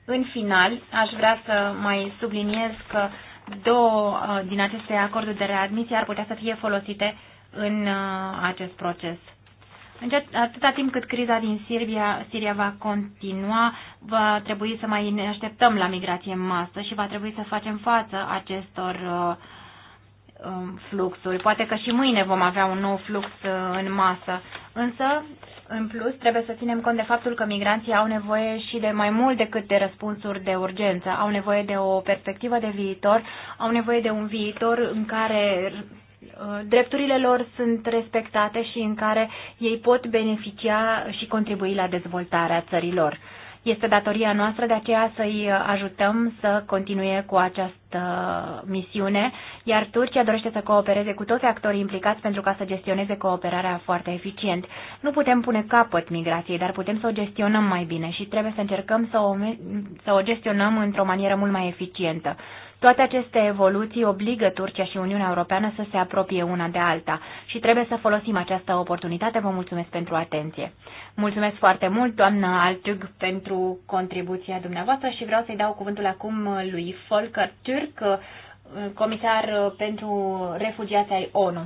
A: În final, aș vrea să mai subliniez că două uh, din aceste acorduri de readmisie ar putea să fie folosite în uh, acest proces. Atâta timp cât criza din Siria, Siria va continua, va trebui să mai ne așteptăm la migrație în masă și va trebui să facem față acestor uh, um, fluxuri. Poate că și mâine vom avea un nou flux în masă, însă în plus, trebuie să ținem cont de faptul că migranții au nevoie și de mai mult decât de răspunsuri de urgență. Au nevoie de o perspectivă de viitor, au nevoie de un viitor în care uh, drepturile lor sunt respectate și în care ei pot beneficia și contribui la dezvoltarea țărilor. Este datoria noastră de aceea să-i ajutăm să continue cu această misiune, iar Turcia dorește să coopereze cu toți actorii implicați pentru ca să gestioneze cooperarea foarte eficient. Nu putem pune capăt migrației, dar putem să o gestionăm mai bine și trebuie să încercăm să o, să o gestionăm într-o manieră mult mai eficientă. Toate aceste evoluții obligă Turcia și Uniunea Europeană să se apropie una de alta și trebuie să folosim această oportunitate. Vă mulțumesc pentru atenție. Mulțumesc foarte mult, doamna Altug, pentru contribuția dumneavoastră și vreau să-i dau cuvântul acum lui Volker Turk, comisar pentru refugiații ai ONU.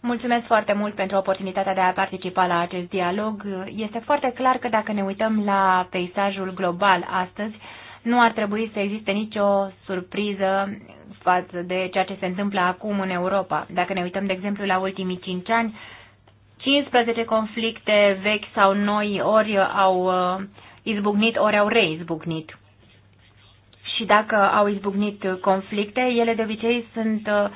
A: Mulțumesc foarte mult pentru oportunitatea de a participa la acest dialog. Este foarte clar că dacă ne uităm la peisajul global astăzi, nu ar trebui să existe nicio surpriză față de ceea ce se întâmplă acum în Europa. Dacă ne uităm, de exemplu, la ultimii cinci ani, 15 conflicte vechi sau noi ori au uh, izbucnit, ori au reizbucnit. Și dacă au izbucnit conflicte, ele de obicei sunt uh,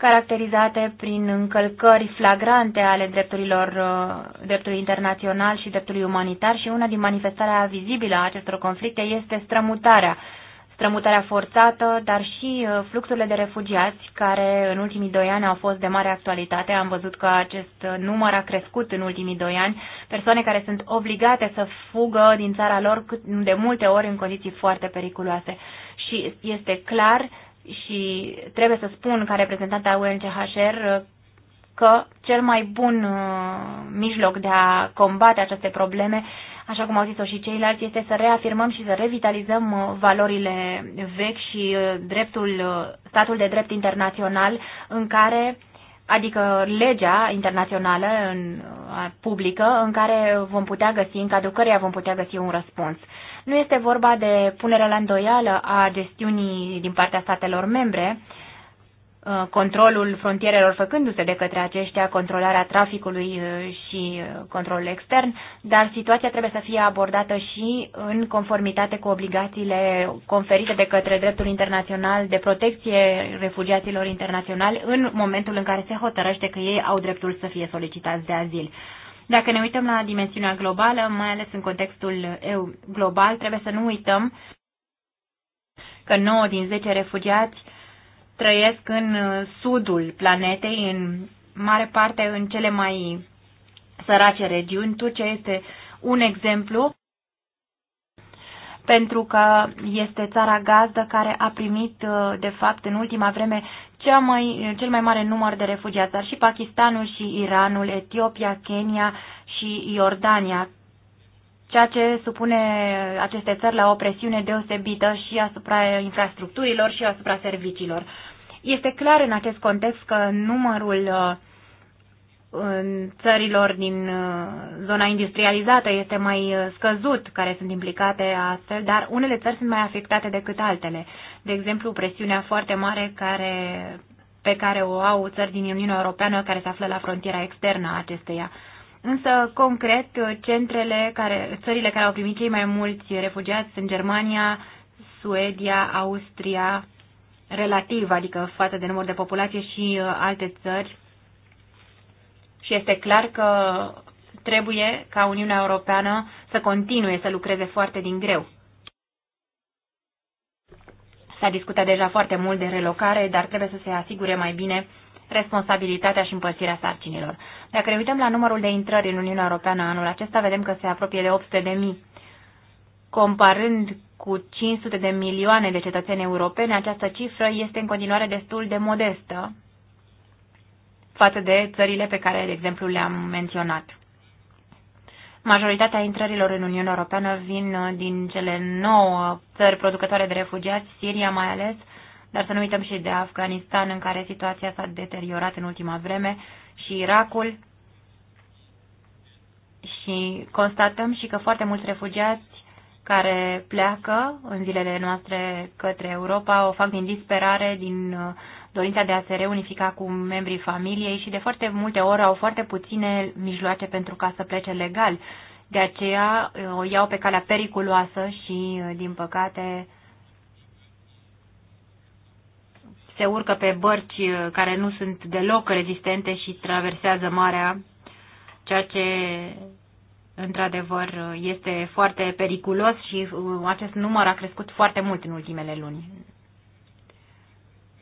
A: caracterizate prin încălcări flagrante ale drepturilor, uh, dreptului internațional și dreptului umanitar și una din manifestarea vizibilă a acestor conflicte este strămutarea strămutarea forțată, dar și uh, fluxurile de refugiați, care în ultimii doi ani au fost de mare actualitate. Am văzut că acest uh, număr a crescut în ultimii doi ani. Persoane care sunt obligate să fugă din țara lor de multe ori în condiții foarte periculoase. Și este clar și trebuie să spun ca reprezentant al UNCHR că cel mai bun uh, mijloc de a combate aceste probleme, așa cum au zis-o și ceilalți, este să reafirmăm și să revitalizăm uh, valorile vechi și uh, dreptul, statul de drept internațional în care adică legea internațională în, publică în care vom putea găsi, în cadrul căreia vom putea găsi un răspuns. Nu este vorba de punerea la îndoială a gestiunii din partea statelor membre, uh, controlul frontierelor făcându-se de către aceștia, controlarea traficului uh, și uh, controlul extern, dar situația trebuie să fie abordată și în conformitate cu obligațiile conferite de către dreptul internațional de protecție refugiaților internaționali în momentul în care se hotărăște că ei au dreptul să fie solicitați de azil. Dacă ne uităm la dimensiunea globală, mai ales în contextul EU global, trebuie să nu uităm că 9 din 10 refugiați trăiesc în uh, sudul planetei, în mare parte în cele mai sărace regiuni. Turcia este un exemplu pentru că este țara gazdă care a primit, uh, de fapt, în ultima vreme cea mai, cel mai mare număr de refugiați, dar și Pakistanul și Iranul, Etiopia, Kenya și Iordania, ceea ce supune aceste țări la o presiune deosebită și asupra infrastructurilor și asupra serviciilor. Este clar în acest context că numărul uh, în țărilor din uh, zona industrializată este mai uh, scăzut care sunt implicate astfel, dar unele țări sunt mai afectate decât altele. De exemplu, presiunea foarte mare care, pe care o au țări din Uniunea Europeană care se află la frontiera externă a acesteia. Însă, concret, centrele care, țările care au primit cei mai mulți refugiați sunt Germania, Suedia, Austria, relativ, adică față de număr de populație și uh, alte țări, și este clar că trebuie ca Uniunea Europeană să continue să lucreze foarte din greu. S-a discutat deja foarte mult de relocare, dar trebuie să se asigure mai bine responsabilitatea și împărțirea sarcinilor. Dacă ne uităm la numărul de intrări în Uniunea Europeană anul acesta, vedem că se apropie de 800.000. Comparând cu 500 de milioane de cetățeni europeni, această cifră este în continuare destul de modestă față de țările pe care, de exemplu, le-am menționat. Majoritatea intrărilor în Uniunea Europeană vin uh, din cele nouă țări producătoare de refugiați, Siria mai ales, dar să nu uităm și de Afganistan, în care situația s-a deteriorat în ultima vreme, și Irakul. Și constatăm și că foarte mulți refugiați care pleacă în zilele noastre către Europa o fac din disperare, din uh, dorința de a se reunifica cu membrii familiei și de foarte multe ori au foarte puține mijloace pentru ca să plece legal. De aceea uh, o iau pe calea periculoasă și, uh, din păcate, se urcă pe bărci uh, care nu sunt deloc rezistente și traversează marea, ceea ce într-adevăr este foarte periculos și acest număr a crescut foarte mult în ultimele luni.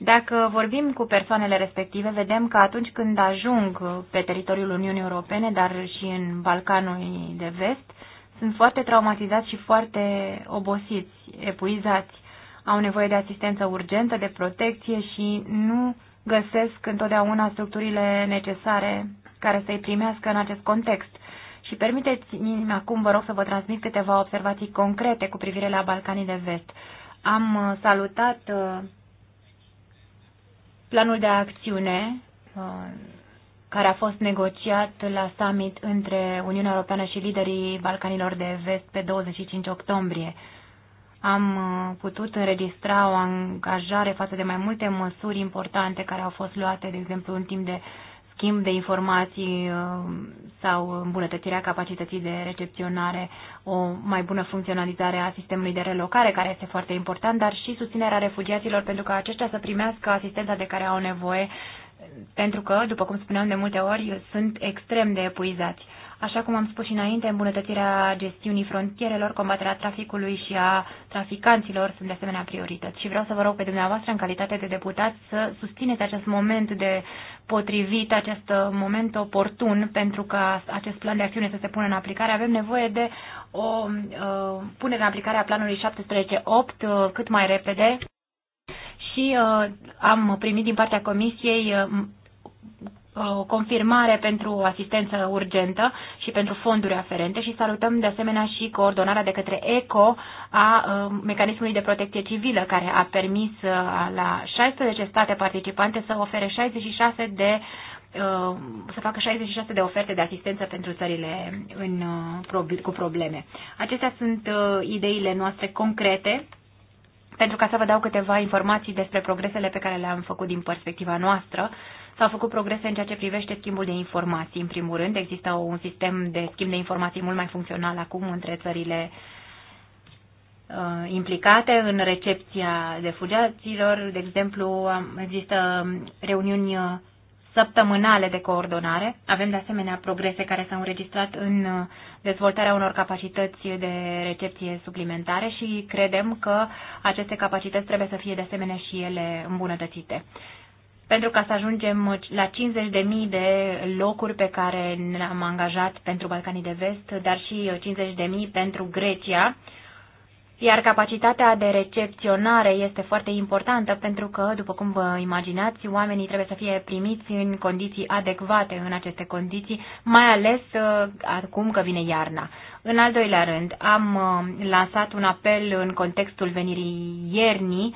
A: Dacă vorbim cu persoanele respective, vedem că atunci când ajung pe teritoriul Uniunii Europene, dar și în Balcanul de Vest, sunt foarte traumatizați și foarte obosiți, epuizați. Au nevoie de asistență urgentă, de protecție și nu găsesc întotdeauna structurile necesare care să-i primească în acest context. Și permiteți-mi acum, vă rog, să vă transmit câteva observații concrete cu privire la Balcanii de Vest. Am salutat uh, Planul de acțiune uh, care a fost negociat la summit între Uniunea Europeană și liderii Balcanilor de Vest pe 25 octombrie. Am uh, putut înregistra o angajare față de mai multe măsuri importante care au fost luate, de exemplu, în timp de schimb de informații uh, sau îmbunătățirea capacității de recepționare, o mai bună funcționalizare a sistemului de relocare, care este foarte important, dar și susținerea refugiaților pentru ca aceștia să primească asistența de care au nevoie, pentru că, după cum spuneam de multe ori, sunt extrem de epuizați. Așa cum am spus și înainte, îmbunătățirea gestiunii frontierelor, combaterea traficului și a traficanților sunt de asemenea priorități. Și vreau să vă rog pe dumneavoastră, în calitate de deputat, să susțineți acest moment de potrivit, acest moment oportun pentru ca acest plan de acțiune să se pună în aplicare. Avem nevoie de o uh, punere în aplicare a planului 17.8 uh, cât mai repede. Și uh, am primit din partea Comisiei uh, o confirmare pentru asistență urgentă și pentru fonduri aferente și salutăm de asemenea și coordonarea de către ECO a uh, mecanismului de protecție civilă care a permis uh, la 16 state participante să ofere 66 de uh, să facă 66 de oferte de asistență pentru țările în, cu probleme. Acestea sunt ideile noastre concrete pentru ca să vă dau câteva informații despre progresele pe care le-am făcut din perspectiva noastră S-au făcut progrese în ceea ce privește schimbul de informații. În primul rând, există un sistem de schimb de informații mult mai funcțional acum între țările uh, implicate în recepția refugiaților. De exemplu, există reuniuni uh, săptămânale de coordonare. Avem de asemenea progrese care s-au înregistrat în uh, dezvoltarea unor capacități de recepție suplimentare și credem că aceste capacități trebuie să fie de asemenea și ele îmbunătățite pentru ca să ajungem la 50.000 de locuri pe care ne-am angajat pentru Balcanii de Vest, dar și 50.000 pentru Grecia. Iar capacitatea de recepționare este foarte importantă pentru că, după cum vă imaginați, oamenii trebuie să fie primiți în condiții adecvate în aceste condiții, mai ales uh, acum că vine iarna. În al doilea rând, am uh, lansat un apel în contextul venirii iernii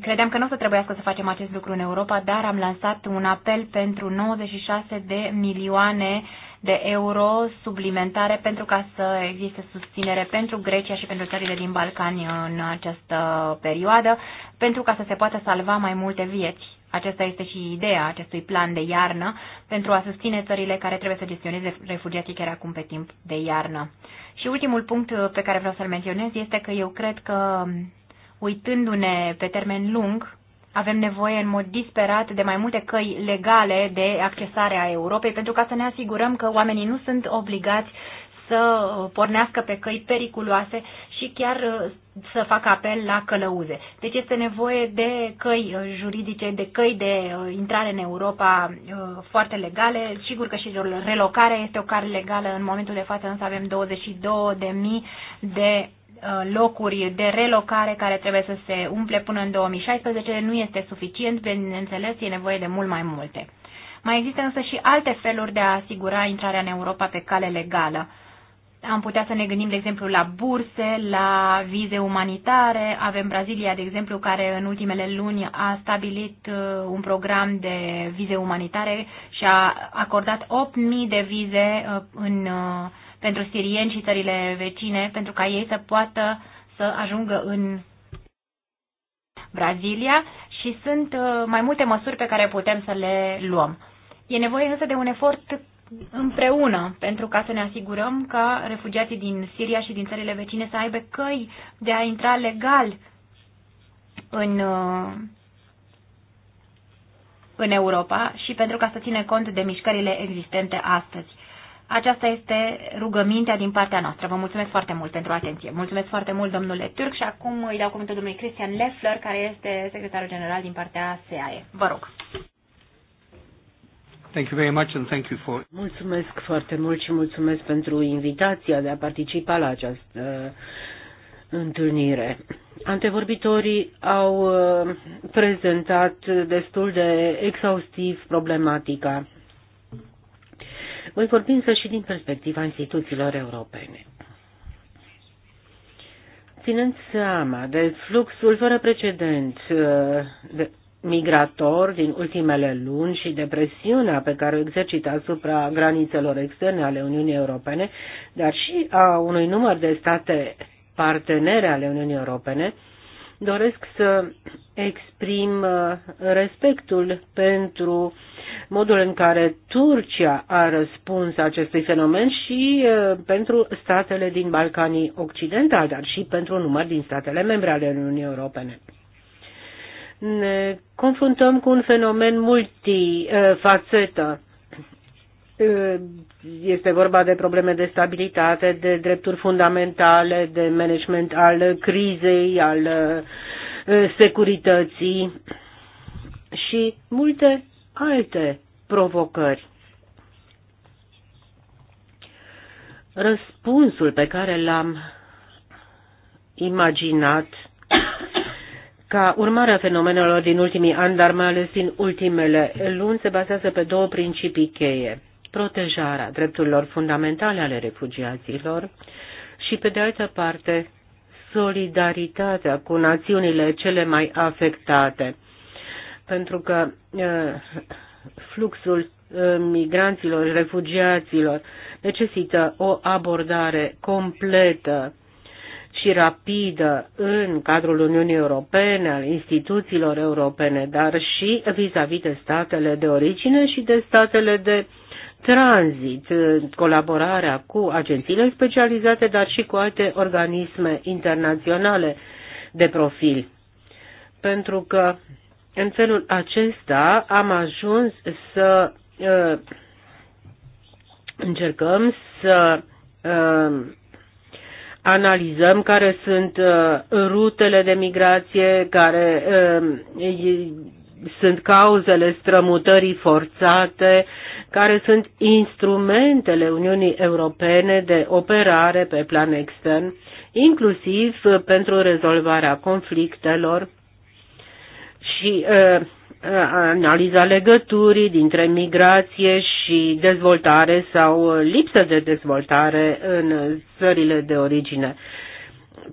A: Credeam că nu o să trebuiască să facem acest lucru în Europa, dar am lansat un apel pentru 96 de milioane de euro suplimentare pentru ca să existe susținere pentru Grecia și pentru țările din Balcani în această perioadă, pentru ca să se poată salva mai multe vieți. Aceasta este și ideea acestui plan de iarnă pentru a susține țările care trebuie să gestioneze refugiații chiar acum pe timp de iarnă. Și ultimul punct pe care vreau să-l menționez este că eu cred că uitându-ne pe termen lung, avem nevoie în mod disperat de mai multe căi legale de accesare a Europei pentru ca să ne asigurăm că oamenii nu sunt obligați să pornească pe căi periculoase și chiar uh, să facă apel la călăuze. Deci este nevoie de căi uh, juridice, de căi de uh, intrare în Europa foarte legale. Sigur că și relocarea este o cale legală. În momentul de față însă avem 22.000 de Uh, locuri de relocare care trebuie să se umple până în 2016 nu este suficient, bineînțeles, e nevoie de mult mai multe. Mai există însă și alte feluri de a asigura intrarea în Europa pe cale legală. Am putea să ne gândim, de exemplu, la burse, la vize umanitare. Avem Brazilia, de exemplu, care în ultimele luni a stabilit uh, un program de vize umanitare și a acordat 8.000 de vize uh, în pentru sirieni și țările vecine, pentru ca ei să poată să ajungă în Brazilia și sunt uh, mai multe măsuri pe care putem să le luăm. E nevoie însă de un efort împreună pentru ca să ne asigurăm că refugiații din Siria și din țările vecine să aibă căi de a intra legal în, uh, în Europa și pentru ca să ține cont de mișcările existente astăzi. Aceasta este rugămintea din partea noastră. Vă mulțumesc foarte mult pentru atenție. Mulțumesc foarte mult, domnule Turc, și acum îi dau cuvântul domnului Cristian Leffler, care este secretarul general din partea SEAE. Vă rog.
B: Thank you very much and thank you for... Mulțumesc foarte mult și mulțumesc pentru invitația de a participa la această uh, întâlnire. Antevorbitorii au uh, prezentat destul de exhaustiv problematica voi vorbi însă și din perspectiva instituțiilor europene. Ținând seama de fluxul fără precedent uh, de migrator din ultimele luni și de presiunea pe care o exercită asupra granițelor externe ale Uniunii Europene, dar și a unui număr de state partenere ale Uniunii Europene, doresc să exprim uh, respectul pentru modul în care Turcia a răspuns acestui fenomen și uh, pentru statele din Balcanii Occidentali, dar și pentru un număr din statele membre ale Uniunii Europene ne confruntăm cu un fenomen multifacetă. Este vorba de probleme de stabilitate, de drepturi fundamentale, de management al crizei, al uh, securității și multe alte provocări. Răspunsul pe care l-am imaginat ca urmare a fenomenelor din ultimii ani, dar mai ales din ultimele luni, se bazează pe două principii cheie protejarea drepturilor fundamentale ale refugiaților și, pe de altă parte, solidaritatea cu națiunile cele mai afectate. Pentru că uh, fluxul uh, migranților, refugiaților necesită o abordare completă și rapidă în cadrul Uniunii Europene, al instituțiilor europene, dar și vis-a-vis -vis de statele de origine și de statele de uh, tranzit, colaborarea cu agențiile specializate, dar și cu alte organisme internaționale de profil. Pentru că în felul acesta am ajuns să uh, încercăm să uh, analizăm care sunt uh, rutele de migrație, care uh, sunt cauzele strămutării forțate, care sunt instrumentele Uniunii Europene de operare pe plan extern, inclusiv pentru rezolvarea conflictelor și uh, uh analiza legăturii dintre migrație și dezvoltare sau lipsă de dezvoltare în țările de origine. Uh,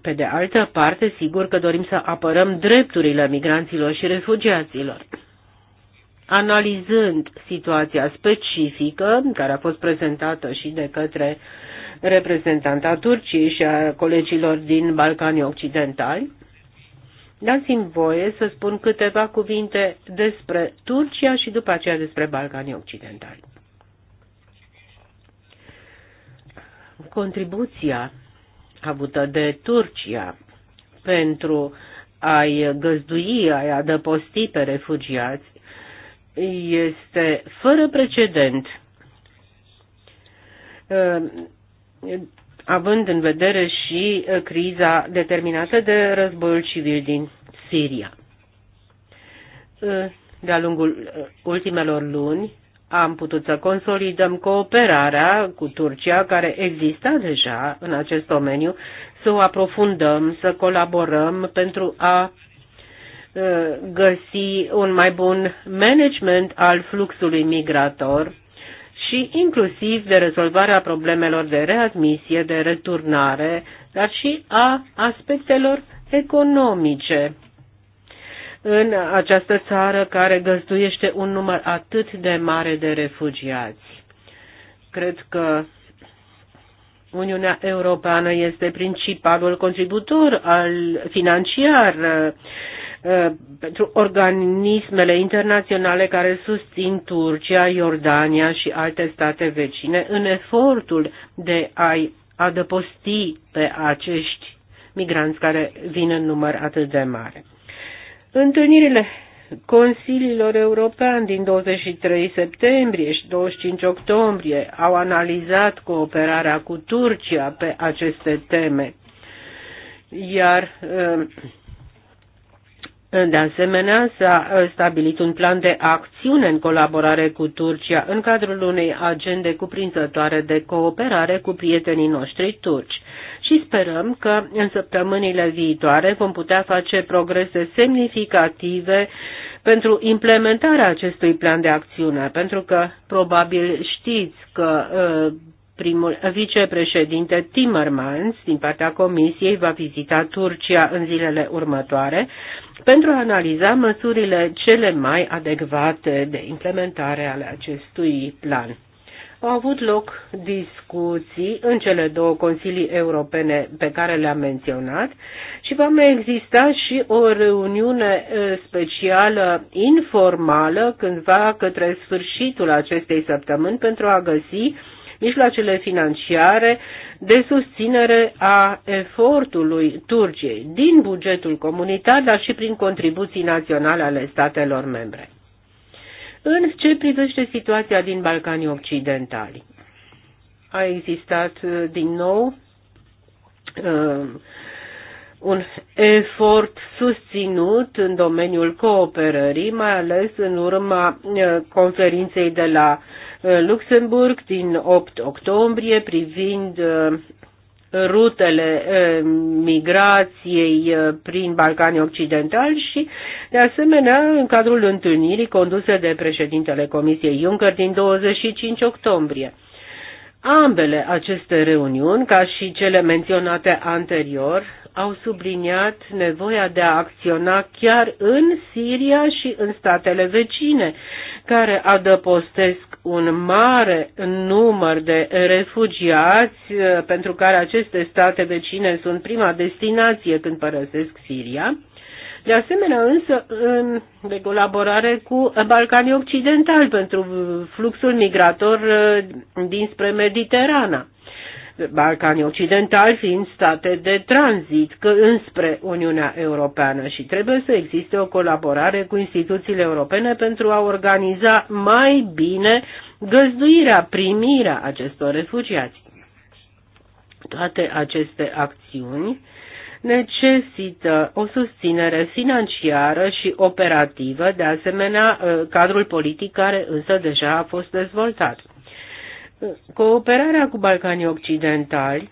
B: pe de altă parte, sigur că dorim să apărăm drepturile migranților și refugiaților. Analizând situația specifică care a fost prezentată și de către reprezentanta Turciei și a colegilor din Balcanii Occidentali, dați-mi voie să spun câteva cuvinte despre Turcia și după aceea despre Balcanii Occidentali. Contribuția avută de Turcia pentru a-i găzdui, a-i adăposti pe refugiați, este fără precedent. Uh, având în vedere și uh, criza determinată de războiul civil din Siria. Uh, de-a lungul ultimelor luni, am putut să consolidăm cooperarea cu Turcia, care exista deja în acest domeniu, să o aprofundăm, să colaborăm pentru a găsi un mai bun management al fluxului migrator și inclusiv de rezolvarea problemelor de readmisie, de returnare, dar și a aspectelor economice în această țară care găzduiește un număr atât de mare de refugiați. Cred că Uniunea Europeană este principalul contributor al financiar uh, uh, pentru organismele internaționale care susțin Turcia, Iordania și alte state vecine în efortul de a-i adăposti pe acești migranți care vin în număr atât de mare. Întâlnirile Consiliilor European din 23 septembrie și 25 octombrie au analizat cooperarea cu Turcia pe aceste teme, iar um, de asemenea, s-a uh, stabilit un plan de acțiune în colaborare cu Turcia în cadrul unei agende cuprinzătoare de cooperare cu prietenii noștri turci și sperăm că în săptămânile viitoare vom putea face progrese semnificative pentru implementarea acestui plan de acțiune, pentru că probabil știți că uh, primul vicepreședinte Timmermans din partea Comisiei va vizita Turcia în zilele următoare pentru a analiza măsurile cele mai adecvate de implementare ale acestui plan. Au avut loc discuții în cele două consilii europene pe care le-am menționat și va mai exista și o reuniune eh, specială informală cândva către sfârșitul acestei săptămâni pentru a găsi mijloacele financiare de susținere a efortului Turciei din bugetul comunitar, dar și prin contribuții naționale ale statelor membre. În ce privește situația din Balcanii Occidentali? A existat uh, din nou uh, un efort susținut în domeniul cooperării, mai ales în urma uh, conferinței de la Luxemburg din 8 octombrie privind rutele migrației prin Balcanii Occidentali și, de asemenea, în cadrul întâlnirii conduse de președintele Comisiei Juncker din 25 octombrie. Ambele aceste reuniuni, ca și cele menționate anterior, au subliniat nevoia de a acționa chiar în Siria și în statele vecine, care adăpostesc un mare număr de refugiați uh, pentru care aceste state vecine sunt prima destinație când părăsesc Siria. De asemenea, însă, de colaborare cu Balcanii Occidentali pentru fluxul migrator uh, dinspre Mediterana. Balcanii Occidentali fiind state de tranzit înspre Uniunea Europeană și trebuie să existe o colaborare cu instituțiile europene pentru a organiza mai bine găzduirea, primirea acestor refugiați. Toate aceste acțiuni necesită o susținere financiară și operativă, de asemenea uh, cadrul politic care însă deja a fost dezvoltat. Cooperarea cu Balcanii Occidentali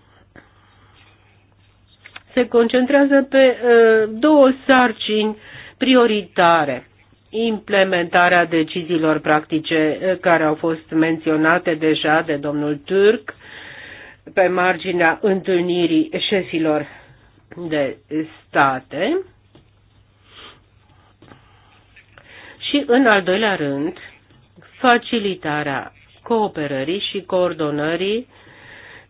B: se concentrează pe uh, două sarcini prioritare implementarea deciziilor practice uh, care au fost menționate deja de domnul Turc pe marginea întâlnirii șefilor de state și, în al doilea rând, facilitarea cooperării și coordonării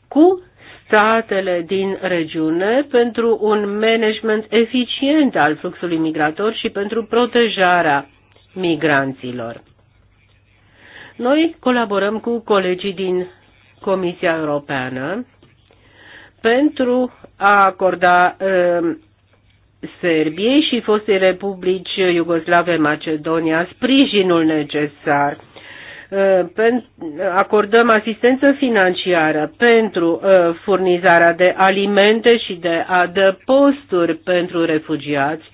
B: cu statele din regiune pentru un management eficient al fluxului migrator și pentru protejarea migranților. Noi colaborăm cu colegii din Comisia Europeană pentru a acorda uh, Serbiei și fostei republici Iugoslave Macedonia sprijinul necesar acordăm asistență financiară pentru uh, furnizarea de alimente și de adăposturi pentru refugiați.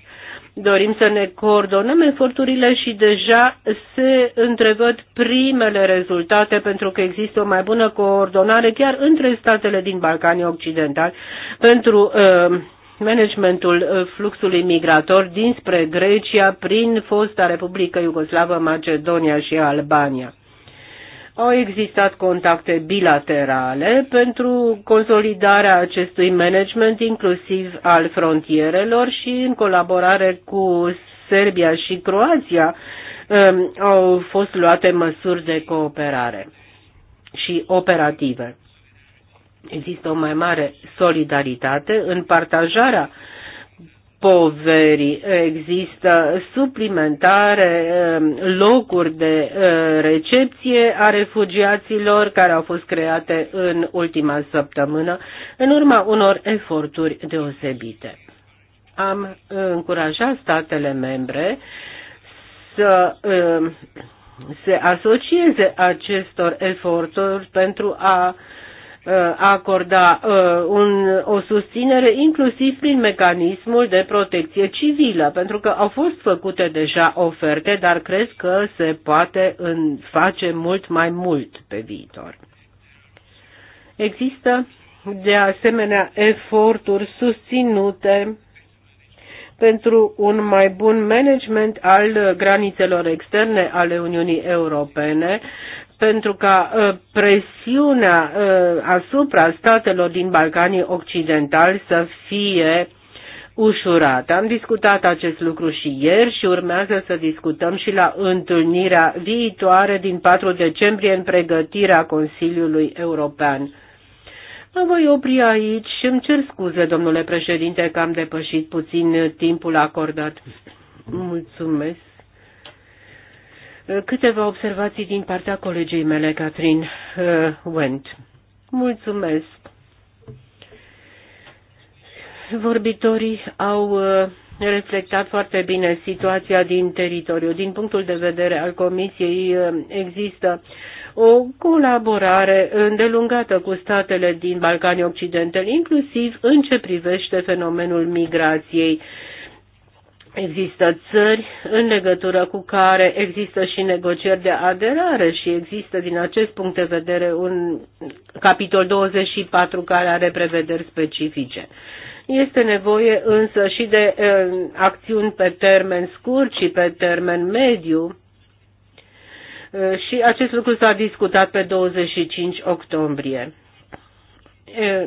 B: Dorim să ne coordonăm eforturile și deja se întrevăd primele rezultate pentru că există o mai bună coordonare chiar între statele din Balcanii Occidentali pentru uh, managementul uh, fluxului migrator dinspre Grecia prin fosta Republică Iugoslavă, Macedonia și Albania. Au existat contacte bilaterale pentru consolidarea acestui management, inclusiv al frontierelor și în colaborare cu Serbia și Croația um, au fost luate măsuri de cooperare și operative. Există o mai mare solidaritate în partajarea uh, poveri. Există suplimentare um, locuri de uh, recepție a refugiaților care au fost create în ultima săptămână în urma unor eforturi deosebite. Am încurajat statele membre să um, se asocieze acestor eforturi pentru a uh, Uh, acorda uh, un, o susținere inclusiv prin mecanismul de protecție civilă, pentru că au fost făcute deja oferte, dar cred că se poate în, face mult mai mult pe viitor. Există de asemenea eforturi susținute pentru un mai bun management al uh, granițelor externe ale Uniunii Europene, pentru ca ă, presiunea ă, asupra statelor din Balcanii Occidentali să fie ușurată. Am discutat acest lucru și ieri și urmează să discutăm și la întâlnirea viitoare din 4 decembrie în pregătirea Consiliului European. Mă voi opri aici și îmi cer scuze, domnule președinte, că am depășit puțin timpul acordat. Mulțumesc. Câteva observații din partea colegii mele, Catherine uh, Wendt. Mulțumesc. Vorbitorii au uh, reflectat foarte bine situația din teritoriu. Din punctul de vedere al Comisiei uh, există o colaborare îndelungată cu statele din Balcanii Occidentali, inclusiv în ce privește fenomenul migrației Există țări în legătură cu care există și negocieri de aderare și există din acest punct de vedere un capitol 24 care are prevederi specifice. Este nevoie însă și de uh, acțiuni pe termen scurt și pe termen mediu uh, și acest lucru s-a discutat pe 25 octombrie. Uh,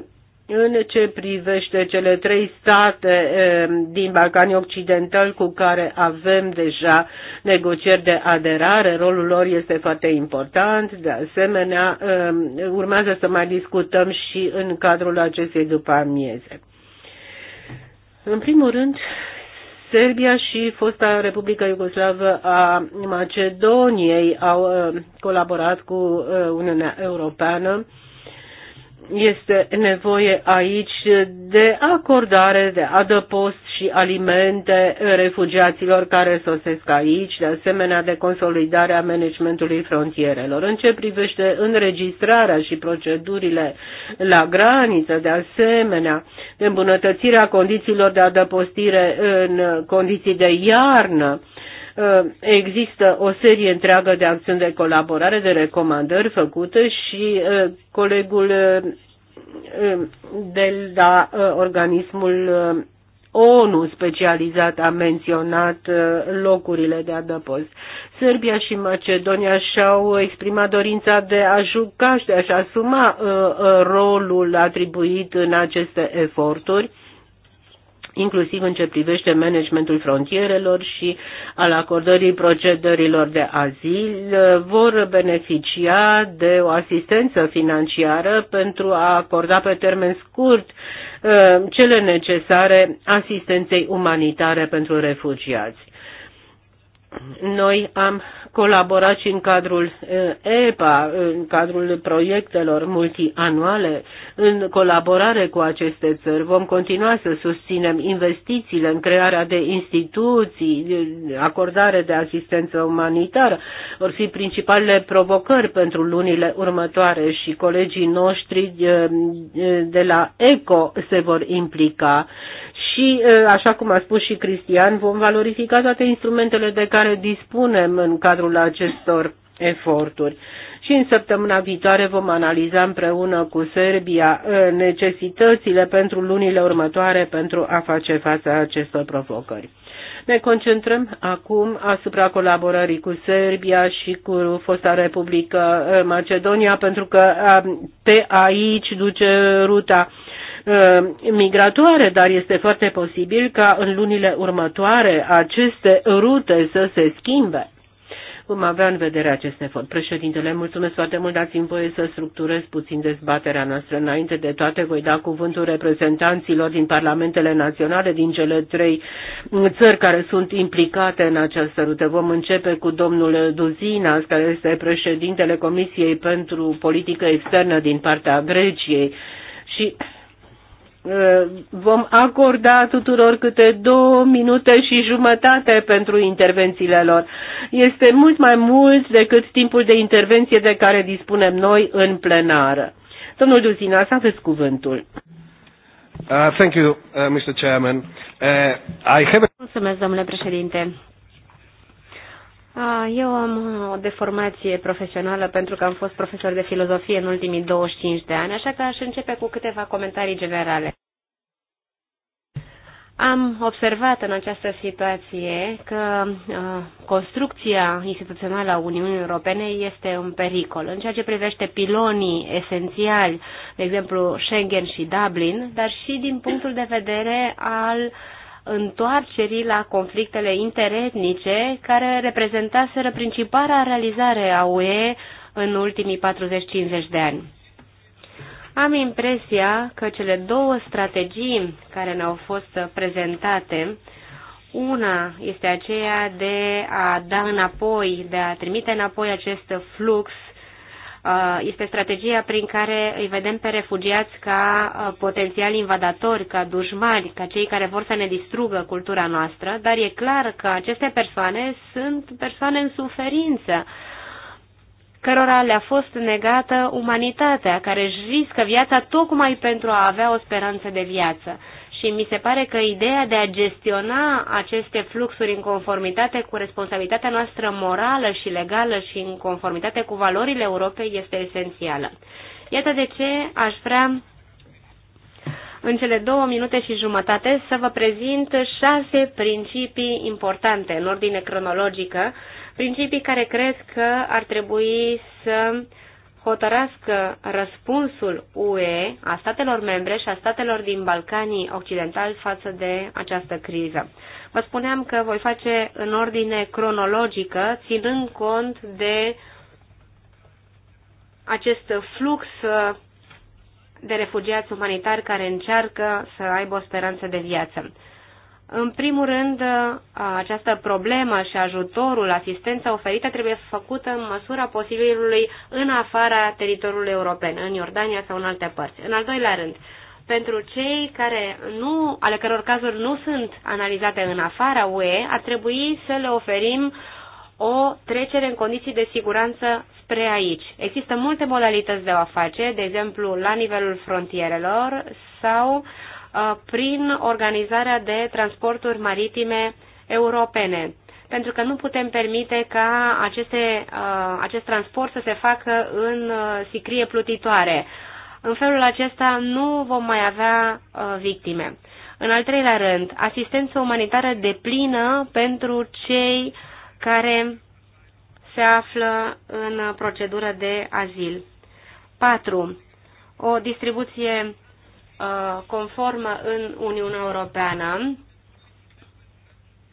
B: în ce privește cele trei state eh, din Balcanii Occidental cu care avem deja negocieri de aderare, rolul lor este foarte important. De asemenea, eh, urmează să mai discutăm și în cadrul acestei după amieze. În primul rând, Serbia și fosta Republică Iugoslavă a Macedoniei au eh, colaborat cu Uniunea Europeană este nevoie aici de acordare de adăpost și alimente refugiaților care sosesc aici, de asemenea de consolidarea managementului frontierelor. În ce privește înregistrarea și procedurile la graniță, de asemenea de îmbunătățirea condițiilor de adăpostire în condiții de iarnă, Uh, există o serie întreagă de acțiuni de colaborare, de recomandări făcute și uh, colegul uh, de la organismul ONU specializat a menționat locurile de adăpost. Serbia și Macedonia și-au exprimat dorința de a juca și de a-și asuma rolul atribuit în aceste eforturi inclusiv în ce privește managementul frontierelor și al acordării procedărilor de azil, vor beneficia de o asistență financiară pentru a acorda pe termen scurt uh, cele necesare asistenței umanitare pentru refugiați. Noi am colaborat și în cadrul EPA, în cadrul proiectelor multianuale, în colaborare cu aceste țări. Vom continua să susținem investițiile în crearea de instituții, acordare de asistență umanitară. Vor fi principalele provocări pentru lunile următoare și colegii noștri de la ECO se vor implica și, așa cum a spus și Cristian, vom valorifica toate instrumentele de care dispunem în cadrul acestor eforturi. Și în săptămâna viitoare vom analiza împreună cu Serbia necesitățile pentru lunile următoare pentru a face față acestor provocări. Ne concentrăm acum asupra colaborării cu Serbia și cu fosta Republică Macedonia, pentru că pe aici duce ruta Uh, migratoare, dar este foarte posibil ca în lunile următoare aceste rute să se schimbe. Vom avea în vedere acest efort. Președintele, mulțumesc foarte mult, dați-mi voie să structurez puțin dezbaterea noastră. Înainte de toate, voi da cuvântul reprezentanților din parlamentele naționale din cele trei țări care sunt implicate în această rută. Vom începe cu domnul Duzina, care este președintele Comisiei pentru Politică Externă din partea Greciei. Și Eh, vom acorda tuturor câte două minute și jumătate pentru intervențiile lor. Este mult mai mult decât timpul de intervenție de care dispunem noi în plenară. Domnul Duzina, să aveți cuvântul.
C: Uh, thank you, uh, Mr. Chairman. Uh, I have...
B: Mulțumesc, domnule președinte.
C: Eu am o deformație profesională pentru că am fost profesor de filozofie în ultimii 25 de ani, așa că aș începe cu câteva comentarii generale. Am observat în această situație că construcția instituțională a Uniunii Europene este un pericol în ceea ce privește pilonii esențiali, de exemplu Schengen și Dublin, dar și din punctul de vedere al uh, întoarcerii la conflictele interetnice care reprezentaseră principala realizare a UE în ultimii 40-50 de ani. Am impresia că cele două strategii care ne-au fost prezentate, una este aceea de a da înapoi, de a trimite înapoi acest flux Uh, este strategia prin care îi vedem pe refugiați ca uh, potențiali invadatori, ca dușmani, ca cei care vor să ne distrugă cultura noastră, dar e clar că aceste persoane sunt persoane în suferință cărora le-a fost negată umanitatea, care își riscă viața tocmai pentru a avea o speranță de viață și mi se pare că ideea de a gestiona aceste fluxuri în conformitate cu responsabilitatea noastră morală și legală și în conformitate cu valorile Europei este esențială. Iată de ce aș vrea în cele două minute și jumătate să vă prezint șase principii importante în ordine cronologică, principii care cred că ar trebui să hotărească răspunsul UE a statelor membre și a statelor din Balcanii Occidentali față de această criză. Vă spuneam că voi face în ordine cronologică, ținând cont de acest flux de refugiați umanitari care încearcă să aibă o speranță de viață. În primul rând, această problemă și ajutorul, asistența oferită trebuie făcută în măsura posibilului în afara teritoriului european, în Iordania sau în alte părți. În al doilea rând, pentru cei care nu, ale căror cazuri nu sunt analizate în afara UE, ar trebui să le oferim o trecere în condiții de siguranță spre aici. Există multe modalități de a face, de exemplu, la nivelul frontierelor sau uh, Uh, prin organizarea de transporturi maritime europene. Pentru că nu putem permite ca aceste, uh, acest transport să se facă în uh, sicrie plutitoare. În felul acesta nu vom mai avea victime. În al treilea rând, asistență umanitară deplină pentru cei care se află în procedură de azil. 4. O distribuție Uh, conformă în Uniunea Europeană.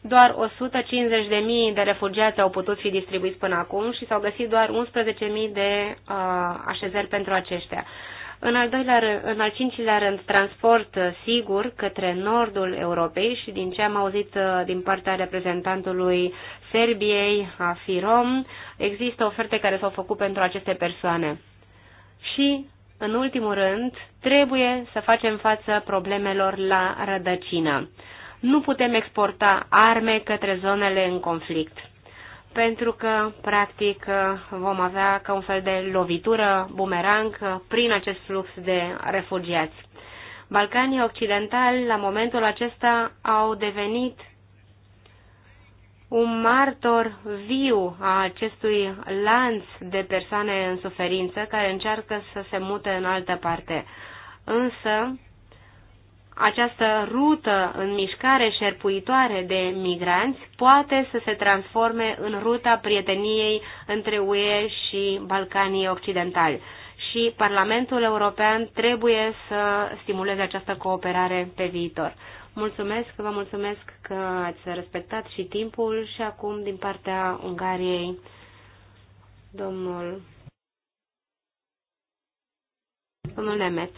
C: Doar 150.000 de refugiați au putut fi distribuiți până acum și s-au găsit doar 11.000 de uh, așezări pentru aceștia. În al, doilea, în al cincilea rând, transport sigur către nordul Europei și din ce am auzit uh, din partea reprezentantului Serbiei, a FIROM, există oferte care s-au făcut pentru aceste persoane. Și în ultimul rând, trebuie să facem față problemelor la rădăcină. Nu putem exporta arme către zonele în conflict, pentru că, practic, vom avea ca un fel de lovitură, bumerang, prin acest flux de refugiați. Balcanii Occidentali, la momentul acesta, au devenit un martor viu a acestui lanț de persoane în suferință care încearcă să se mute în altă parte. Însă, această rută în mișcare șerpuitoare de migranți poate să se transforme în ruta prieteniei între UE și Balcanii Occidentali. Și Parlamentul European trebuie să stimuleze această cooperare pe viitor. Mulțumesc, vă mulțumesc că ați respectat și timpul și acum din partea Ungariei, domnul, domnul Nemet.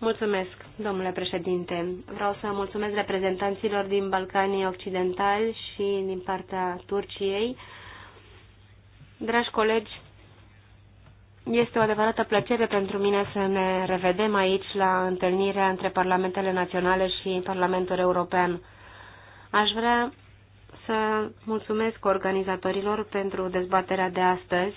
C: Mulțumesc, domnule președinte. Vreau să mulțumesc reprezentanților din Balcanii Occidentali și din partea Turciei. Dragi colegi, este o adevărată plăcere pentru mine să ne revedem aici la întâlnirea între Parlamentele Naționale și Parlamentul European. Aș vrea să mulțumesc organizatorilor pentru dezbaterea de astăzi,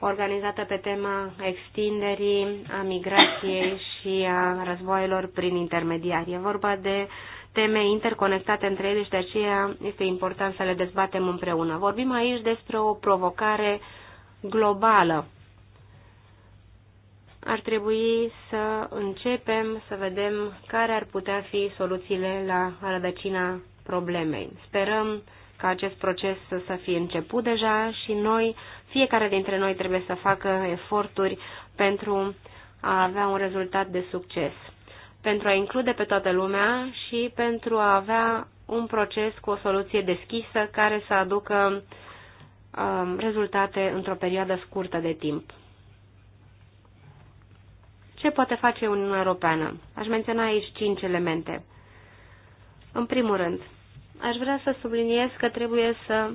C: organizată pe tema extinderii, a migrației și a războaielor prin intermediari. E vorba de teme interconectate între ele și de aceea este important să le dezbatem împreună. Vorbim aici despre o provocare globală ar trebui să începem să vedem care ar putea fi soluțiile la rădăcina problemei. Sperăm ca acest proces să, să fie început deja și noi, fiecare dintre noi trebuie să facă eforturi pentru a avea un rezultat de succes, pentru a include pe toată lumea și pentru a avea un proces cu o soluție deschisă care să aducă um, rezultate într-o perioadă scurtă de timp. Ce poate face Uniunea Europeană? Aș menționa aici cinci elemente. În primul rând, aș vrea să subliniez că trebuie să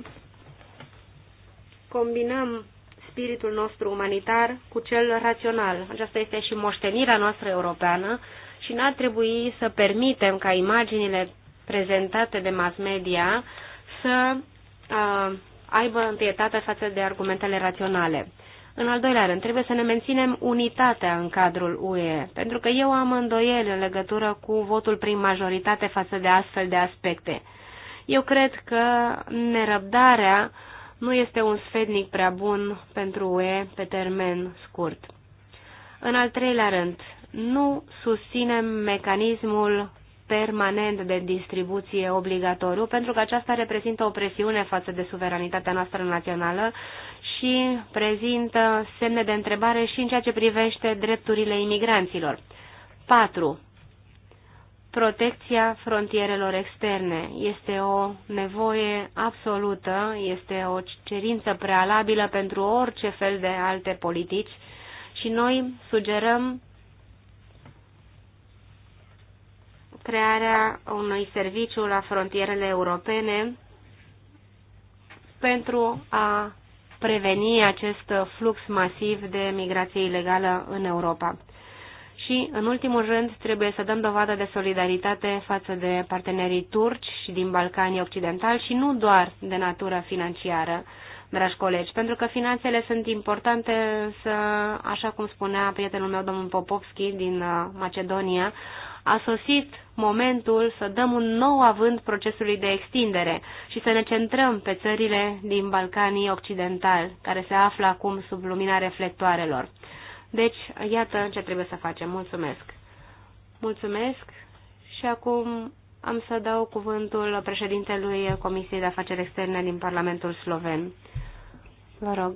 C: combinăm spiritul nostru umanitar cu cel rațional. Aceasta este și moștenirea noastră europeană și n-ar trebui să permitem ca imaginile prezentate de mass media să uh, aibă întâietate față de argumentele raționale. În al doilea rând, trebuie să ne menținem unitatea în cadrul UE, pentru că eu am îndoieli în legătură cu votul prin majoritate față de astfel de aspecte. Eu cred că nerăbdarea nu este un sfednic prea bun pentru UE pe termen scurt. În al treilea rând, nu susținem mecanismul permanent de distribuție obligatoriu, pentru că aceasta reprezintă o presiune față de suveranitatea noastră națională și prezintă semne de întrebare și în ceea ce privește drepturile imigranților. 4. Protecția frontierelor externe este o nevoie absolută, este o cerință prealabilă pentru orice fel de alte politici și noi sugerăm crearea unui serviciu la frontierele europene pentru a preveni acest flux masiv de migrație ilegală în Europa. Și, în ultimul rând, trebuie să dăm dovadă de solidaritate față de partenerii turci și din Balcanii Occidentali și nu doar de natură financiară, dragi colegi, pentru că finanțele sunt importante, să, așa cum spunea prietenul meu, domnul Popovski din uh, Macedonia, a sosit momentul să dăm un nou avânt procesului de extindere și să ne centrăm pe țările din Balcanii Occidentali, care se află acum sub lumina reflectoarelor. Deci, iată ce trebuie să facem. Mulțumesc! Mulțumesc și acum am să dau cuvântul președintelui Comisiei de Afaceri Externe din Parlamentul Sloven. Vă rog.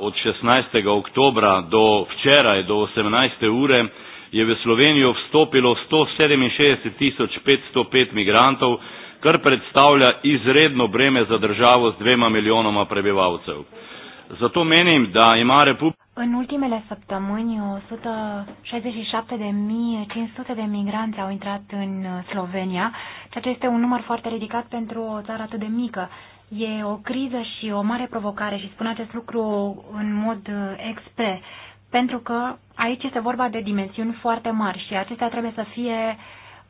B: Od 16. oktobra do včeraj, do 18. ure, je v Slovenijo
A: vstopilo 167.505 migrantov, kar predstavlja izredno breme za državo z dvema milijonoma prebivalcev. Zato menim, da ima Republika. În ultimele săptămâni, 167.500 de migranți au intrat în uh, Slovenia, ceea ce este un număr foarte ridicat pentru o țară atât de mică. E o criză și o mare provocare și spun acest lucru în mod uh, expres pentru că aici este vorba de dimensiuni foarte mari și acestea trebuie să fie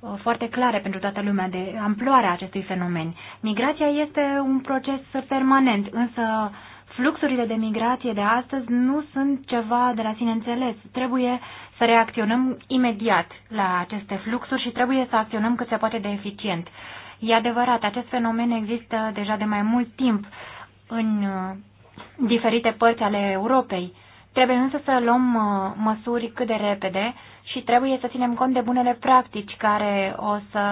A: uh, foarte clare pentru toată lumea de amploarea acestui fenomen. Migrația este un proces permanent, însă fluxurile de migrație de astăzi nu sunt ceva de la sine înțeles. Trebuie să reacționăm imediat la aceste fluxuri și trebuie să acționăm cât se poate de eficient. E adevărat, acest fenomen există deja de mai mult timp în uh, diferite părți ale Europei Trebuie însă să luăm uh, măsuri cât de repede și trebuie să ținem cont de bunele practici care, o să,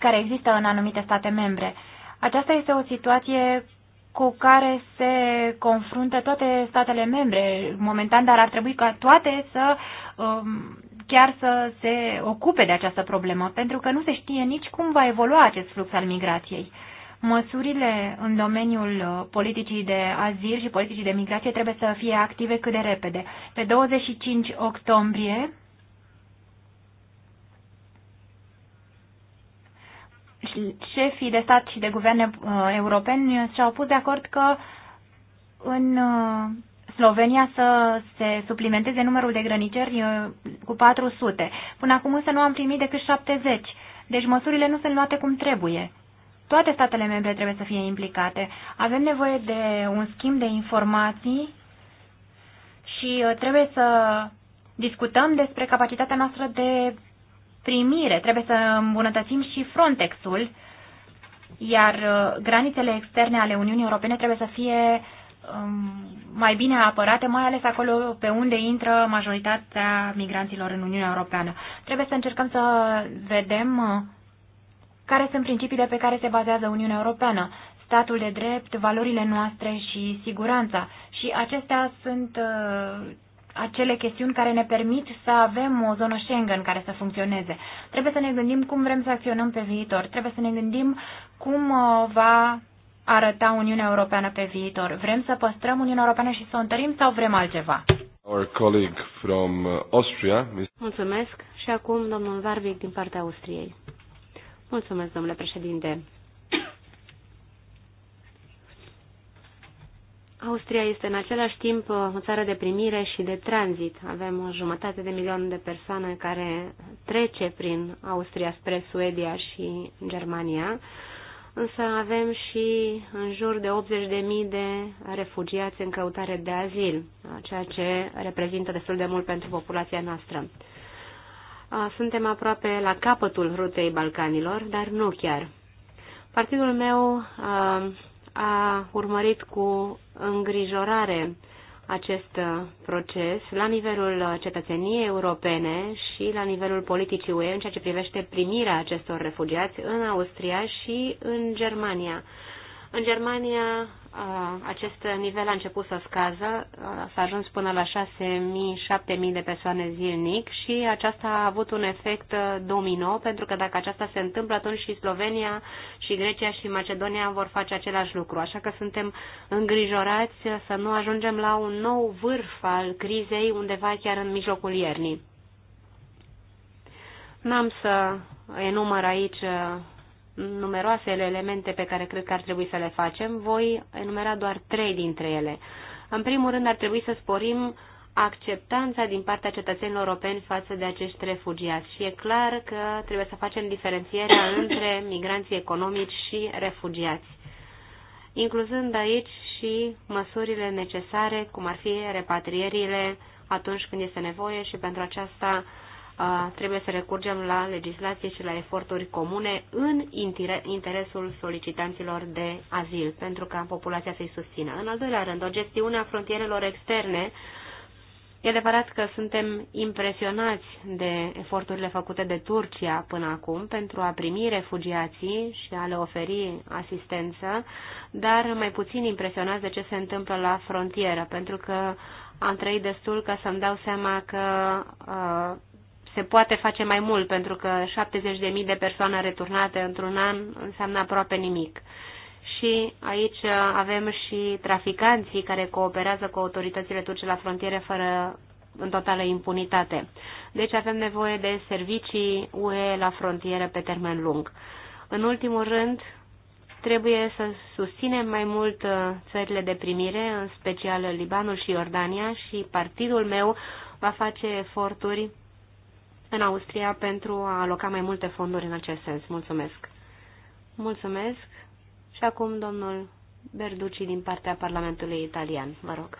A: care există în anumite state membre. Aceasta este o situație cu care se confruntă toate statele membre momentan, dar ar trebui ca toate să um, chiar să se ocupe de această problemă, pentru că nu se știe nici cum va evolua acest flux al migrației. Măsurile în domeniul uh, politicii de azil și politicii de migrație trebuie să fie active cât de repede. Pe 25 octombrie șefii de stat și de guverne uh, europeni și-au pus de acord că în uh, Slovenia să se suplimenteze numărul de grăniceri cu 400. Până acum însă nu am primit decât 70, deci măsurile nu sunt luate cum trebuie. Toate statele membre trebuie să fie implicate. Avem nevoie de un schimb de informații și uh, trebuie să discutăm despre capacitatea noastră de primire. Trebuie să îmbunătățim și Frontex-ul, iar uh, granițele externe ale Uniunii Europene trebuie să fie um, mai bine apărate, mai ales acolo pe unde intră majoritatea migranților în Uniunea Europeană. Trebuie să încercăm să vedem uh, care sunt principiile pe care se bazează Uniunea Europeană, statul de drept, valorile noastre și siguranța. Și acestea sunt uh, acele chestiuni care ne permit să avem o zonă Schengen care să funcționeze. Trebuie să ne gândim cum vrem să acționăm pe viitor. Trebuie să ne gândim cum uh, va arăta Uniunea Europeană pe viitor. Vrem să păstrăm Uniunea Europeană și să o întărim sau vrem altceva?
B: Our colleague from uh, Austria.
A: Mulțumesc.
C: Și acum domnul Varvic din partea Austriei. Mulțumesc, domnule președinte. Austria este în același timp o țară de primire și de tranzit. Avem o jumătate de milion de persoane care trece prin Austria spre Suedia și Germania, însă avem și în jur de 80.000 de refugiați în căutare de azil, ceea ce reprezintă destul de mult pentru populația noastră. Suntem aproape la capătul rutei Balcanilor, dar nu chiar. Partidul meu a urmărit cu îngrijorare acest proces la nivelul cetățeniei europene și la nivelul politicii UE în ceea ce privește primirea acestor refugiați în Austria și în Germania. În Germania acest nivel a început să scadă, s-a ajuns până la 6.000-7.000 de persoane zilnic și aceasta a avut un efect domino, pentru că dacă aceasta se întâmplă, atunci și Slovenia, și Grecia, și Macedonia vor face același lucru. Așa că suntem îngrijorați să nu ajungem la un nou vârf al crizei, undeva chiar în mijlocul iernii. N-am să enumăr aici numeroasele elemente pe care cred că ar trebui să le facem, voi enumera doar trei dintre ele. În primul rând, ar trebui să sporim acceptanța din partea cetățenilor europeni față de acești refugiați. Și e clar că trebuie să facem diferențierea între migranții economici și refugiați, incluzând aici și măsurile necesare, cum ar fi repatrierile atunci când este nevoie și pentru aceasta trebuie să recurgem la legislație și la eforturi comune în interesul solicitanților de azil, pentru ca populația să-i susțină. În al doilea rând, o gestiune a frontierelor externe. E adevărat că suntem impresionați de eforturile făcute de Turcia până acum pentru a primi refugiații și a le oferi asistență, dar mai puțin impresionați de ce se întâmplă la frontieră, pentru că am trăit destul ca să-mi dau seama că uh, se poate face mai mult, pentru că 70.000 de persoane returnate într-un an înseamnă aproape nimic. Și aici avem și traficanții care cooperează cu autoritățile turce la frontiere fără în totală impunitate. Deci avem nevoie de servicii UE la frontiere pe termen lung. În ultimul rând, trebuie să susținem mai mult uh, țările de primire, în special Libanul și Iordania, și partidul meu va face eforturi în Austria pentru a aloca mai multe fonduri în acest sens. Mulțumesc! Mulțumesc și acum domnul Berduci din partea Parlamentului Italian. Vă rog.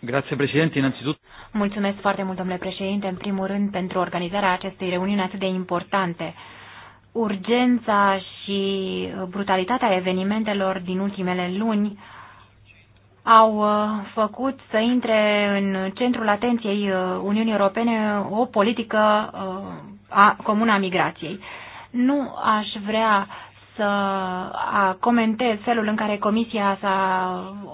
A: Grazie, președinte. Innanzitutto... Mulțumesc foarte mult, domnule președinte, în primul rând pentru organizarea acestei reuniuni atât de importante. Urgența și brutalitatea evenimentelor din ultimele luni au uh, făcut să intre în centrul atenției uh, Uniunii Europene o politică uh, a, comună a migrației. Nu aș vrea să comentez felul în care Comisia s-a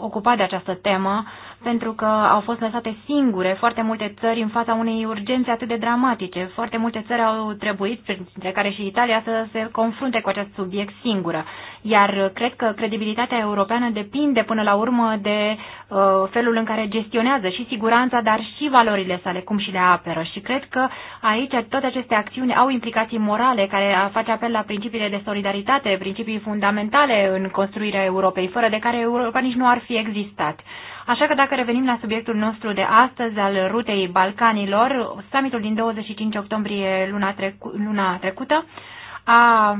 A: ocupat de această temă pentru că au fost lăsate singure foarte multe țări în fața unei urgențe atât de dramatice. Foarte multe țări au trebuit, printre care și Italia, să se confrunte cu acest subiect singură. Iar cred că credibilitatea europeană depinde până la urmă de uh, felul în care gestionează și siguranța, dar și valorile sale, cum și le apără. Și cred că aici toate aceste acțiuni au implicații morale care face apel la principiile de solidaritate, principii fundamentale în construirea Europei, fără de care Europa nici nu ar fi existat. Așa că dacă revenim la subiectul nostru de astăzi, al rutei Balcanilor, summitul din 25 octombrie luna, trecu luna trecută a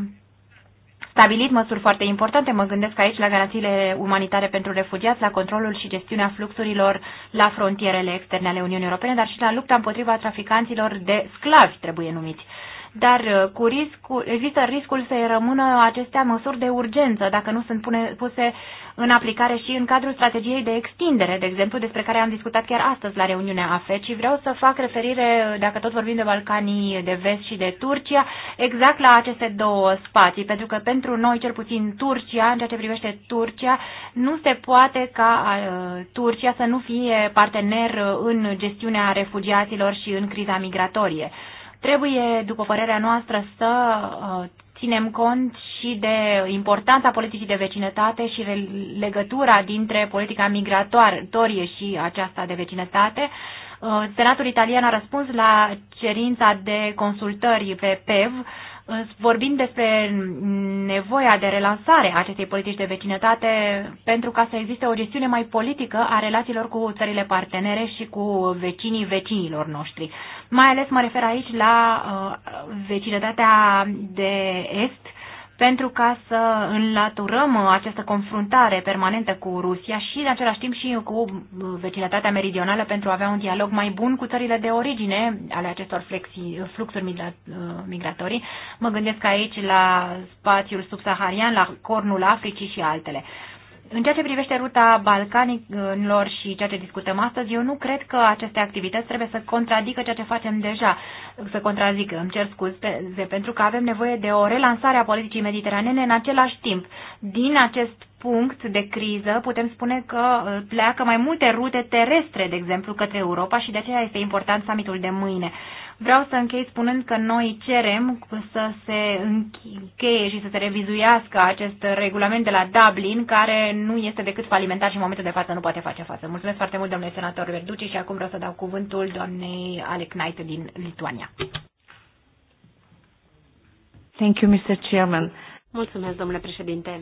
A: stabilit măsuri foarte importante. Mă gândesc aici la garanțiile umanitare pentru refugiați, la controlul și gestiunea fluxurilor la frontierele externe ale Uniunii Europene, dar și la lupta împotriva traficanților de sclavi, trebuie numiți dar uh, cu riscul, există riscul să rămână acestea măsuri de urgență dacă nu sunt pune, puse în aplicare și în cadrul strategiei de extindere, de exemplu, despre care am discutat chiar astăzi la reuniunea AFET și vreau să fac referire, dacă tot vorbim de Balcanii de Vest și de Turcia, exact la aceste două spații, pentru că pentru noi, cel puțin Turcia, în ceea ce privește Turcia, nu se poate ca uh, Turcia să nu fie partener uh, în gestiunea refugiaților și în criza migratorie. Trebuie, după părerea noastră, să uh, ținem cont și de importanța politicii de vecinătate și legătura dintre politica migratorie și aceasta de vecinătate. Uh, Senatul italian a răspuns la cerința de consultări pe PEV vorbim despre nevoia de relansare a acestei politici de vecinătate pentru ca să existe o gestiune mai politică a relațiilor cu țările partenere și cu vecinii vecinilor noștri. Mai ales mă refer aici la uh, vecinătatea de est pentru ca să înlaturăm această confruntare permanentă cu Rusia și, în același timp, și cu uh, vecinătatea meridională pentru a avea un dialog mai bun cu țările de origine ale acestor flexi, uh, fluxuri uh, migratorii. Mă gândesc aici la spațiul subsaharian, la cornul Africii și altele. În ceea ce privește ruta balcanilor și ceea ce discutăm astăzi, eu nu cred că aceste activități trebuie să contradică ceea ce facem deja, să contrazică, îmi cer scuze, pentru că avem nevoie de o relansare a politicii mediteranene în același timp. Din acest punct de criză, putem spune că uh, pleacă mai multe rute terestre, de exemplu, către Europa și de aceea este important summitul de mâine. Vreau să închei spunând că noi cerem să se încheie și să se revizuiască acest regulament de la Dublin, care nu este decât falimentar și în momentul de față nu poate face față. Mulțumesc foarte mult, domnule senator Verduci, și acum vreau să dau cuvântul doamnei Knight din Lituania.
B: Thank you, Mr. Chairman.
A: Mulțumesc, domnule președinte.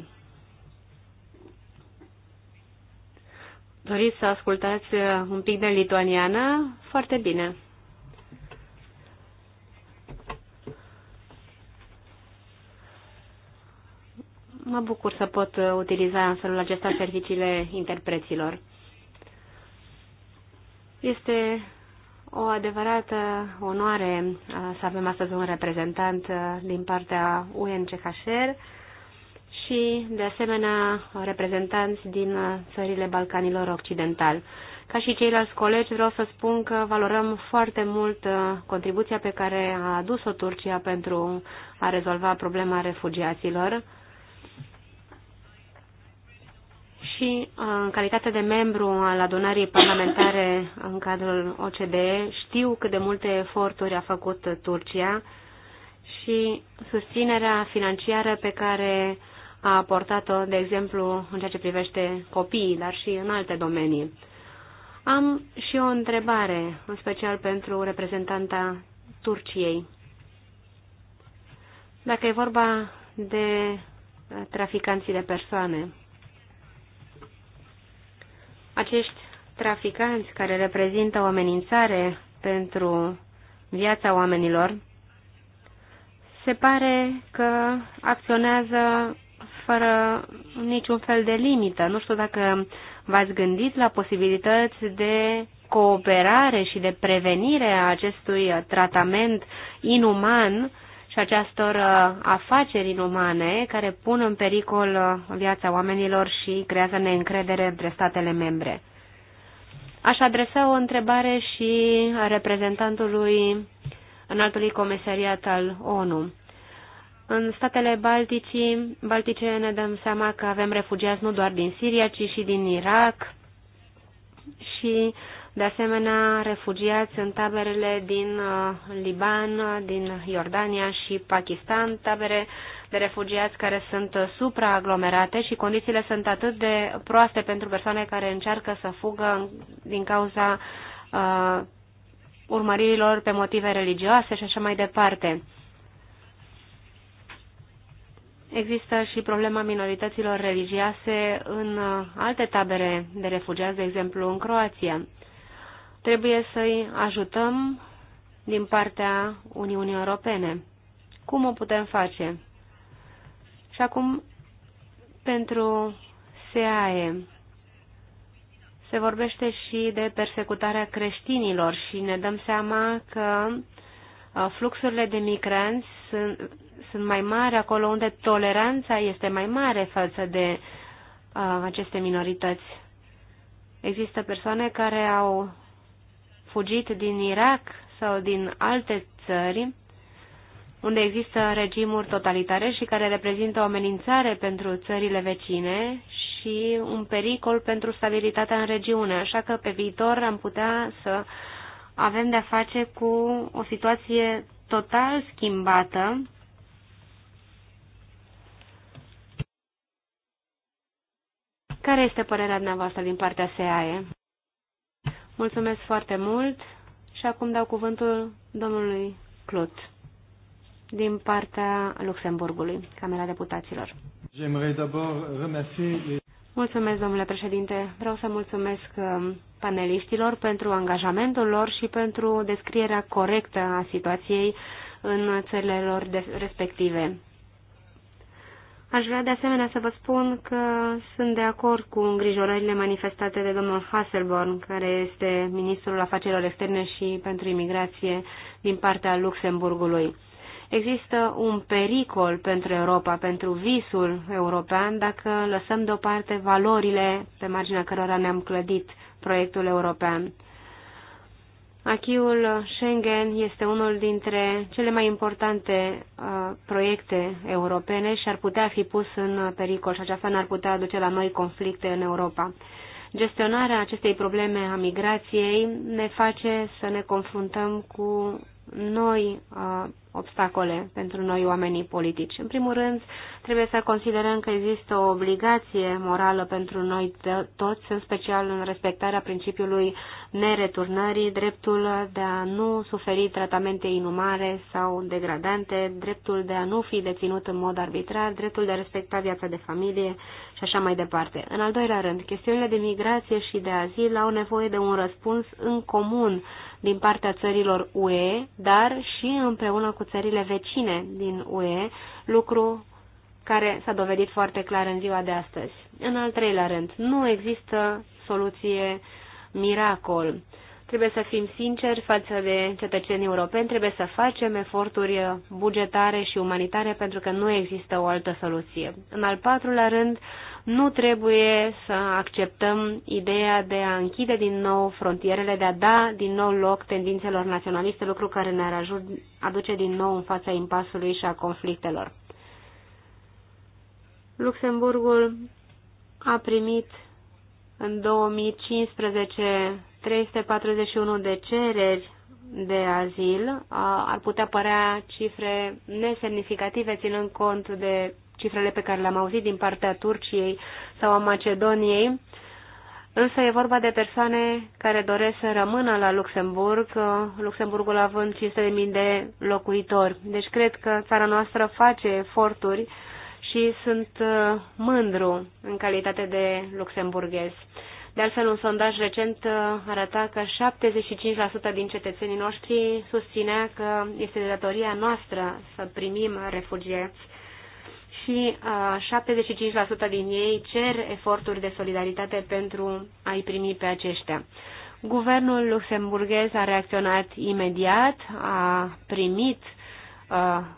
C: Doriți să ascultați un pic de lituaniană? Foarte bine. Mă bucur să pot utiliza în felul acesta serviciile interpreților. Este o adevărată onoare uh, să avem astăzi un reprezentant uh, din partea UNCHR și, de asemenea, reprezentanți din uh, țările Balcanilor Occidentali. Ca și ceilalți colegi, vreau să spun că valorăm foarte mult contribuția pe care a adus-o Turcia pentru a rezolva problema refugiaților și uh, în calitate de membru al adunării parlamentare în cadrul OCDE știu cât de multe eforturi a făcut Turcia și susținerea financiară pe care a aportat-o, de exemplu, în ceea ce privește copiii, dar și în alte domenii. Am și o întrebare, în special pentru reprezentanta Turciei. Dacă e vorba de traficanții de persoane, acești traficanți care reprezintă o amenințare pentru viața oamenilor, se pare că acționează fără niciun fel de limită. Nu știu dacă v-ați gândit la posibilități de cooperare și de prevenire a acestui tratament inuman și acestor uh, afaceri inumane care pun în pericol uh, viața oamenilor și creează neîncredere între statele membre. Aș adresa o întrebare și reprezentantului înaltului comisariat al ONU. În statele Balticii, Baltice ne dăm seama că avem refugiați nu doar din Siria, ci și din Irak și de asemenea, refugiați în taberele din uh, Liban, din Iordania și Pakistan, tabere de refugiați care sunt supraaglomerate și condițiile sunt atât de proaste pentru persoane care încearcă să fugă din cauza uh, urmăririlor pe motive religioase și așa mai departe. Există și problema minorităților religioase în uh, alte tabere de refugiați, de exemplu în Croația. Trebuie să-i ajutăm din partea Uniunii Europene. Cum o putem face? Și acum, pentru SEAE, se vorbește și de persecutarea creștinilor și ne dăm seama că uh, fluxurile de migranți sunt, sunt mai mari acolo unde toleranța este mai mare față de uh, aceste minorități. Există persoane care au fugit din Irak sau din alte țări unde există regimuri totalitare și care reprezintă o amenințare pentru țările vecine și un pericol pentru stabilitatea în regiune. Așa că pe viitor am putea să avem de-a face cu o situație total schimbată Care este părerea dumneavoastră din partea SEAE? Mulțumesc foarte mult și acum dau cuvântul domnului Clot din partea Luxemburgului, Camera Deputaților. Mulțumesc, domnule președinte. Vreau să mulțumesc uh, paneliștilor pentru angajamentul lor și pentru descrierea corectă a situației în țările lor respective. Aș vrea de asemenea să vă spun că sunt de acord cu îngrijorările manifestate de domnul Hasselborn, care este ministrul afacerilor externe și pentru imigrație din partea Luxemburgului. Există un pericol pentru Europa, pentru visul european, dacă lăsăm deoparte valorile pe marginea cărora ne-am clădit proiectul european. Achiul Schengen este unul dintre cele mai importante uh, proiecte europene și ar putea fi pus în pericol și aceasta n-ar putea aduce la noi conflicte în Europa. Gestionarea acestei probleme a migrației ne face să ne confruntăm cu noi uh, obstacole pentru noi oamenii politici. În primul rând, trebuie să considerăm că există o obligație morală pentru noi toți, în special în respectarea principiului nereturnării, dreptul de a nu suferi tratamente inumare sau degradante, dreptul de a nu fi deținut în mod arbitrar, dreptul de a respecta viața de familie, și așa mai departe. În al doilea rând, chestiunile de migrație și de azil au nevoie de un răspuns în comun din partea țărilor UE, dar și împreună cu țările vecine din UE, lucru care s-a dovedit foarte clar în ziua de astăzi. În al treilea rând, nu există soluție miracol. Trebuie să fim sinceri față de cetățenii europeni, trebuie să facem eforturi bugetare și umanitare pentru că nu există o altă soluție. În al patrulea rând, nu trebuie să acceptăm ideea de a închide din nou frontierele, de a da din nou loc tendințelor naționaliste, lucru care ne-ar aduce din nou în fața impasului și a conflictelor. Luxemburgul a primit în 2015 341 de cereri de azil ar putea părea cifre nesemnificative, ținând cont de cifrele pe care le-am auzit din partea Turciei sau a Macedoniei, însă e vorba de persoane care doresc să rămână la Luxemburg, Luxemburgul având 500.000 de locuitori. Deci cred că țara noastră face eforturi și sunt uh, mândru în calitate de luxemburghez. De altfel, un sondaj recent uh, arăta că 75% din cetățenii noștri susținea că este de datoria noastră să primim refugiați și 75% uh, din ei cer eforturi de solidaritate pentru a-i primi pe aceștia. Guvernul luxemburghez a reacționat imediat, a primit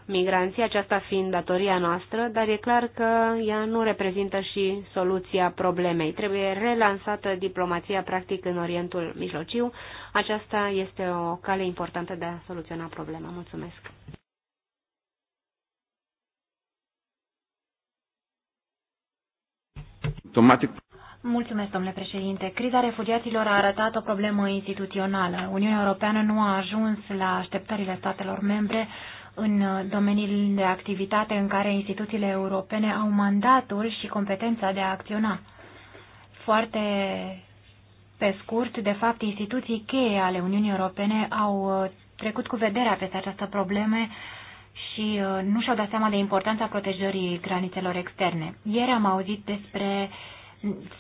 C: migranții, aceasta fiind datoria noastră, dar e clar că ea nu reprezintă și soluția problemei. Trebuie relansată diplomația practic în Orientul Mijlociu. Aceasta este o cale importantă de a soluționa problema. Mulțumesc!
A: Mulțumesc, domnule președinte. Criza refugiaților a arătat o problemă instituțională. Uniunea Europeană nu a ajuns la așteptările statelor membre în domeniile de activitate în care instituțiile europene au mandatul și competența de a acționa. Foarte pe scurt, de fapt, instituții cheie ale Uniunii Europene au uh, trecut cu vederea peste această probleme și uh, nu și-au dat seama de importanța protejării granițelor externe. Ieri am auzit despre uh,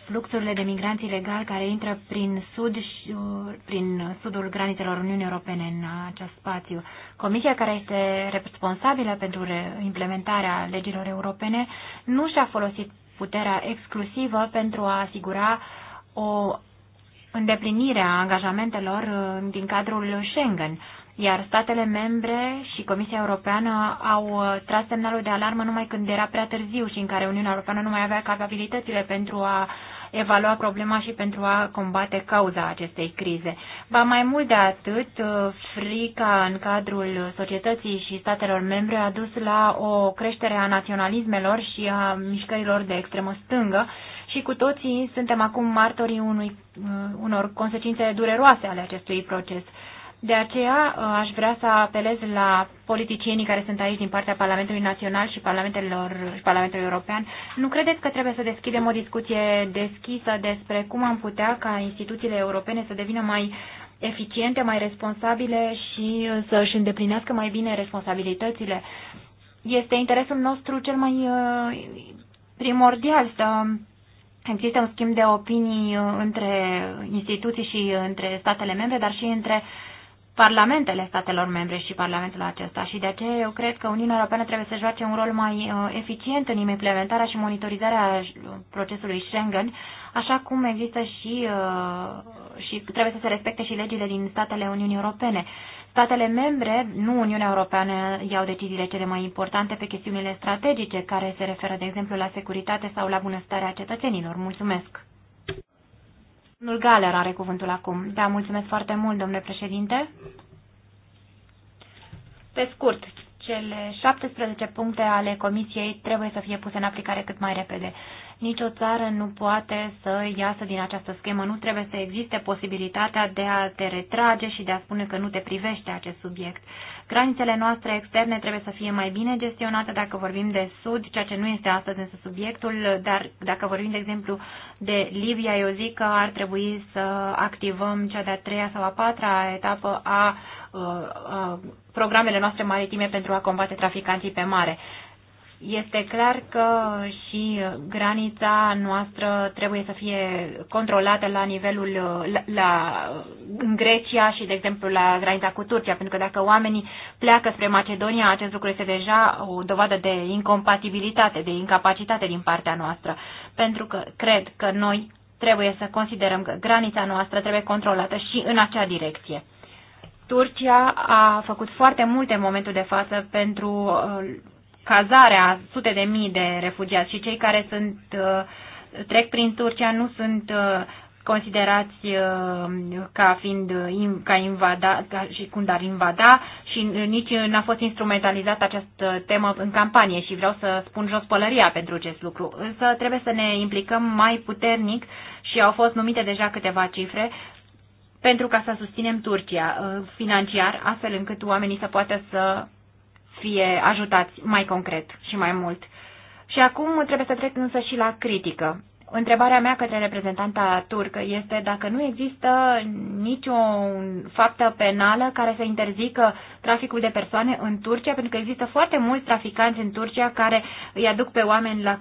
A: fluxurile de migranți ilegali care intră prin, sud, și uh, prin sudul granițelor Uniunii Europene în acest spațiu. Comisia care este responsabilă pentru implementarea legilor europene nu și-a folosit puterea exclusivă pentru a asigura o îndeplinire a angajamentelor uh, din cadrul Schengen iar statele membre și Comisia Europeană au uh, tras semnalul de alarmă numai când era prea târziu și în care Uniunea Europeană nu mai avea capabilitățile pentru a evalua problema și pentru a combate cauza acestei crize. Ba mai mult de atât, uh, frica în cadrul societății și statelor membre a dus la o creștere a naționalismelor și a mișcărilor de extremă stângă și cu toții suntem acum martorii unui, uh, unor consecințe dureroase ale acestui proces. De aceea uh, aș vrea să apelez la politicienii care sunt aici din partea Parlamentului Național și, Parlamentelor, și Parlamentului European. Nu credeți că trebuie să deschidem o discuție deschisă despre cum am putea ca instituțiile europene să devină mai eficiente, mai responsabile și uh, să își îndeplinească mai bine responsabilitățile? Este interesul nostru cel mai uh, primordial să Există un schimb de opinii între instituții și între statele membre, dar și între parlamentele statelor membre și parlamentul acesta și de aceea eu cred că Uniunea Europeană trebuie să joace un rol mai uh, eficient în implementarea și monitorizarea uh, procesului Schengen, așa cum există și, uh, și trebuie să se respecte și legile din statele Uniunii Europene. Statele membre, nu Uniunea Europeană, iau deciziile cele mai importante pe chestiunile strategice care se referă, de exemplu, la securitate sau la bunăstarea cetățenilor. Mulțumesc! Domnul Galer are cuvântul acum. Da, mulțumesc foarte mult, domnule președinte. Pe scurt, cele 17 puncte ale comisiei trebuie să fie puse în aplicare cât mai repede. Nicio țară nu poate să iasă din această schemă. Nu trebuie să existe posibilitatea de a te retrage și de a spune că nu te privește acest subiect. Granițele noastre externe trebuie să fie mai bine gestionate dacă vorbim de Sud, ceea ce nu este astăzi însă subiectul, dar dacă vorbim, de exemplu, de Libia, eu zic că ar trebui să activăm cea de-a treia sau a patra etapă a uh, programele noastre maritime pentru a combate traficanții pe mare. Este clar că și granița noastră trebuie să fie controlată la nivelul la, la, în Grecia și, de exemplu, la granița cu Turcia, pentru că dacă oamenii pleacă spre Macedonia, acest lucru este deja o dovadă de incompatibilitate, de incapacitate din partea noastră, pentru că cred că noi trebuie să considerăm că granița noastră trebuie controlată și în acea direcție. Turcia a făcut foarte multe în momentul de față pentru uh, cazarea a sute de mii de refugiați și cei care sunt uh, trec prin Turcia nu sunt uh, considerați uh, ca fiind ca invada ca și cum ar invada și nici n-a fost instrumentalizată această temă în campanie și vreau să spun jos pălăria pentru acest lucru. Însă trebuie să ne implicăm mai puternic și au fost numite deja câteva cifre pentru ca să susținem Turcia financiar, astfel încât oamenii să poată să fie ajutați mai concret și mai mult. Și acum trebuie să trec însă și la critică. Întrebarea mea către reprezentanta turcă este dacă nu există nicio faptă penală care să interzică traficul de persoane în Turcia, pentru că există foarte mulți traficanți în Turcia care îi aduc pe oameni la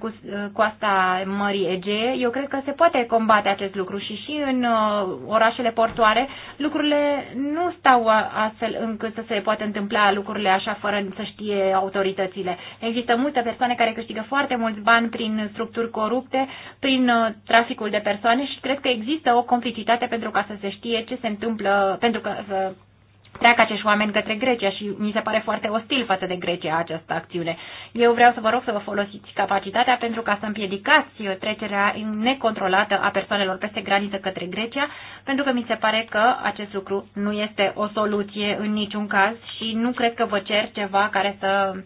A: coasta Mării Egee. Eu cred că se poate combate acest lucru și și în uh, orașele portoare lucrurile nu stau astfel încât să se poată întâmpla lucrurile așa fără să știe autoritățile. Există multe persoane care câștigă foarte mulți bani prin structuri corupte, prin prin uh, traficul de persoane și cred că există o complicitate pentru ca să se știe ce se întâmplă, pentru că să uh, treacă acești oameni către Grecia și mi se pare foarte ostil față de Grecia această acțiune. Eu vreau să vă rog să vă folosiți capacitatea pentru ca să împiedicați uh, trecerea necontrolată a persoanelor peste graniță către Grecia, pentru că mi se pare că acest lucru nu este o soluție în niciun caz și nu cred că vă cer ceva care să uh,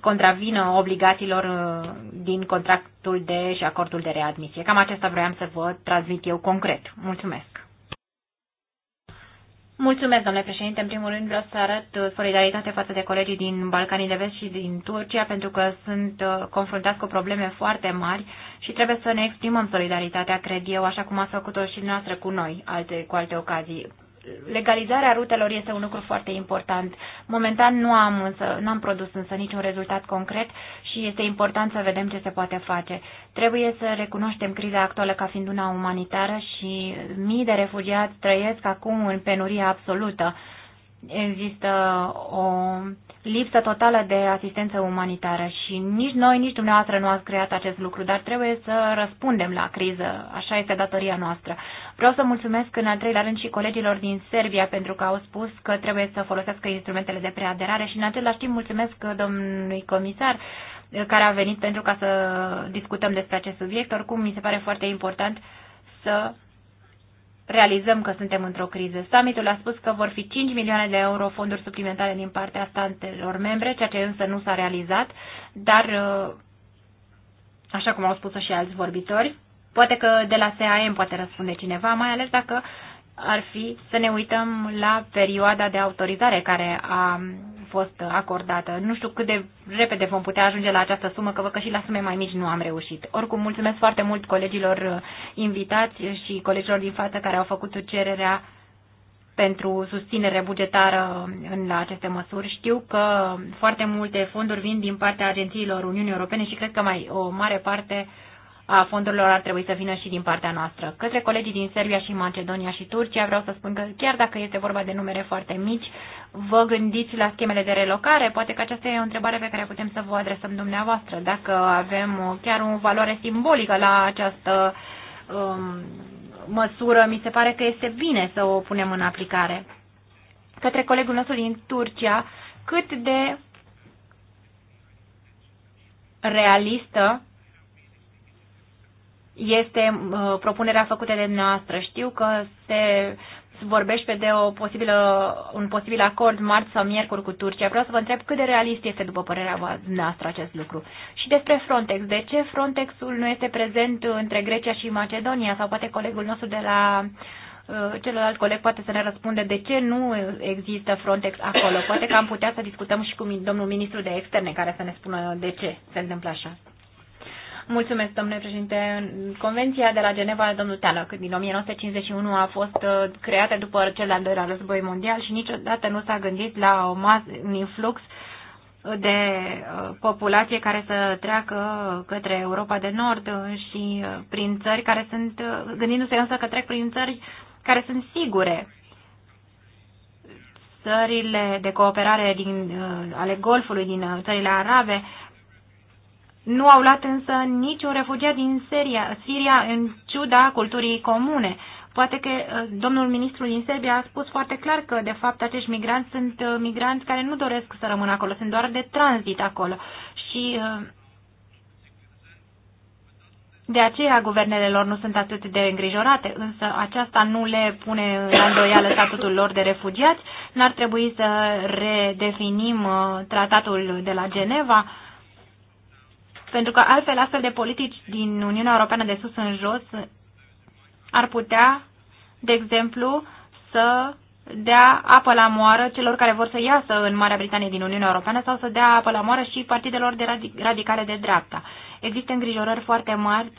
A: contravină obligațiilor uh, din contractul de și acordul de readmisie. Cam acesta vreau să vă transmit eu concret. Mulțumesc! Mulțumesc, domnule președinte. În primul rând vreau să arăt uh, solidaritate față de colegii din Balcanii de Vest și din Turcia, pentru că sunt uh, confruntați cu probleme foarte mari și trebuie să ne exprimăm solidaritatea, cred eu, așa cum ați făcut-o și noastră cu noi, alte, cu alte ocazii legalizarea rutelor este un lucru foarte important. Momentan nu am, însă, nu am produs însă niciun rezultat concret și este important să vedem ce se poate face. Trebuie să recunoaștem criza actuală ca fiind una umanitară și mii de refugiați trăiesc acum în penurie absolută. Există o lipsa totală de asistență umanitară și nici noi, nici dumneavoastră nu ați creat acest lucru, dar trebuie să răspundem la criză. Așa este datoria noastră. Vreau să mulțumesc în al treilea rând și colegilor din Serbia pentru că au spus că trebuie să folosească instrumentele de preaderare și în același timp mulțumesc domnului comisar eh, care a venit pentru ca să discutăm despre acest subiect. Oricum, mi se pare foarte important să realizăm că suntem într-o criză. Summitul a spus că vor fi 5 milioane de euro fonduri suplimentare din partea statelor membre, ceea ce însă nu s-a realizat, dar, uh, așa cum au spus și alți vorbitori, poate că de la SAM poate răspunde cineva, mai ales dacă ar fi să ne uităm la perioada de autorizare care a fost acordată. Nu știu cât de repede vom putea ajunge la această sumă, că văd că și la sume mai mici nu am reușit. Oricum, mulțumesc foarte mult colegilor uh, invitați și colegilor din față care au făcut cererea pentru susținere bugetară uh, în la aceste măsuri. Știu că foarte multe fonduri vin din partea agențiilor Uniunii Europene și cred că mai o mare parte a fondurilor ar trebui să vină și din partea noastră. Către colegii din Serbia și Macedonia și Turcia vreau să spun că chiar dacă este vorba de numere foarte mici, vă gândiți la schemele de relocare? Poate că aceasta e o întrebare pe care putem să vă adresăm dumneavoastră, dacă avem chiar o valoare simbolică la această um, măsură, mi se pare că este bine să o punem în aplicare. Către colegul nostru din Turcia, cât de realistă este uh, propunerea făcută de noastră. Știu că se pe de o posibilă, un posibil acord marți sau miercuri cu Turcia. Vreau să vă întreb cât de realist este, după părerea noastră, acest lucru. Și despre Frontex. De ce Frontexul nu este prezent între Grecia și Macedonia? Sau poate colegul nostru de la uh, celălalt coleg poate să ne răspunde de ce nu există Frontex acolo. Poate că am putea să discutăm și cu domnul ministru de externe care să ne spună de ce se întâmplă așa. Mulțumesc, domnule președinte. Convenția de la Geneva, domnul Tanăc, din 1951 a fost uh, creată după cel al doilea război mondial și niciodată nu s-a gândit la o mas, un influx de uh, populație care să treacă către Europa de Nord și uh, prin țări care sunt, gândindu-se însă că trec prin țări care sunt sigure. Țările de cooperare din, ale Golfului, din țările arabe, nu au luat însă niciun refugiat din Siria, Siria în ciuda culturii comune. Poate că uh, domnul ministru din Serbia a spus foarte clar că, de fapt, acești migranți sunt uh, migranți care nu doresc să rămână acolo, sunt doar de tranzit acolo. Și uh, de aceea guvernele lor nu sunt atât de îngrijorate, însă aceasta nu le pune la îndoială statutul lor de refugiați. N-ar trebui să redefinim tratatul de la Geneva pentru că altfel astfel de politici din Uniunea Europeană de sus în jos ar putea, de exemplu, să dea apă la moară celor care vor să iasă în Marea Britanie din Uniunea Europeană sau să dea apă la moară și partidelor de radicale de dreapta. Există îngrijorări foarte mari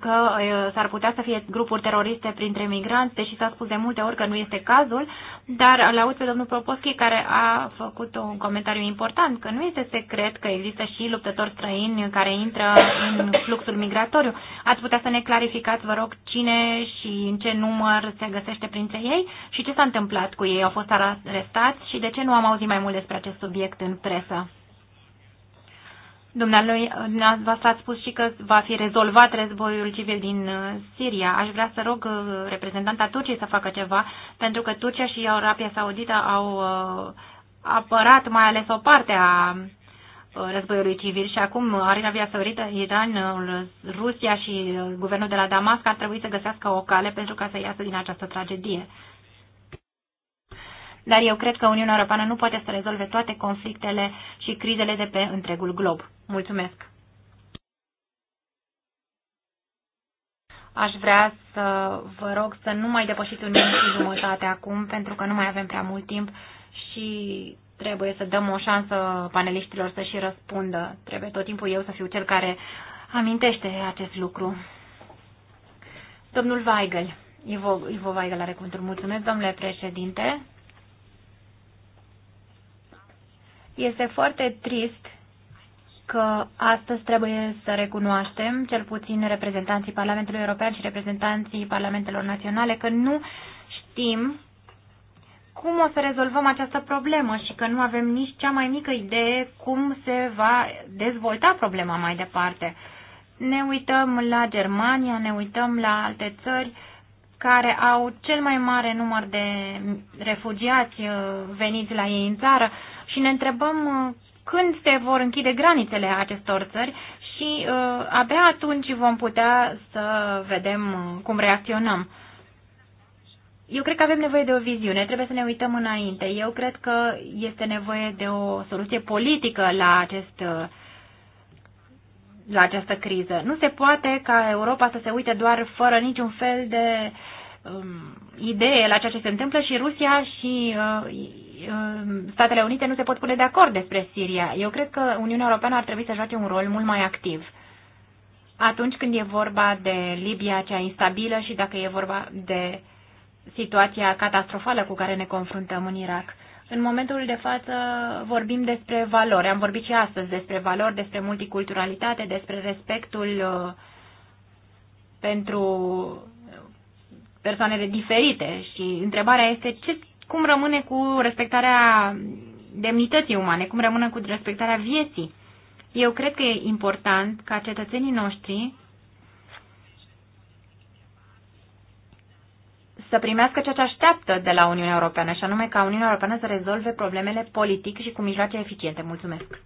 A: că s-ar putea să fie grupuri teroriste printre migranți, deși s-a spus de multe ori că nu este cazul, dar îl aud pe domnul Proposchi care a făcut un comentariu important, că nu este secret că există și luptători străini care intră în fluxul migratoriu. Ați putea să ne clarificați, vă rog, cine și în ce număr se găsește printre ei și ce s-a întâmplat cu ei? Au fost arestați și de ce nu am auzit mai mult despre acest subiect în presă? Uh, dumneavoastră ați spus și că va fi rezolvat războiul civil din uh, Siria. Aș vrea să rog uh, reprezentanta Turciei să facă ceva, pentru că Turcia și Arabia Saudită au apărat mai ales o parte a războiului civil și acum Arabia Saudită, Iran, Rusia și guvernul de la Damasc ar trebui să găsească o cale pentru ca să iasă din această tragedie dar eu cred că Uniunea Europeană nu poate să rezolve toate conflictele și crizele de pe întregul glob. Mulțumesc! Aș vrea să vă rog să nu mai depășiți un minut și jumătate acum, pentru că nu mai avem prea mult timp și trebuie să dăm o șansă paneliștilor să și răspundă. Trebuie tot timpul eu să fiu cel care amintește acest lucru. Domnul Weigel, Ivo, Ivo Weigel are cuvântul. Mulțumesc, domnule președinte. Este foarte trist că astăzi trebuie să recunoaștem, cel puțin reprezentanții Parlamentului European și reprezentanții Parlamentelor Naționale, că nu știm cum o să rezolvăm această problemă și că nu avem nici cea mai mică idee cum se va dezvolta problema mai departe. Ne uităm la Germania, ne uităm la alte țări care au cel mai mare număr de refugiați uh, veniți la ei în țară și ne întrebăm uh, când se vor închide granițele acestor țări și uh, abia atunci vom putea să vedem uh, cum reacționăm. Eu cred că avem nevoie de o viziune, trebuie să ne uităm înainte. Eu cred că este nevoie de o soluție politică la acest uh, la această criză. Nu se poate ca Europa să se uite doar fără niciun fel de um, idee la ceea ce se întâmplă și Rusia și uh, Uh, Statele Unite nu se pot pune de acord despre Siria. Eu cred că Uniunea Europeană ar trebui să joace un rol mult mai activ atunci când e vorba de Libia cea instabilă și dacă e vorba de situația catastrofală cu care ne confruntăm în Irak. În momentul de față vorbim despre valori. Am vorbit și astăzi despre valori, despre multiculturalitate, despre respectul uh, pentru persoanele diferite și întrebarea este ce cum rămâne cu respectarea demnității umane, cum rămâne cu respectarea vieții. Eu cred că e important ca cetățenii noștri să primească ceea ce așteaptă de la Uniunea Europeană, și anume ca Uniunea Europeană să rezolve problemele politic și cu mijloace eficiente. Mulțumesc!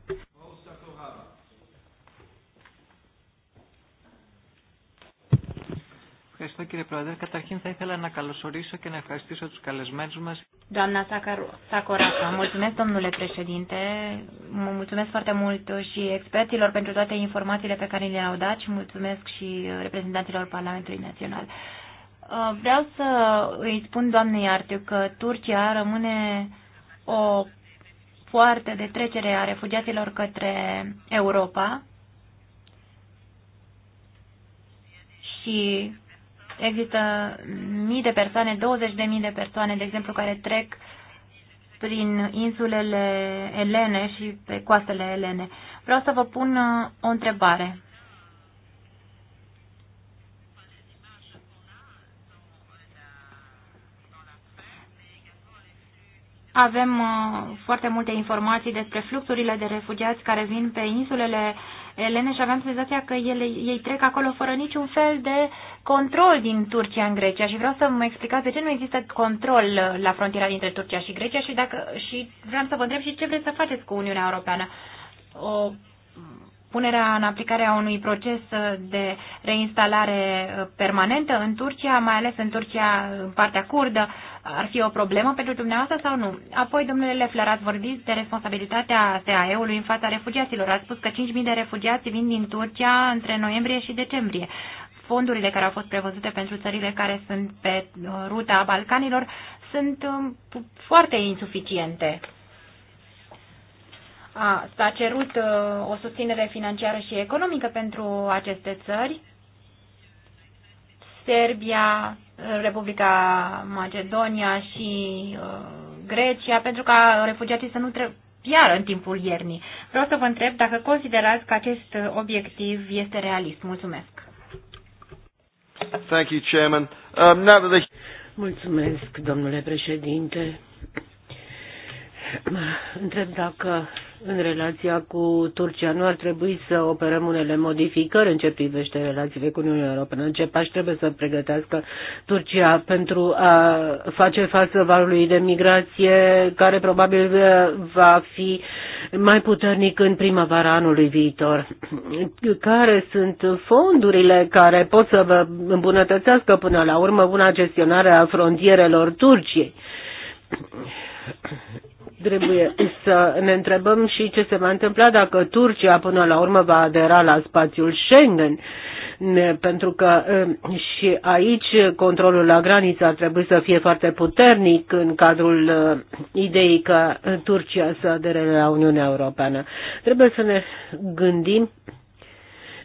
A: Ευχαριστώ κύριε Πρόεδρε. Καταρχήν θα ήθελα να καλωσορίσω και να ευχαριστήσω τους καλεσμένους μας. Doamna Sacoraca, mulțumesc domnule președinte, mulțumesc foarte mult și experților pentru toate informațiile pe care le-au dat și mulțumesc și reprezentanților Parlamentului Național. Uh, vreau să îi spun doamnei Artiu că Turcia rămâne o poartă de trecere a refugiaților către Europa și Există mii de persoane, 20 de mii de persoane, de exemplu, care trec prin insulele elene și pe coastele elene. Vreau să vă pun uh, o întrebare. avem uh, foarte multe informații despre fluxurile de refugiați care vin pe insulele elene și aveam senzația că ele, ei trec acolo fără niciun fel de control din Turcia în Grecia și vreau să mă explicați de ce nu există control uh, la frontiera dintre Turcia și Grecia și, dacă, și vreau să vă întreb și ce vreți să faceți cu Uniunea Europeană. O punerea în aplicare a unui proces de reinstalare permanentă în Turcia, mai ales în Turcia, în partea curdă, ar fi o problemă pentru dumneavoastră sau nu? Apoi, domnule Leflar, ați vorbit de responsabilitatea SAE-ului în fața refugiaților. Ați spus că 5.000 de refugiați vin din Turcia între noiembrie și decembrie fondurile care au fost prevăzute pentru țările care sunt pe uh, ruta Balcanilor sunt um, foarte insuficiente s-a cerut uh, o susținere financiară și economică pentru aceste țări. Serbia, Republica Macedonia și uh, Grecia, pentru ca refugiații să nu trebuie iar în timpul iernii. Vreau să vă întreb dacă considerați că acest obiectiv este realist. Mulțumesc.
B: Thank you, Chairman. Um, now that they... Mulțumesc, domnule președinte. Mă întreb dacă în relația cu Turcia. Nu ar trebui să operăm unele modificări în ce privește relațiile cu Uniunea Europeană. În ce pași trebuie să pregătească Turcia pentru a face față valului de migrație care probabil uh, va fi mai puternic în primăvara anului viitor. Care sunt fondurile care pot să vă îmbunătățească până la urmă una gestionare a frontierelor Turciei? Trebuie să ne întrebăm și ce se va întâmpla dacă Turcia până la urmă va adera la spațiul Schengen, pentru că um, și aici controlul la graniță ar trebui să fie foarte puternic în cadrul uh, ideii că Turcia să adere la Uniunea Europeană. Trebuie să ne gândim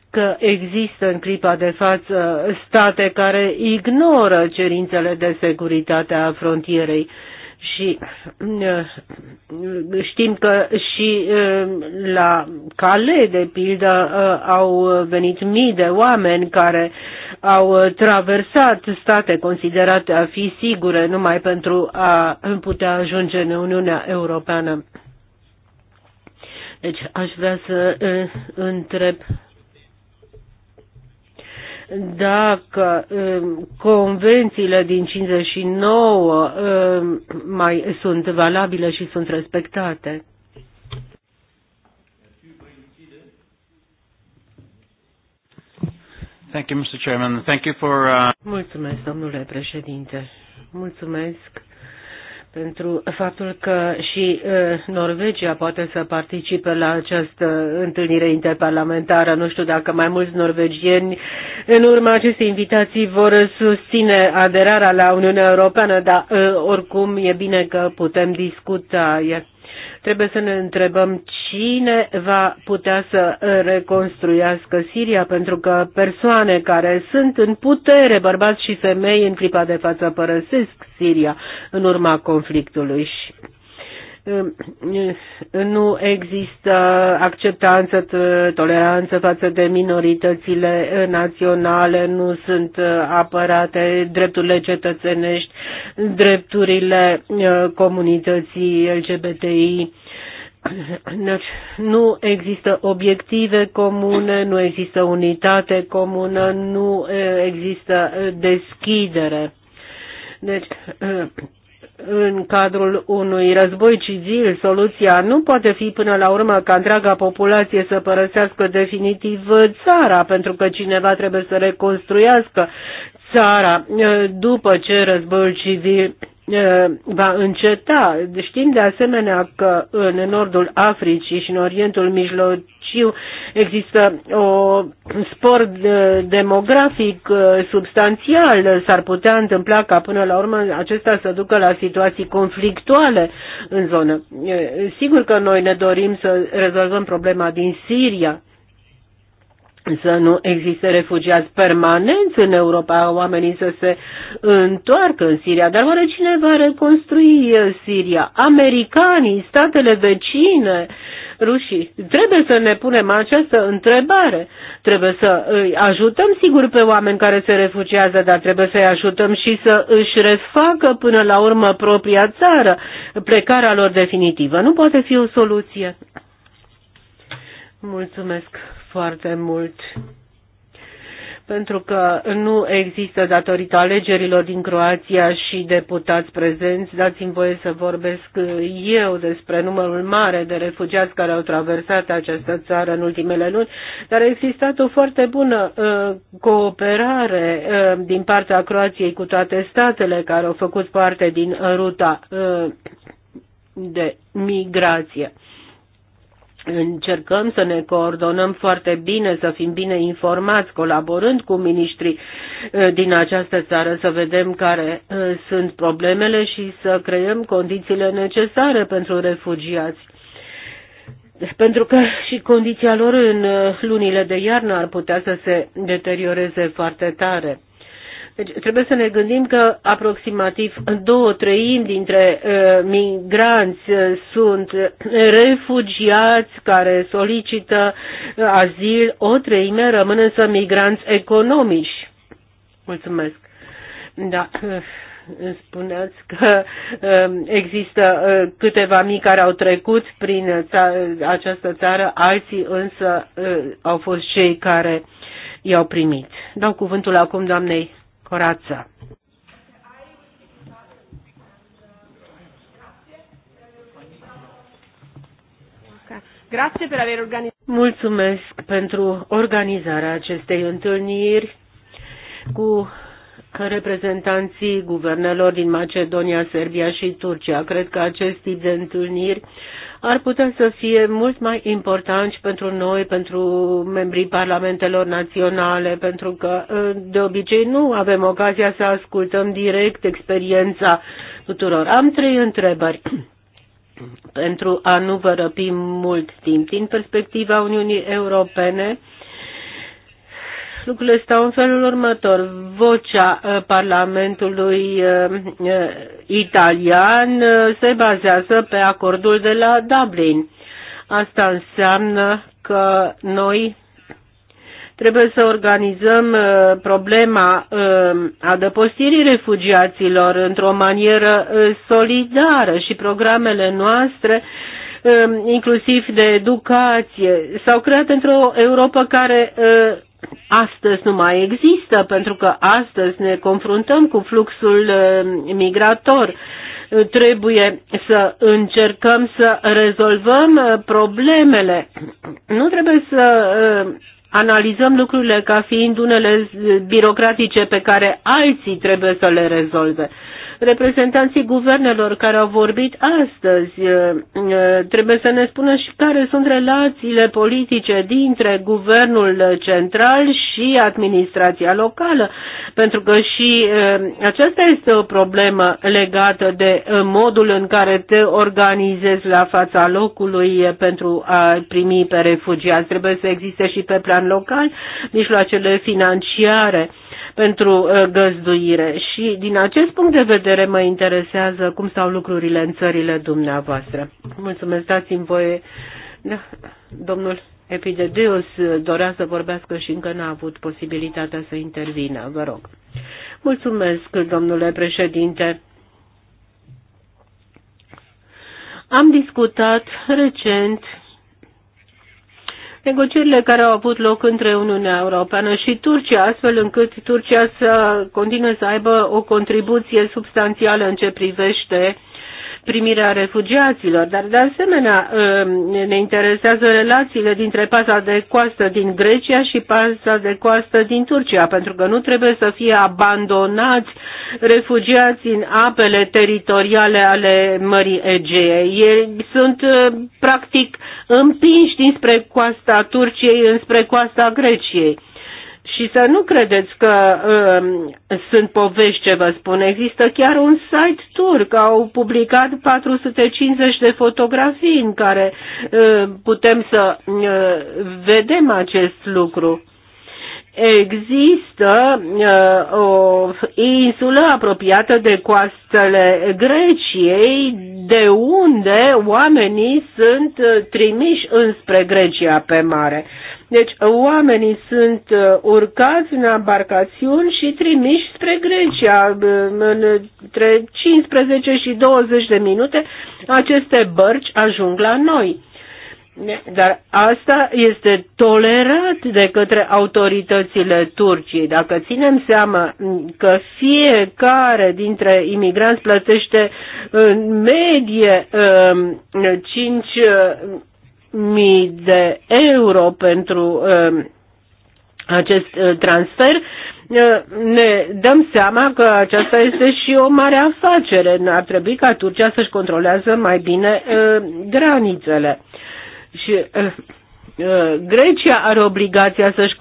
B: că există în clipa de față state care ignoră cerințele de securitate a frontierei și uh, știm că și uh, la Cale, de pildă, uh, au venit mii de oameni care au traversat state considerate a fi sigure numai pentru a putea ajunge în Uniunea Europeană. Deci aș vrea să întreb dacă um, convențiile din 59 um, mai sunt valabile și sunt respectate. Thank you, Mr. Chairman.
A: Thank you for, uh...
B: Mulțumesc, domnule președinte. Mulțumesc pentru faptul că și Norvegia poate să participe la această întâlnire interparlamentară. Nu știu dacă mai mulți norvegieni în urma acestei invitații vor susține aderarea la Uniunea Europeană, dar oricum e bine că putem discuta. Trebuie să ne întrebăm cine va putea să reconstruiască Siria, pentru că persoane care sunt în putere, bărbați și femei, în clipa de față părăsesc Siria în urma conflictului și um, nu există acceptanță, toleranță față de minoritățile naționale, nu sunt uh, apărate drepturile cetățenești, drepturile uh, comunității LGBTI deci, nu există obiective comune, nu există unitate comună, nu există deschidere. Deci, în cadrul unui război civil, soluția nu poate fi până la urmă ca întreaga populație să părăsească definitiv țara, pentru că cineva trebuie să reconstruiască țara după ce războiul civil va înceta. Știm de asemenea că în nordul Africii și în Orientul Mijlociu există o spor demografic substanțial. S-ar putea întâmpla ca până la urmă acesta să ducă la situații conflictuale în zonă. Sigur că noi ne dorim să rezolvăm problema din Siria, să nu existe refugiați permanenți în Europa, oamenii să se întoarcă în Siria. Dar oare cine va reconstrui uh, Siria? Americanii, statele vecine, rușii? Trebuie să ne punem această întrebare. Trebuie să uh, îi ajutăm, sigur, pe oameni care se refugiază, dar trebuie să-i ajutăm și să își refacă până la urmă propria țară. Plecarea lor definitivă nu poate fi o soluție. Mulțumesc foarte mult pentru că nu există datorită alegerilor din Croația și deputați prezenți. Dați-mi voie să vorbesc eu despre numărul mare de refugiați care au traversat această țară în ultimele luni, dar a existat o foarte bună uh, cooperare uh, din partea Croației cu toate statele care au făcut parte din ruta uh, de migrație încercăm să ne coordonăm foarte bine, să fim bine informați, colaborând cu ministrii uh, din această țară, să vedem care uh, sunt problemele și să creăm condițiile necesare pentru refugiați. Pentru că și condiția lor în uh, lunile de iarnă ar putea să se deterioreze foarte tare. Deci trebuie să ne gândim că aproximativ două treimi dintre uh, migranți uh, sunt uh, refugiați care solicită uh, azil, o treime rămân însă migranți economici. Mulțumesc. Da. spuneți uh, spuneați că um, există uh, câteva mii care au trecut prin această țară, alții însă au fost cei care i-au primit. Dau cuvântul acum doamnei Corața. Grazie per aver organizzato. Mulțumesc pentru organizarea acestei întâlniri cu reprezentanții guvernelor din Macedonia, Serbia și Turcia. Cred că acest tip de întâlniri ar putea să fie mult mai importanți pentru noi, pentru membrii parlamentelor naționale, pentru că ă, de obicei nu avem ocazia să ascultăm direct experiența tuturor. Am trei întrebări pentru a nu vă răpi mult timp. Din perspectiva Uniunii Europene, lucrurile stau în felul următor. Vocea uh, Parlamentului uh, uh, italian se bazează pe acordul de la Dublin. Asta înseamnă că noi trebuie să organizăm problema adăpostirii refugiaților într-o manieră solidară și programele noastre inclusiv de educație, s-au creat într-o Europa care astăzi nu mai există, pentru că astăzi ne confruntăm cu fluxul uh, migrator. Trebuie să încercăm să rezolvăm uh, problemele. Nu trebuie să uh, analizăm lucrurile ca fiind unele birocratice pe care alții trebuie să le rezolve reprezentanții guvernelor care au vorbit astăzi. Uh, uh, trebuie să ne spună și care sunt relațiile politice dintre guvernul central și administrația locală, pentru că și uh, aceasta este o problemă legată de modul în care te organizezi la fața locului pentru a primi pe refugiați. Trebuie să existe și pe plan local mijloacele financiare pentru uh, găzduire și din acest punct de vedere mă interesează cum stau lucrurile în țările dumneavoastră. Mulțumesc, dați-mi voie. Da, domnul Epidedeus uh, dorea să vorbească și încă n-a avut posibilitatea să intervină. Vă rog. Mulțumesc, domnule președinte. Am discutat recent negocierile care au avut loc între Uniunea Europeană și Turcia, astfel încât Turcia să continue să aibă o contribuție substanțială în ce privește primirea refugiaților, dar de asemenea um, ne interesează relațiile dintre paza de coastă din Grecia și paza de coastă din Turcia, pentru că nu trebuie să fie abandonați refugiați în apele teritoriale ale Mării Egee. Ei sunt uh, practic împinși dinspre coasta Turciei înspre coasta Greciei. Și să nu credeți că um, sunt povești ce vă spun. Există chiar un site turc. Au publicat 450 de fotografii în care um, putem să um, vedem acest lucru. Există uh, o insulă apropiată de coastele Greciei, de unde oamenii sunt uh, trimiși înspre Grecia pe mare. Uh, deci oamenii sunt uh, urcați în embarcațiuni și trimiși spre Grecia. Uh, între 15 și 20 de minute aceste bărci ajung la noi. Dar asta este tolerat de către autoritățile Turciei. Dacă ținem seama că fiecare dintre imigranți plătește în medie 5 uh, mii de euro pentru um, uh, acest transfer, uh, ne dăm seama că aceasta este și o mare afacere. Ar trebui ca Turcia să-și controlează mai bine uh, granițele. Și uh, Grecia are obligația să-și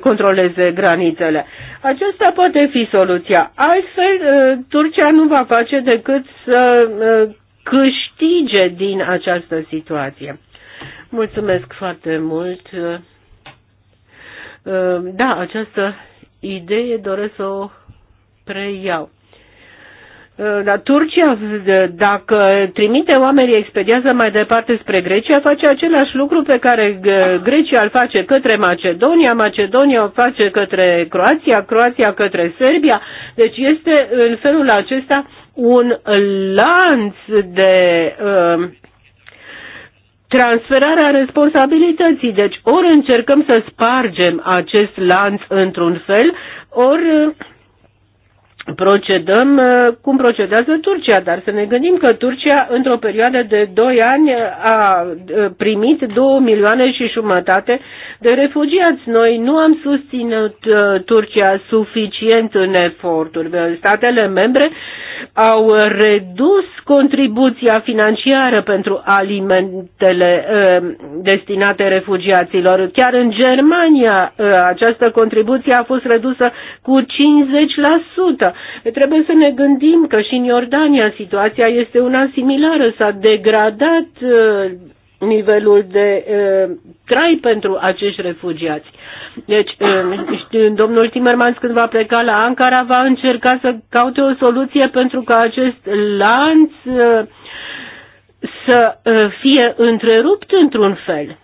B: controleze granițele. Aceasta poate fi soluția. Altfel, Turcia nu va face decât să câștige din această situație. Mulțumesc foarte mult. Ehm, da, această idee doresc să o preiau. La ehm, Turcia, dacă trimite oamenii, expediază mai departe spre Grecia, face același lucru pe care Grecia îl face către Macedonia, Macedonia o face către Croația, Croația către Serbia. Deci este în felul acesta un lanț de uh, transferarea responsabilității. Deci ori încercăm să spargem acest lanț într-un fel, ori procedăm uh, cum procedează Turcia, dar să ne gândim că Turcia într-o perioadă de 2 ani a uh, primit 2 milioane și jumătate de refugiați. Noi nu am susținut uh, Turcia suficient în eforturi. Statele membre au redus contribuția financiară pentru alimentele destinate refugiaților. Chiar în Germania această contribuție a fost redusă cu 50%. Trebuie să ne gândim că și în Iordania situația este una similară, s-a degradat uh, nivelul de uh, trai pentru acești refugiați. Deci, uh, domnul Timmermans când va pleca la Ankara va încerca să caute o soluție pentru ca acest lanț uh, să uh, fie întrerupt într-un fel.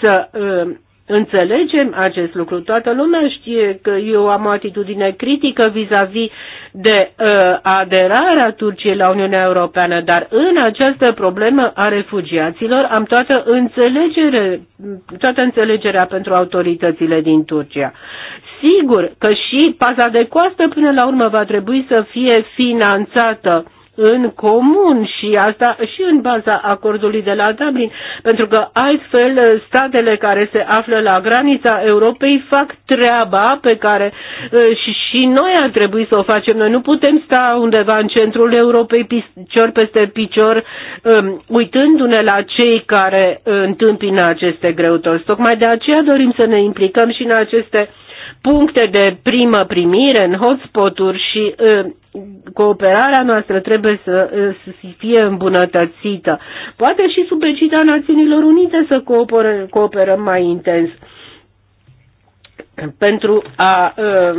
B: Să uh, înțelegem acest lucru. Toată lumea știe că eu am o atitudine critică vis-a-vis -vis de uh, aderarea Turciei la Uniunea Europeană, dar în această problemă a refugiaților am toată, înțelegere, toată înțelegerea pentru autoritățile din Turcia. Sigur că și paza de coastă până la urmă va trebui să fie finanțată uh, în comun și asta și în baza acordului de la Dublin, pentru că altfel statele care se află la granița Europei fac treaba pe care și, și noi ar trebui să o facem. Noi nu putem sta undeva în centrul Europei picior peste picior uitându-ne la cei care întâmpină aceste greutăți. Tocmai de aceea dorim să ne implicăm și în aceste puncte de primă primire în hotspot-uri și cooperarea noastră trebuie să, să fie îmbunătățită. Poate și sub egida Națiunilor Unite să cooperăm, cooperăm mai intens pentru a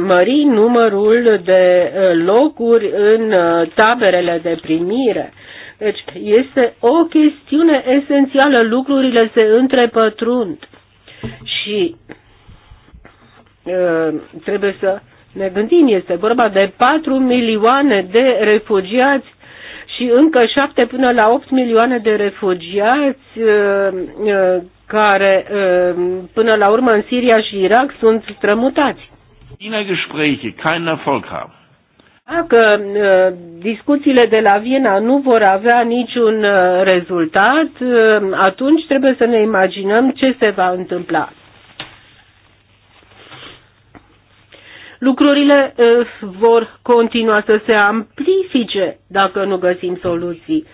B: mări numărul de locuri în taberele de primire. Deci este o chestiune esențială, lucrurile se întrepătrund. Și Uh, trebuie să ne gândim. Este vorba de 4 milioane de refugiați și încă 7 până la 8 milioane de refugiați uh, uh, care până la urmă în Siria și Irak sunt strămutați. Dacă discuțiile de la Viena nu vor avea niciun rezultat, atunci trebuie să ne imaginăm ce se va întâmpla. lucrurile eh, vor continua să se amplifice dacă nu găsim soluții.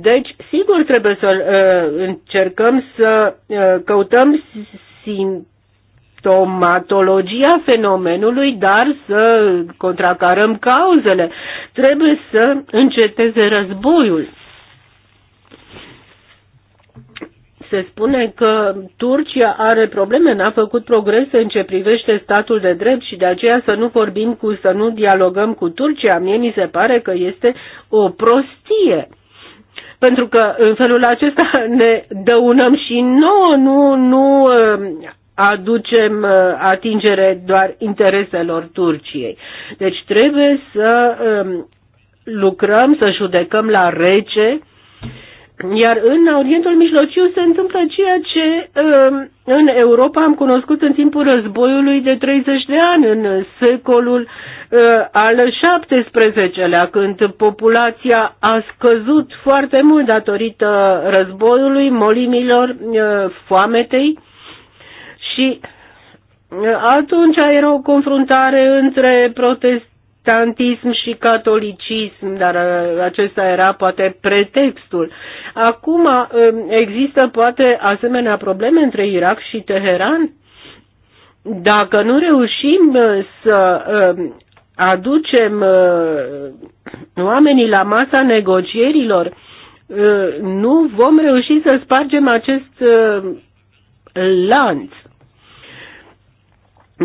B: Deci, sigur, trebuie să uh, încercăm să uh, căutăm simptomatologia fenomenului, dar să contracarăm cauzele. Trebuie să înceteze războiul. se spune că Turcia are probleme, n-a făcut progrese în ce privește statul de drept și de aceea să nu vorbim cu, să nu dialogăm cu Turcia. Mie mi se pare că este o prostie. Pentru că în felul acesta ne dăunăm și nouă, nu, nu um, aducem uh, atingere doar intereselor Turciei. Deci trebuie să um, lucrăm, să judecăm la rece iar în Orientul Mijlociu se întâmplă ceea ce um, în Europa am cunoscut în timpul războiului de 30 de ani, în secolul uh, al XVII-lea, când populația a scăzut foarte mult datorită războiului, molimilor, uh, foametei și uh, atunci era o confruntare între protest protestantism și catolicism, dar uh, acesta era poate pretextul. Acum uh, există poate asemenea probleme între Irak și Teheran? Dacă nu reușim uh, să aducem oamenii la masa negocierilor, nu vom reuși să spargem acest lanț.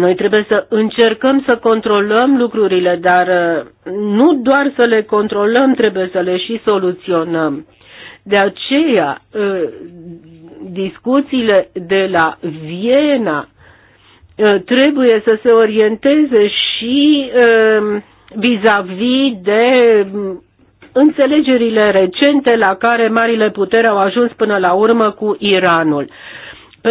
B: Noi trebuie să încercăm să controlăm lucrurile, dar uh, nu doar să le controlăm, trebuie să le și soluționăm. De aceea, uh, discuțiile de la Viena uh, trebuie să se orienteze și vis-a-vis -vis de mm, înțelegerile recente la care marile puteri au ajuns până la urmă cu Iranul.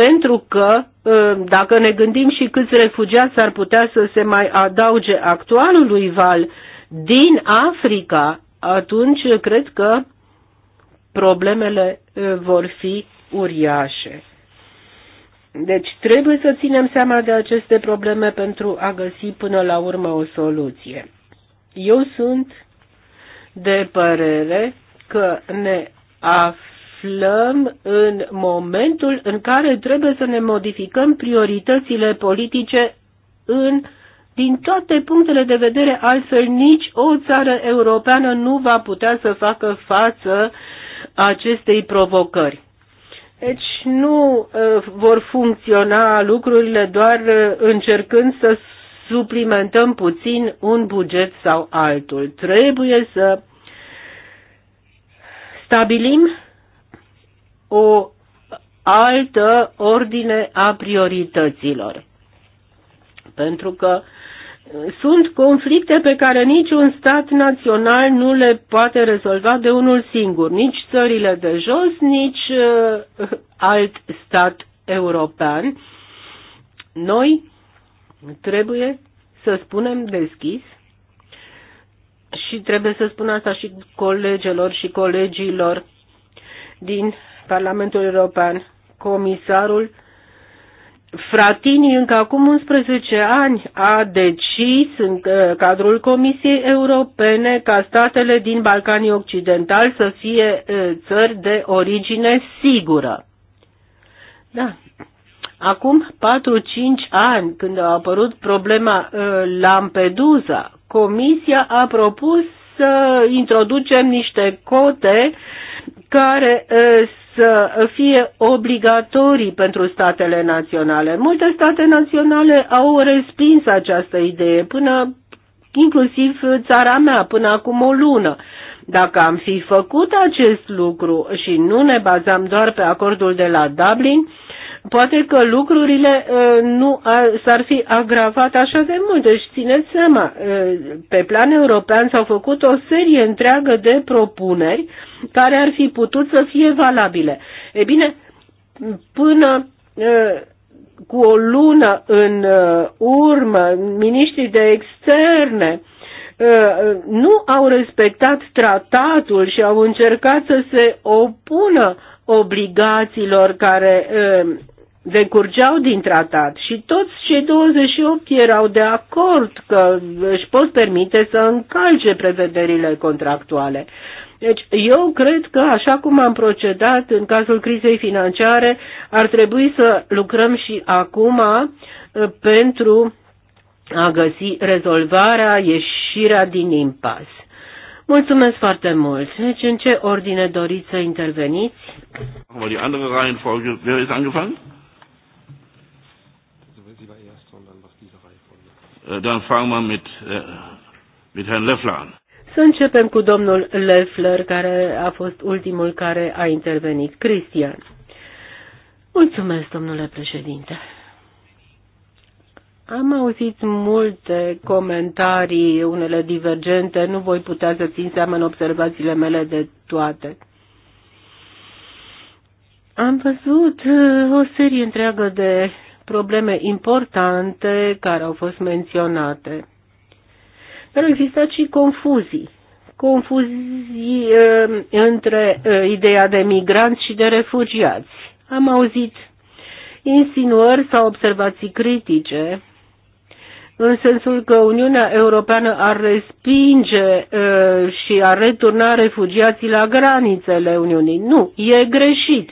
B: Pentru că ă, dacă ne gândim și câți refugiați ar putea să se mai adauge actualului val din Africa, atunci cred că problemele ă, vor fi uriașe. Deci trebuie să ținem seama de aceste probleme pentru a găsi până la urmă o soluție. Eu sunt de părere că ne aflăm aflăm în momentul în care trebuie să ne modificăm prioritățile politice în, din toate punctele de vedere, altfel nici o țară europeană nu va putea să facă față acestei provocări. Deci nu uh, vor funcționa lucrurile doar uh, încercând să suplimentăm puțin un buget sau altul. Trebuie să stabilim o altă ordine a priorităților. Pentru că sunt conflicte pe care niciun stat național nu le poate rezolva de unul singur, nici țările de jos, nici uh, alt stat european. Noi trebuie să spunem deschis și trebuie să spun asta și colegelor și colegilor din Parlamentul European, comisarul Fratini încă acum 11 ani a decis în uh, cadrul Comisiei Europene ca statele din Balcanii Occidentali să fie uh, țări de origine sigură. Da. Acum 4-5 ani, când a apărut problema uh, Lampedusa, Comisia a propus să introducem niște cote care să fie obligatorii pentru statele naționale. Multe state naționale au respins această idee până inclusiv țara mea, până acum o lună. Dacă am fi făcut acest lucru și nu ne bazam doar pe acordul de la Dublin, uh, Poate că lucrurile uh, nu s-ar fi agravat așa de mult. Deci țineți seama, uh, pe plan european s-au făcut o serie întreagă de propuneri care ar fi putut să fie valabile. E bine, până uh, cu o lună în urmă, miniștrii de externe nu au respectat tratatul și au încercat să se opună obligațiilor care decurgeau din tratat și toți cei 28 erau de acord că își pot permite să încalce prevederile contractuale. Deci eu cred că așa cum am procedat în cazul crizei financiare, ar trebui să lucrăm și acum uh, pentru a găsi rezolvarea, ieșirea din impas. Mulțumesc foarte mult. Deci în ce ordine doriți să interveniți? Wer ist
A: angefangen? Äh,
C: dann fangen wir mit, äh, mit Herrn Löffler an.
B: Să începem cu domnul Leffler, care a fost ultimul care a intervenit. Cristian. Mulțumesc, domnule președinte. Am auzit multe comentarii, unele divergente, nu voi putea să țin seama în observațiile mele de toate. Am văzut uh, o serie întreagă de probleme importante care au fost menționate. Dar au existat și confuzii. Confuzii uh, între uh, ideea de migranți și de refugiați. Am auzit insinuări sau observații critice în sensul că Uniunea Europeană ar respinge uh, și ar returna refugiații la granițele Uniunii. Nu, e greșit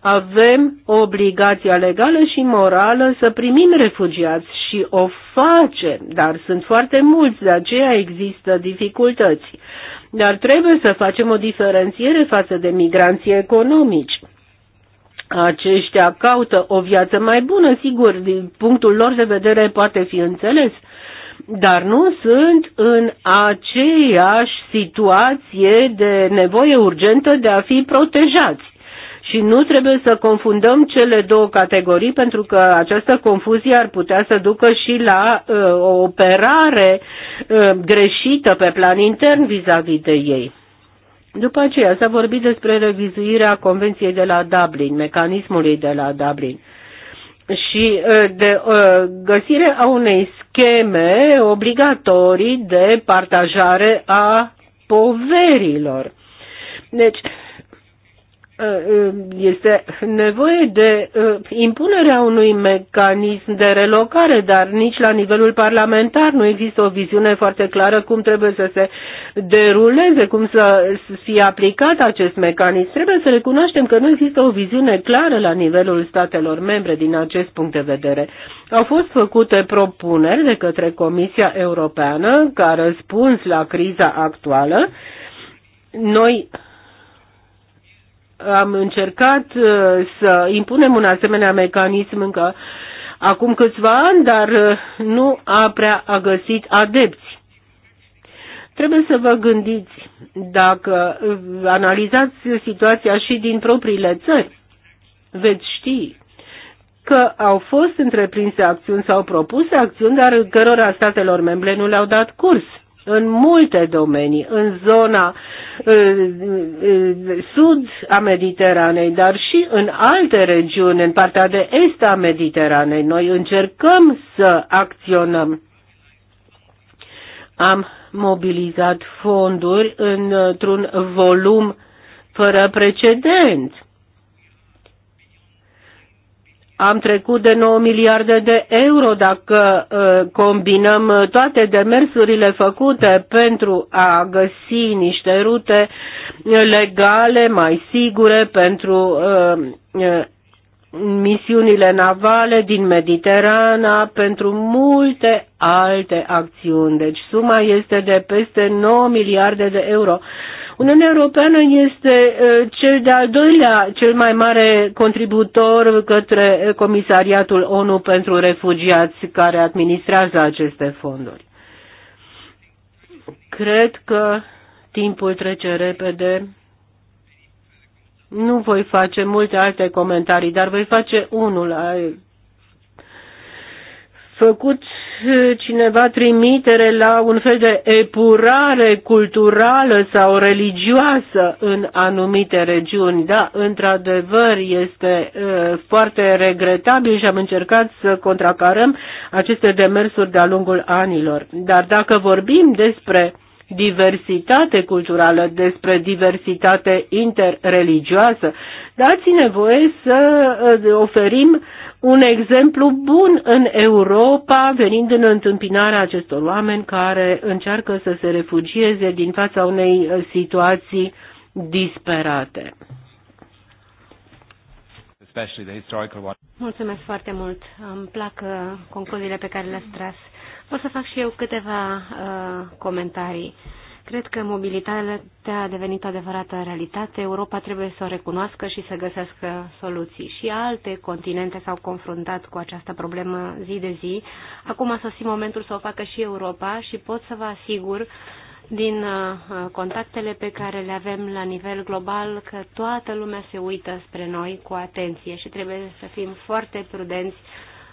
B: avem obligația legală și morală să primim refugiați și o facem, dar sunt foarte mulți, de aceea există dificultăți. Dar trebuie să facem o diferențiere față de migranții economici. Aceștia caută o viață mai bună, sigur, din punctul lor de vedere poate fi înțeles, dar nu sunt în aceeași situație de nevoie urgentă de a fi protejați. Și nu trebuie să confundăm cele două categorii pentru că această confuzie ar putea să ducă și la uh, o operare uh, greșită pe plan intern vis-a-vis -vis de ei. După aceea s-a vorbit despre revizuirea Convenției de la Dublin, mecanismului de la Dublin și uh, de uh, găsirea a unei scheme obligatorii de partajare a poverilor. Deci, este nevoie de uh, impunerea unui mecanism de relocare, dar nici la nivelul parlamentar nu există o viziune foarte clară cum trebuie să se deruleze, cum să fie aplicat acest mecanism. Trebuie să recunoaștem că nu există o viziune clară la nivelul statelor membre din acest punct de vedere. Au fost făcute propuneri de către Comisia Europeană ca răspuns la criza actuală. Noi am încercat uh, să impunem un asemenea mecanism încă acum câțiva ani, dar uh, nu a prea a găsit adepți. Trebuie să vă gândiți dacă uh, analizați situația și din propriile țări. Veți ști că au fost întreprinse acțiuni sau propuse acțiuni, dar cărora statelor membre nu le-au dat curs în multe domenii, în zona ă, ă, sud a Mediteranei, dar și în alte regiuni, în partea de est a Mediteranei. Noi încercăm să acționăm. Am mobilizat fonduri într-un volum fără precedent am trecut de 9 miliarde de euro dacă uh, combinăm uh, toate demersurile făcute pentru a găsi niște rute uh, legale, mai sigure pentru misiunile navale din Mediterana, pentru multe alte acțiuni. Deci suma este de peste 9 miliarde de euro Uniunea Europeană este cel de-al doilea, cel mai mare contributor către Comisariatul ONU pentru Refugiați care administrează aceste fonduri. Cred că timpul trece repede. Nu voi face multe alte comentarii, dar voi face unul. Ai făcut cineva trimitere la un fel de epurare culturală sau religioasă în anumite regiuni. Da, într-adevăr, este uh, foarte regretabil și am încercat să contracarăm aceste demersuri de-a lungul anilor. Dar dacă vorbim despre diversitate culturală, despre diversitate interreligioasă. Dați voie să uh, oferim un exemplu bun în Europa, venind în întâmpinarea acestor oameni care încearcă să se refugieze din fața unei uh, situații disperate.
C: Mulțumesc foarte mult. Îmi plac uh, concluziile pe care le-ați tras. O să fac și eu câteva uh, comentarii. Uh, Cred că mobilitatea a devenit o adevărată realitate. Europa trebuie să o recunoască și să găsească soluții. Și alte continente s-au confruntat cu această problemă zi de zi. Acum a sosit momentul să o facă și Europa și pot să vă asigur din uh, contactele pe care le avem la nivel global că toată lumea se uită spre noi cu atenție și trebuie să fim foarte prudenți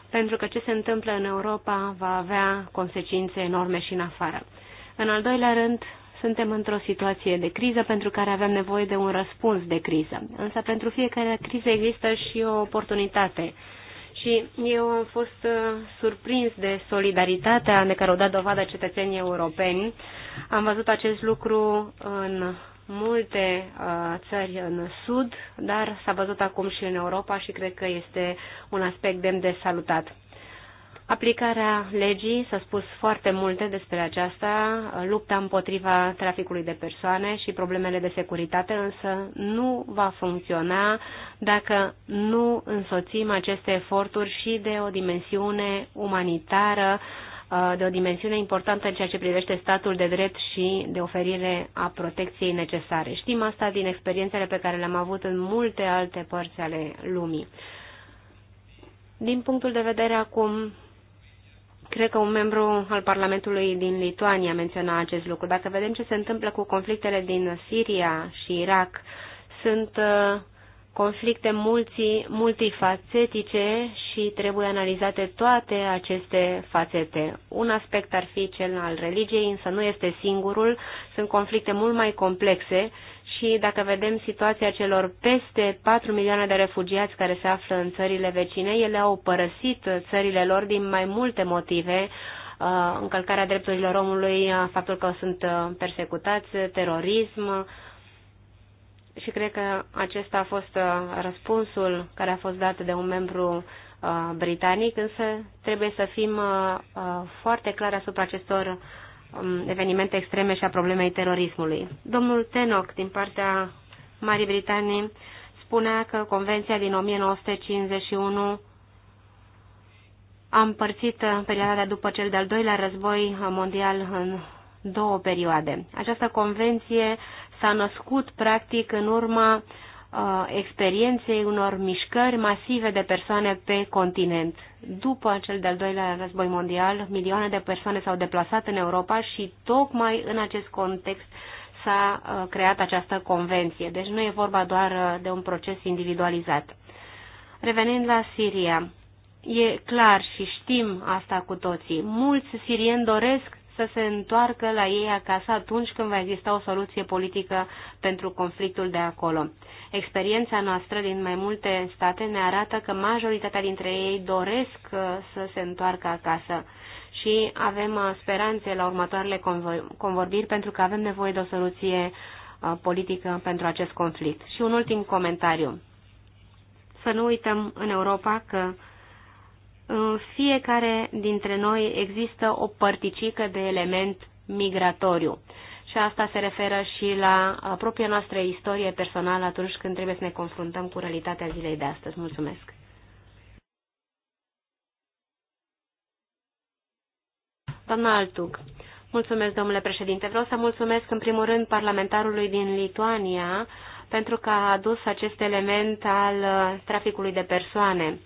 C: pentru că ce se întâmplă în Europa va avea consecințe enorme și în afară. În al doilea rând, suntem într-o situație de criză pentru care avem nevoie de un răspuns de criză. Însă pentru fiecare criză există și o oportunitate. Și eu am fost uh, surprins de solidaritatea de care au dat dovadă cetățenii europeni. Am văzut acest lucru în multe uh, țări în Sud, dar s-a văzut acum și în Europa și cred că este un aspect demn de salutat. Aplicarea legii s-a spus foarte multe despre aceasta, lupta împotriva traficului de persoane și problemele de securitate, însă nu va funcționa dacă nu însoțim aceste eforturi și de o dimensiune umanitară, uh, de o dimensiune importantă în ceea ce privește statul de drept și de oferire a protecției necesare. Știm asta din experiențele pe care le-am avut în multe alte părți ale lumii. Din punctul de vedere acum Cred că un membru al Parlamentului din Lituania menționa acest lucru. Dacă vedem ce se întâmplă cu conflictele din Siria și Irak, sunt uh, conflicte multi, multifacetice și trebuie analizate toate aceste fațete. Un aspect ar fi cel al religiei, însă nu este singurul. Sunt conflicte mult mai complexe și dacă vedem situația celor peste 4 milioane de refugiați care se află în țările vecine, ele au părăsit țările lor din mai multe motive, uh, încălcarea drepturilor omului, uh, faptul că sunt uh, persecutați, terorism, și cred că acesta a fost răspunsul care a fost dat de un membru britanic, însă trebuie să fim foarte clari asupra acestor Um, evenimente extreme și a problemei terorismului. Domnul Tenoc, din partea Marii Britanii, spunea că Convenția din 1951 a împărțit uh, perioada de după cel de-al doilea război mondial în două perioade. Această convenție s-a născut practic în urma uh, experienței unor mișcări masive de persoane pe continent după cel de-al doilea război mondial, milioane de persoane s-au deplasat în Europa și tocmai în acest context s-a uh, creat această convenție. Deci nu e vorba doar uh, de un proces individualizat. Revenind la Siria, e clar și știm asta cu toții. Mulți sirieni doresc să se întoarcă la ei acasă atunci când va exista o soluție politică pentru conflictul de acolo. Experiența noastră din mai multe state ne arată că majoritatea dintre ei doresc uh, să se întoarcă acasă și avem uh, speranțe la următoarele convorbiri pentru că avem nevoie de o soluție uh, politică pentru acest conflict. Și un ultim comentariu. Să nu uităm în Europa că în uh, fiecare dintre noi există o părticică de element migratoriu. Și asta se referă și la uh, propria noastră istorie personală atunci când trebuie să ne confruntăm cu realitatea zilei de astăzi. Mulțumesc! Doamna Altuc, mulțumesc, domnule președinte. Vreau să mulțumesc în primul rând parlamentarului din Lituania pentru că a adus acest element al uh, traficului de persoane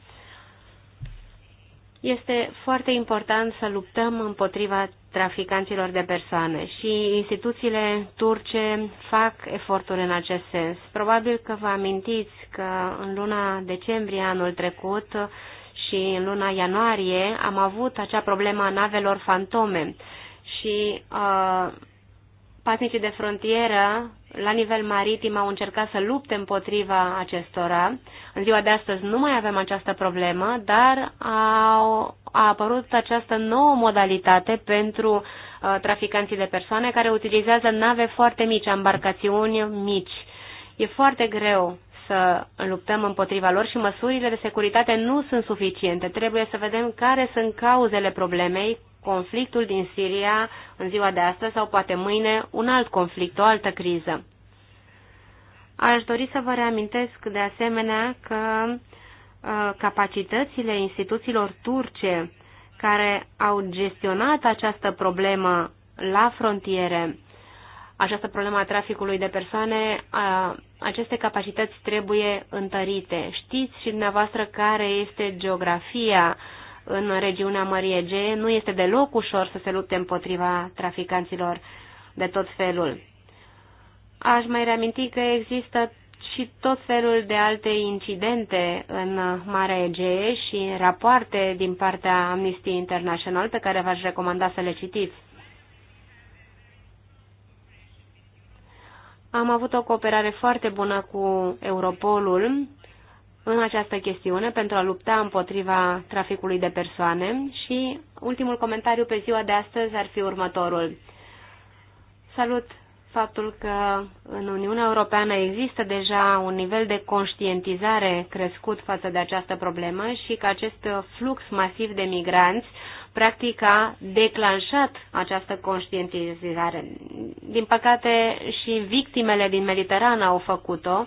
C: este foarte important să luptăm împotriva traficanților de persoane și instituțiile turce fac eforturi în acest sens. Probabil că vă amintiți că în luna decembrie anul trecut și în luna ianuarie am avut acea problemă a navelor fantome și uh, patnicii de frontieră la nivel maritim au încercat să lupte împotriva acestora. În ziua de astăzi nu mai avem această problemă, dar au, a apărut această nouă modalitate pentru uh, traficanții de persoane care utilizează nave foarte mici, embarcațiuni mici. E foarte greu să luptăm împotriva lor și măsurile de securitate nu sunt suficiente. Trebuie să vedem care sunt cauzele problemei, conflictul din Siria în ziua de astăzi sau poate mâine un alt conflict, o altă criză. Aș dori să vă reamintesc de asemenea că uh, capacitățile instituțiilor turce care au gestionat această problemă la frontiere, această problemă a traficului de persoane, uh, aceste capacități trebuie întărite. Știți și dumneavoastră care este geografia în regiunea Mării Egee. Nu este deloc ușor să se lupte împotriva traficanților de tot felul. Aș mai reaminti că există și tot felul de alte incidente în Marea Egee și rapoarte din partea Amnesty International pe care v-aș recomanda să le citiți. Am avut o cooperare foarte bună cu Europolul în această chestiune pentru a lupta împotriva traficului de persoane și ultimul comentariu pe ziua de astăzi ar fi următorul. Salut faptul că în Uniunea Europeană există deja un nivel de conștientizare crescut față de această problemă și că acest flux masiv de migranți practic a declanșat această conștientizare. Din păcate și victimele din Mediterana au făcut-o,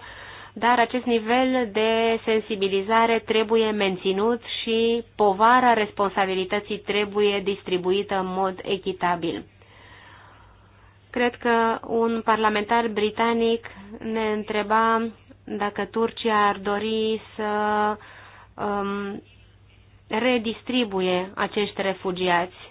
C: dar acest nivel de sensibilizare trebuie menținut și povara responsabilității trebuie distribuită în mod echitabil. Cred că un parlamentar britanic ne întreba dacă Turcia ar dori să um, redistribuie acești refugiați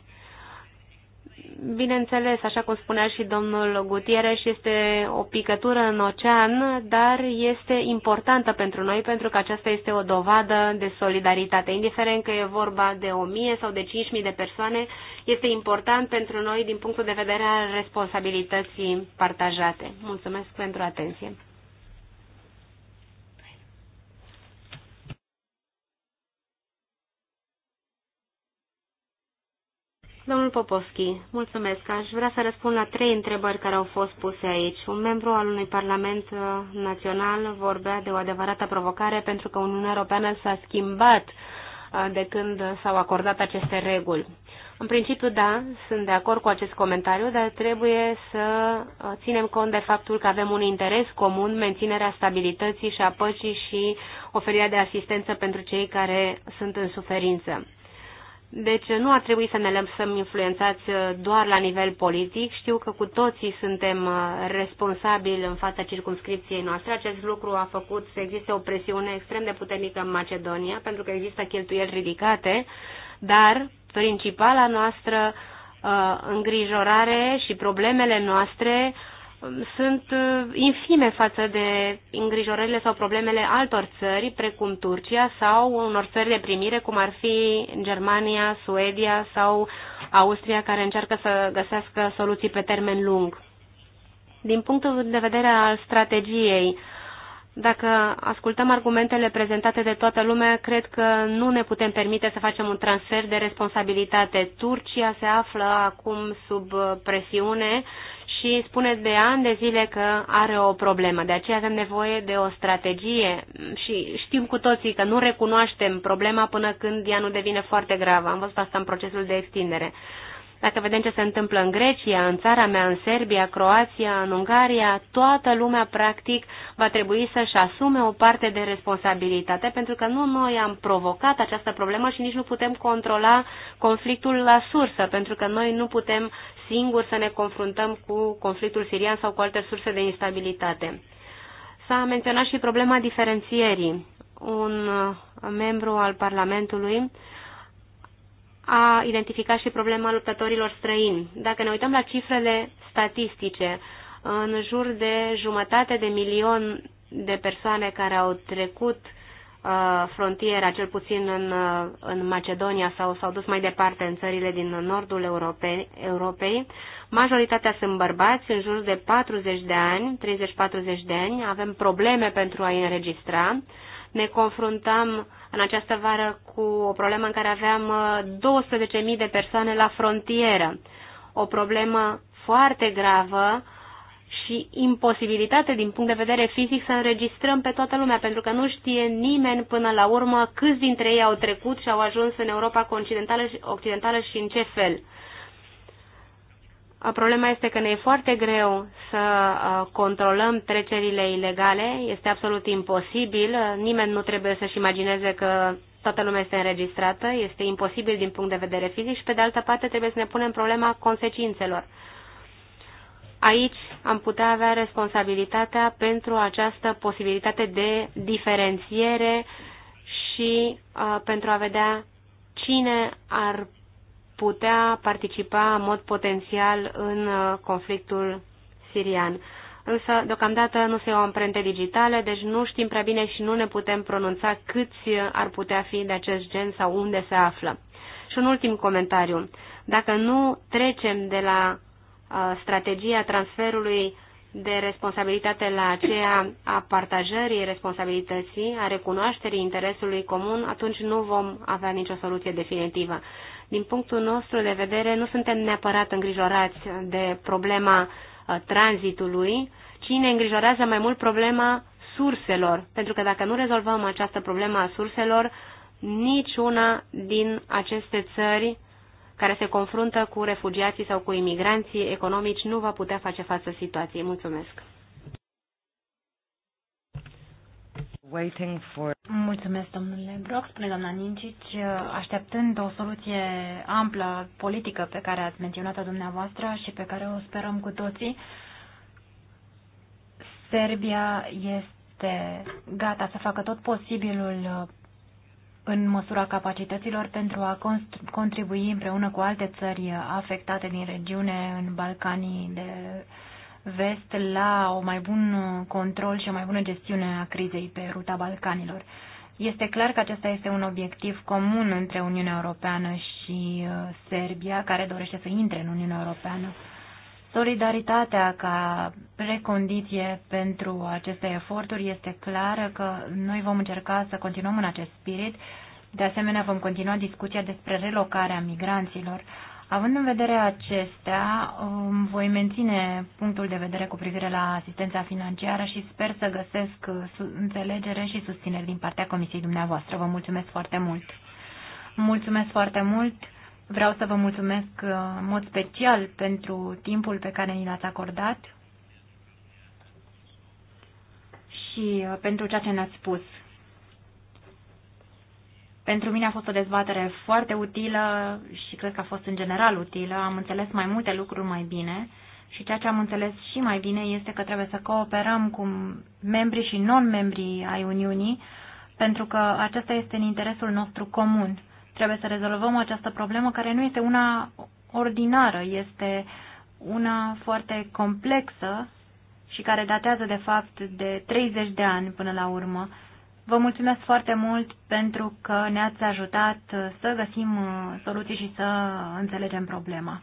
C: bineînțeles, așa cum spunea și domnul Gutierrez, este o picătură în ocean, dar este importantă pentru noi pentru că aceasta este o dovadă de solidaritate. Indiferent că e vorba de 1000 sau de 5000 de persoane, este important pentru noi din punctul de vedere al responsabilității partajate. Mulțumesc pentru atenție. Domnul Popovski, mulțumesc. Aș vrea să răspund la trei întrebări care au fost puse aici. Un membru al unui parlament uh, național vorbea de o adevărată provocare pentru că Uniunea Europeană s-a schimbat uh, de când s-au acordat aceste reguli. În principiu, da, sunt de acord cu acest comentariu, dar trebuie să uh, ținem cont de faptul că avem un interes comun, menținerea stabilității și a păcii și oferirea de asistență pentru cei care sunt în suferință. Deci nu ar trebui să ne lăsăm influențați uh, doar la nivel politic. Știu că cu toții suntem uh, responsabili în fața circumscripției noastre. Acest lucru a făcut să existe o presiune extrem de puternică în Macedonia, pentru că există cheltuieli ridicate, dar principala noastră uh, îngrijorare și problemele noastre uh, sunt uh, infime față de îngrijorările sau problemele altor țări, precum Turcia sau unor țări de primire, cum ar fi Germania, Suedia sau Austria, care încearcă să găsească soluții pe termen lung. Din punctul de vedere al strategiei, dacă ascultăm argumentele prezentate de toată lumea, cred că nu ne putem permite să facem un transfer de responsabilitate. Turcia se află acum sub presiune și spune de ani de zile că are o problemă. De aceea avem nevoie de o strategie și știm cu toții că nu recunoaștem problema până când ea nu devine foarte gravă. Am văzut asta în procesul de extindere. Dacă vedem ce se întâmplă în Grecia, în țara mea, în Serbia, Croația, în Ungaria, toată lumea, practic, va trebui să-și asume o parte de responsabilitate, pentru că nu noi am provocat această problemă și nici nu putem controla conflictul la sursă, pentru că noi nu putem singuri să ne confruntăm cu conflictul sirian sau cu alte surse de instabilitate. S-a menționat și problema diferențierii. Un uh, membru al Parlamentului a identificat și problema luptătorilor străini. Dacă ne uităm la cifrele statistice, în jur de jumătate de milion de persoane care au trecut Uh, frontiera, cel puțin în, uh, în Macedonia sau s-au dus mai departe în țările din nordul Europei, Europei. Majoritatea sunt bărbați, în jur de 40 de ani, 30-40 de ani. Avem probleme pentru a-i înregistra. Ne confruntăm în această vară cu o problemă în care aveam 12.000 uh, de persoane la frontieră. O problemă foarte gravă și imposibilitate din punct de vedere fizic să înregistrăm pe toată lumea, pentru că nu știe nimeni până la urmă câți dintre ei au trecut și au ajuns în Europa continentală și, occidentală și în ce fel. Problema este că ne e foarte greu să controlăm trecerile ilegale, este absolut imposibil, nimeni nu trebuie să-și imagineze că toată lumea este înregistrată, este imposibil din punct de vedere fizic și pe de altă parte trebuie să ne punem problema consecințelor. Aici am putea avea responsabilitatea pentru această posibilitate de diferențiere și uh, pentru a vedea cine ar putea participa în mod potențial în uh, conflictul sirian. Însă, deocamdată nu se iau amprente digitale, deci nu știm prea bine și nu ne putem pronunța câți ar putea fi de acest gen sau unde se află. Și un ultim comentariu. Dacă nu trecem de la strategia transferului de responsabilitate la aceea a partajării responsabilității, a recunoașterii interesului comun, atunci nu vom avea nicio soluție definitivă. Din punctul nostru de vedere, nu suntem neapărat îngrijorați de problema tranzitului, ci ne îngrijorează mai mult problema surselor, pentru că dacă nu rezolvăm această problemă a surselor, niciuna din aceste țări care se confruntă cu refugiații sau cu imigranții economici nu va putea face față situației. Mulțumesc!
A: for... Mulțumesc, domnule Brock. Spune doamna Nincici, așteptând o soluție amplă politică pe care ați menționat-o dumneavoastră și pe care o sperăm cu toții, Serbia este gata să facă tot posibilul în măsura capacităților pentru a contribui împreună cu alte țări afectate din regiune în Balcanii de vest la o mai bun control și o mai bună gestiune a crizei pe ruta Balcanilor. Este clar că acesta este un obiectiv comun între Uniunea Europeană și uh, Serbia, care dorește să intre în Uniunea Europeană. Solidaritatea ca precondiție pentru aceste eforturi este clară că noi vom încerca să continuăm în acest spirit. De asemenea, vom continua discuția despre relocarea migranților. Având în vedere acestea, um, voi menține punctul de vedere cu privire la asistența financiară și sper să găsesc uh, înțelegere și susținere din partea Comisiei dumneavoastră. Vă mulțumesc foarte mult! Mulțumesc foarte mult! Vreau să vă mulțumesc uh, în mod special pentru timpul pe care ni l-ați acordat și uh, pentru ceea ce ne-ați spus. Pentru mine a fost o dezbatere foarte utilă și cred că a fost în general utilă. Am înțeles mai multe lucruri mai bine și ceea ce am înțeles și mai bine este că trebuie să cooperăm cu membrii și non-membrii ai Uniunii pentru că acesta este în interesul nostru comun. Trebuie să rezolvăm această problemă care nu este una ordinară, este una foarte complexă și care datează de fapt de 30 de ani până la urmă. Vă mulțumesc foarte mult pentru că ne-ați ajutat să găsim uh, soluții și să înțelegem problema.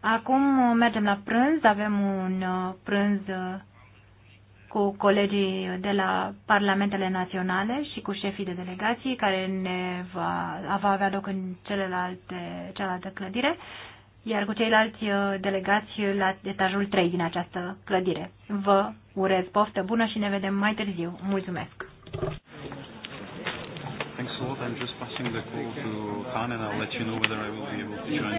A: Acum uh, mergem la prânz, avem un uh, prânz cu colegii de la Parlamentele Naționale și cu șefii de delegații care ne va, va avea loc în celelalte, cealaltă clădire, iar cu ceilalți uh, delegați la etajul 3 din această clădire. Vă urez poftă bună și ne vedem mai târziu. Mulțumesc! Thanks a lot. I'm just passing the call to Khan and I'll let you know whether I will be able to join.